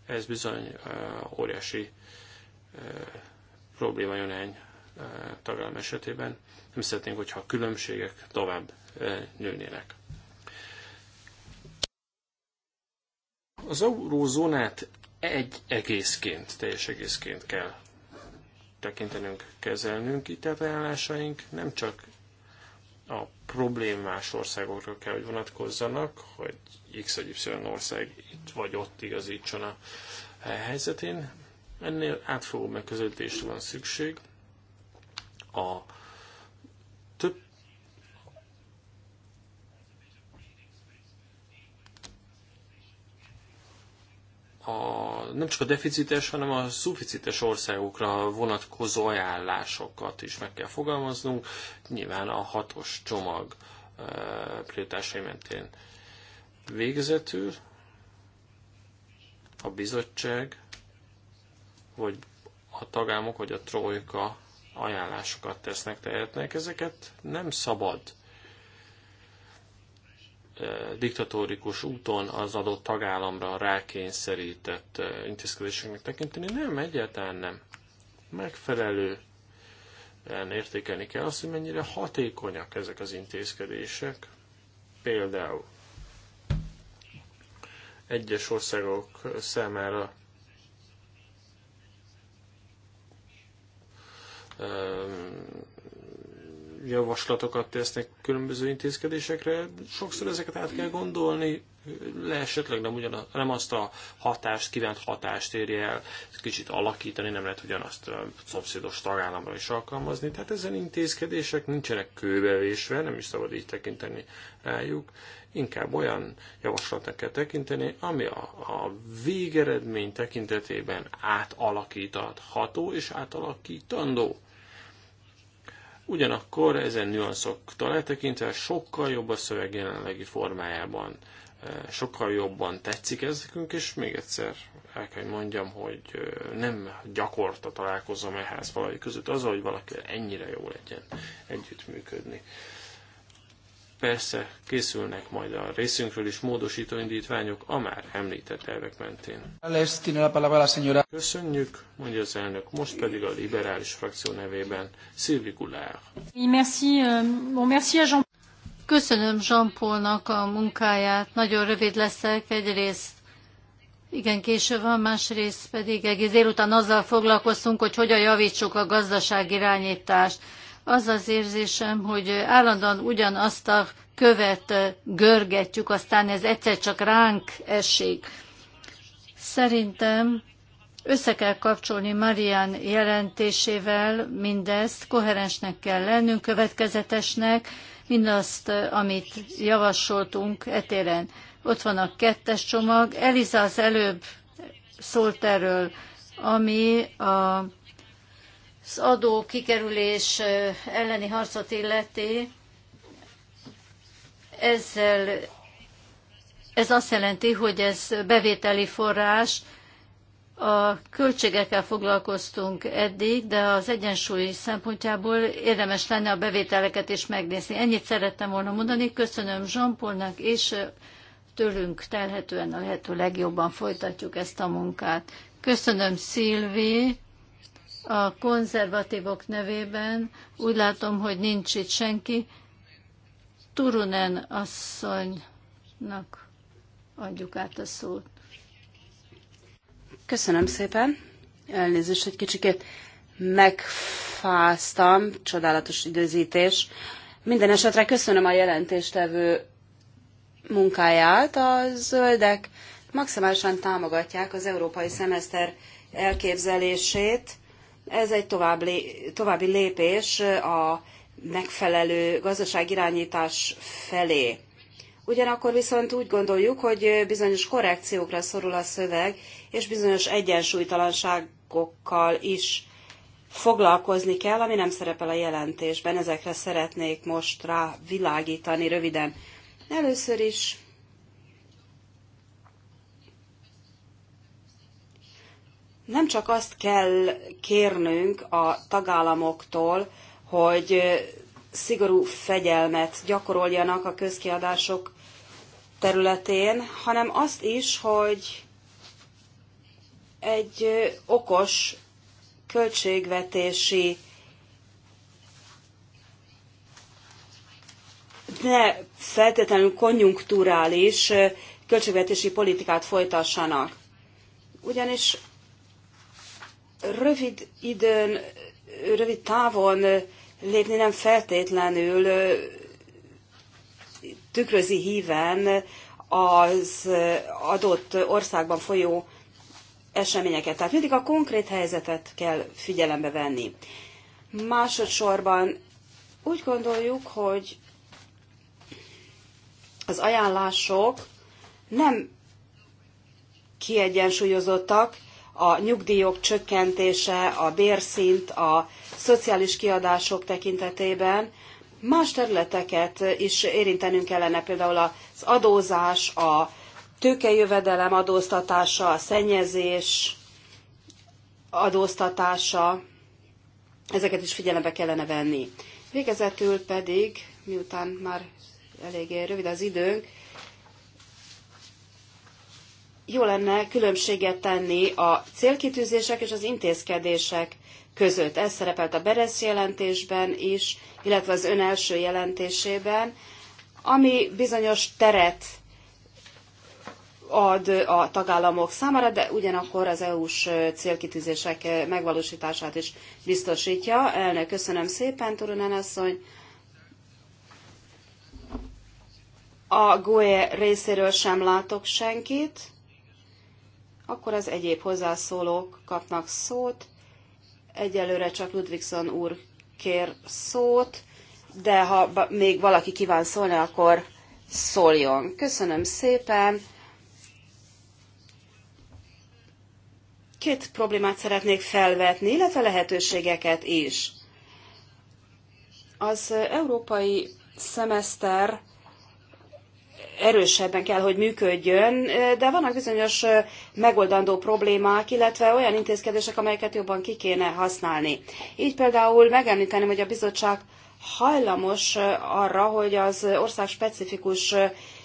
ez bizony óriási probléma jó néhány tagállam esetében. Nem szeretnénk, hogyha a különbségek tovább nőnének. Az eurózónát egy egészként, teljes egészként kell tekintenünk, kezelnünk. Itt ajánlásaink nem csak a problémás országokra kell, hogy vonatkozzanak, hogy X vagy Y ország itt vagy ott igazítson a helyzetén. Ennél átfogó megközelítésre van szükség. A a, nem csak a deficites, hanem a szuficites országokra vonatkozó ajánlásokat is meg kell fogalmaznunk, nyilván a hatos csomag e, prioritásai mentén végezetül a bizottság, vagy a tagállamok, vagy a trojka ajánlásokat tesznek, tehetnek, ezeket nem szabad diktatórikus úton az adott tagállamra rákényszerített intézkedéseknek tekinteni. Nem, egyáltalán nem. Megfelelő értékelni kell azt, hogy mennyire hatékonyak ezek az intézkedések. Például egyes országok számára javaslatokat tesznek különböző intézkedésekre, sokszor ezeket át kell gondolni, le esetleg nem, ugyan, nem azt a hatást, kívánt hatást érje el, kicsit alakítani, nem lehet ugyanazt a szomszédos tagállamra is alkalmazni. Tehát ezen intézkedések nincsenek kőbevésve, nem is szabad így tekinteni rájuk. Inkább olyan javaslatnak kell tekinteni, ami a, a végeredmény tekintetében átalakítható és átalakítandó Ugyanakkor ezen nüanszoktól eltekintve sokkal jobb a szöveg jelenlegi formájában, e, sokkal jobban tetszik ez nekünk, és még egyszer el kell, hogy mondjam, hogy e, nem gyakorta találkozom ehhez házfalai között az, hogy valakivel ennyire jó legyen együttműködni. Persze készülnek majd a részünkről is módosító indítványok a már említett elvek mentén. Köszönjük, mondja az elnök, most pedig a liberális frakció nevében Sylvie Goulard. Euh, Köszönöm Jean-Paulnak a munkáját, nagyon rövid leszek egyrészt. Igen, késő van, másrészt pedig egész délután azzal foglalkoztunk, hogy hogyan javítsuk a gazdaság irányítást az az érzésem, hogy állandóan ugyanazt a követ görgetjük, aztán ez egyszer csak ránk esik. Szerintem össze kell kapcsolni Marian jelentésével mindezt, koherensnek kell lennünk, következetesnek, mindazt, amit javasoltunk etéren. Ott van a kettes csomag. Eliza az előbb szólt erről, ami a az adó kikerülés elleni harcot illeti, ezzel, ez azt jelenti, hogy ez bevételi forrás. A költségekkel foglalkoztunk eddig, de az egyensúly szempontjából érdemes lenne a bevételeket is megnézni. Ennyit szerettem volna mondani. Köszönöm Zsampolnak, és tőlünk telhetően a lehető legjobban folytatjuk ezt a munkát. Köszönöm Szilvi a konzervatívok nevében. Úgy látom, hogy nincs itt senki. Turunen asszonynak adjuk át a szót. Köszönöm szépen. Elnézést egy kicsikét. Megfáztam. Csodálatos időzítés. Minden esetre köszönöm a jelentéstevő munkáját. A zöldek maximálisan támogatják az európai szemeszter elképzelését, ez egy további, lépés a megfelelő gazdaságirányítás felé. Ugyanakkor viszont úgy gondoljuk, hogy bizonyos korrekciókra szorul a szöveg, és bizonyos egyensúlytalanságokkal is foglalkozni kell, ami nem szerepel a jelentésben. Ezekre szeretnék most rávilágítani röviden. Először is nem csak azt kell kérnünk a tagállamoktól, hogy szigorú fegyelmet gyakoroljanak a közkiadások területén, hanem azt is, hogy egy okos költségvetési ne feltétlenül konjunkturális költségvetési politikát folytassanak. Ugyanis rövid időn, rövid távon lépni nem feltétlenül tükrözi híven az adott országban folyó eseményeket. Tehát mindig a konkrét helyzetet kell figyelembe venni. Másodszorban úgy gondoljuk, hogy az ajánlások nem kiegyensúlyozottak, a nyugdíjok csökkentése, a bérszint, a szociális kiadások tekintetében. Más területeket is érintenünk kellene, például az adózás, a tőkejövedelem adóztatása, a szennyezés adóztatása, ezeket is figyelembe kellene venni. Végezetül pedig, miután már eléggé rövid az időnk, jó lenne különbséget tenni a célkitűzések és az intézkedések között. Ez szerepelt a Beresz jelentésben is, illetve az ön első jelentésében, ami bizonyos teret ad a tagállamok számára, de ugyanakkor az EU-s célkitűzések megvalósítását is biztosítja. Elnök, köszönöm szépen, Turunen asszony. A GOE részéről sem látok senkit akkor az egyéb hozzászólók kapnak szót. Egyelőre csak Ludvigson úr kér szót, de ha még valaki kíván szólni, akkor szóljon. Köszönöm szépen. Két problémát szeretnék felvetni, illetve lehetőségeket is. Az európai szemeszter erősebben kell, hogy működjön, de vannak bizonyos megoldandó problémák, illetve olyan intézkedések, amelyeket jobban ki kéne használni. Így például megemlíteném, hogy a bizottság hajlamos arra, hogy az ország specifikus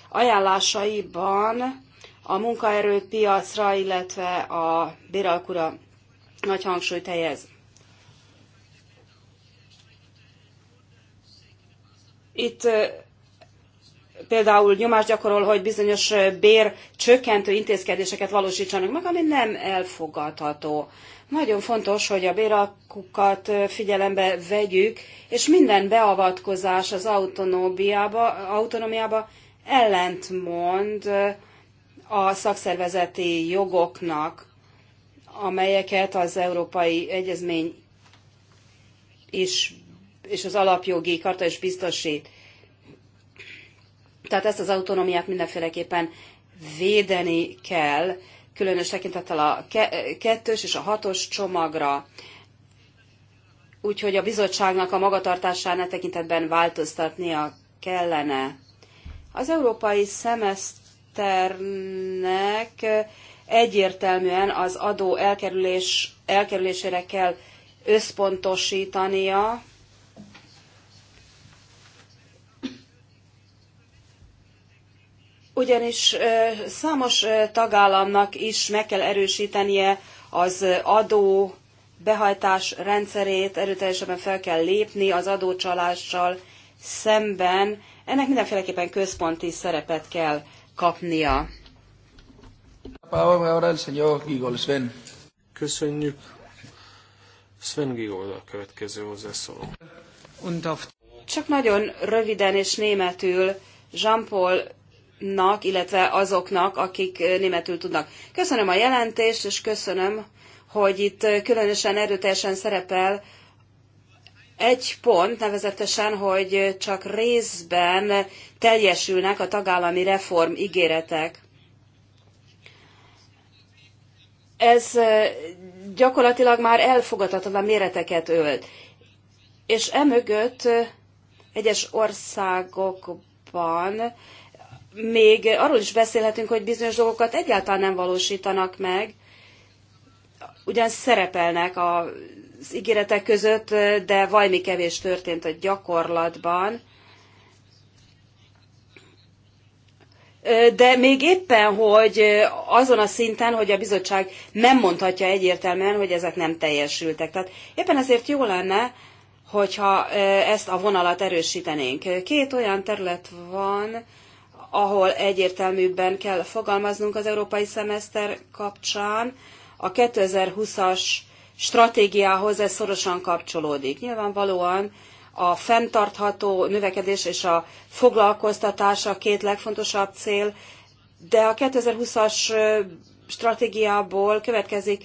ajánlásaiban a munkaerőpiacra, illetve a béralkura nagy hangsúlyt helyez. Itt például nyomást gyakorol, hogy bizonyos bér csökkentő intézkedéseket valósítsanak meg, ami nem elfogadható. Nagyon fontos, hogy a bérakukat figyelembe vegyük, és minden beavatkozás az autonómiába, ellentmond a szakszervezeti jogoknak, amelyeket az Európai Egyezmény is, és az alapjogi karta is biztosít tehát ezt az autonómiát mindenféleképpen védeni kell, különös tekintettel a kettős és a hatos csomagra. Úgyhogy a bizottságnak a magatartásán e tekintetben változtatnia kellene. Az európai szemeszternek egyértelműen az adó elkerülés, elkerülésére kell összpontosítania, ugyanis számos tagállamnak is meg kell erősítenie az adó behajtás rendszerét, erőteljesebben fel kell lépni az adócsalással szemben. Ennek mindenféleképpen központi szerepet kell kapnia. Köszönjük. Sven Gigolda a következő hozzászóló. Csak nagyon röviden és németül Jean-Paul nak, illetve azoknak, akik eh, németül tudnak. Köszönöm a jelentést, és köszönöm, hogy itt eh, különösen erőteljesen szerepel egy pont, nevezetesen, hogy eh, csak részben teljesülnek a tagállami reform ígéretek. Ez gyakorlatilag már elfogadhatatlan méreteket ölt. És emögött egyes országokban még arról is beszélhetünk, hogy bizonyos dolgokat egyáltalán nem valósítanak meg, ugyan szerepelnek az ígéretek között, de vajmi kevés történt a gyakorlatban. De még éppen, hogy azon a szinten, hogy a bizottság nem mondhatja egyértelműen, hogy ezek nem teljesültek. Tehát éppen ezért jó lenne, hogyha e, ezt a vonalat erősítenénk. Két olyan terület van, ahol egyértelműbben kell fogalmaznunk az európai szemeszter kapcsán. A 2020-as stratégiához ez szorosan kapcsolódik. Nyilvánvalóan a fenntartható növekedés és a foglalkoztatás a két legfontosabb cél, de a 2020-as stratégiából következik,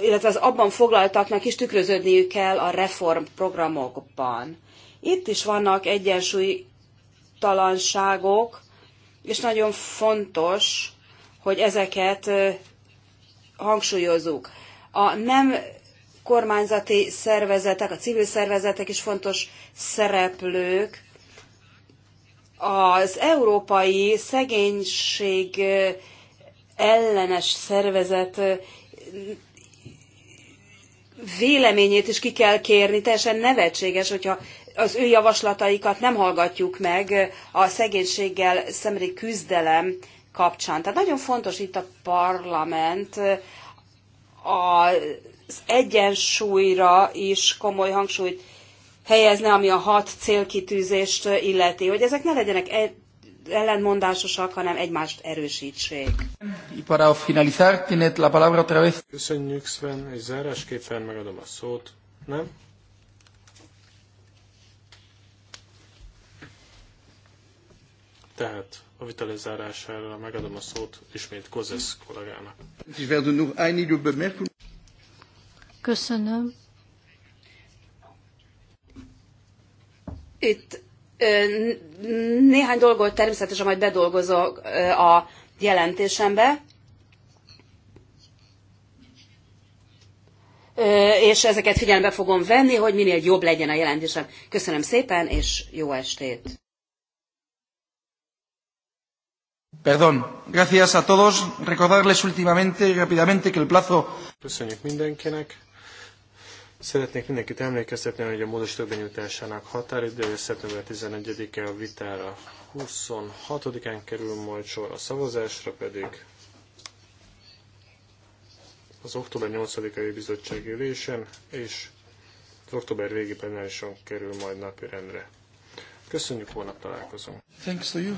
illetve az abban foglaltaknak is tükröződniük kell a reformprogramokban. Itt is vannak egyensúly bizonytalanságok, és nagyon fontos, hogy ezeket hangsúlyozzuk. A nem kormányzati szervezetek, a civil szervezetek is fontos szereplők. Az európai szegénység ellenes szervezet véleményét is ki kell kérni, teljesen nevetséges, hogyha az ő javaslataikat nem hallgatjuk meg a szegénységgel szembeni küzdelem kapcsán. Tehát nagyon fontos itt a parlament az egyensúlyra is komoly hangsúlyt helyezne, ami a hat célkitűzést illeti, hogy ezek ne legyenek e- ellentmondásosak, hanem egymást erősítsék. para finalizar, tiene la palabra Köszönjük, Sven, és zárásképpen megadom a szót. Nem? Tehát a vita megadom a szót ismét Kozesz kollégának. Köszönöm. Itt néhány dolgot természetesen majd bedolgozok a jelentésembe, és ezeket figyelembe fogom venni, hogy minél jobb legyen a jelentésem. Köszönöm szépen, és jó estét! Perdón. Gracias a todos. Recordarles últimamente y rápidamente que el plazo... Köszönjük mindenkinek. Szeretnék mindenkit emlékeztetni, hogy a módosítók benyújtásának határidője szeptember 11-e a vitára 26-án kerül majd sor a szavazásra, pedig az október 8-ai bizottsági ülésen, és az október végi plenárison kerül majd napirendre. Köszönjük, holnap találkozunk. Thanks to you.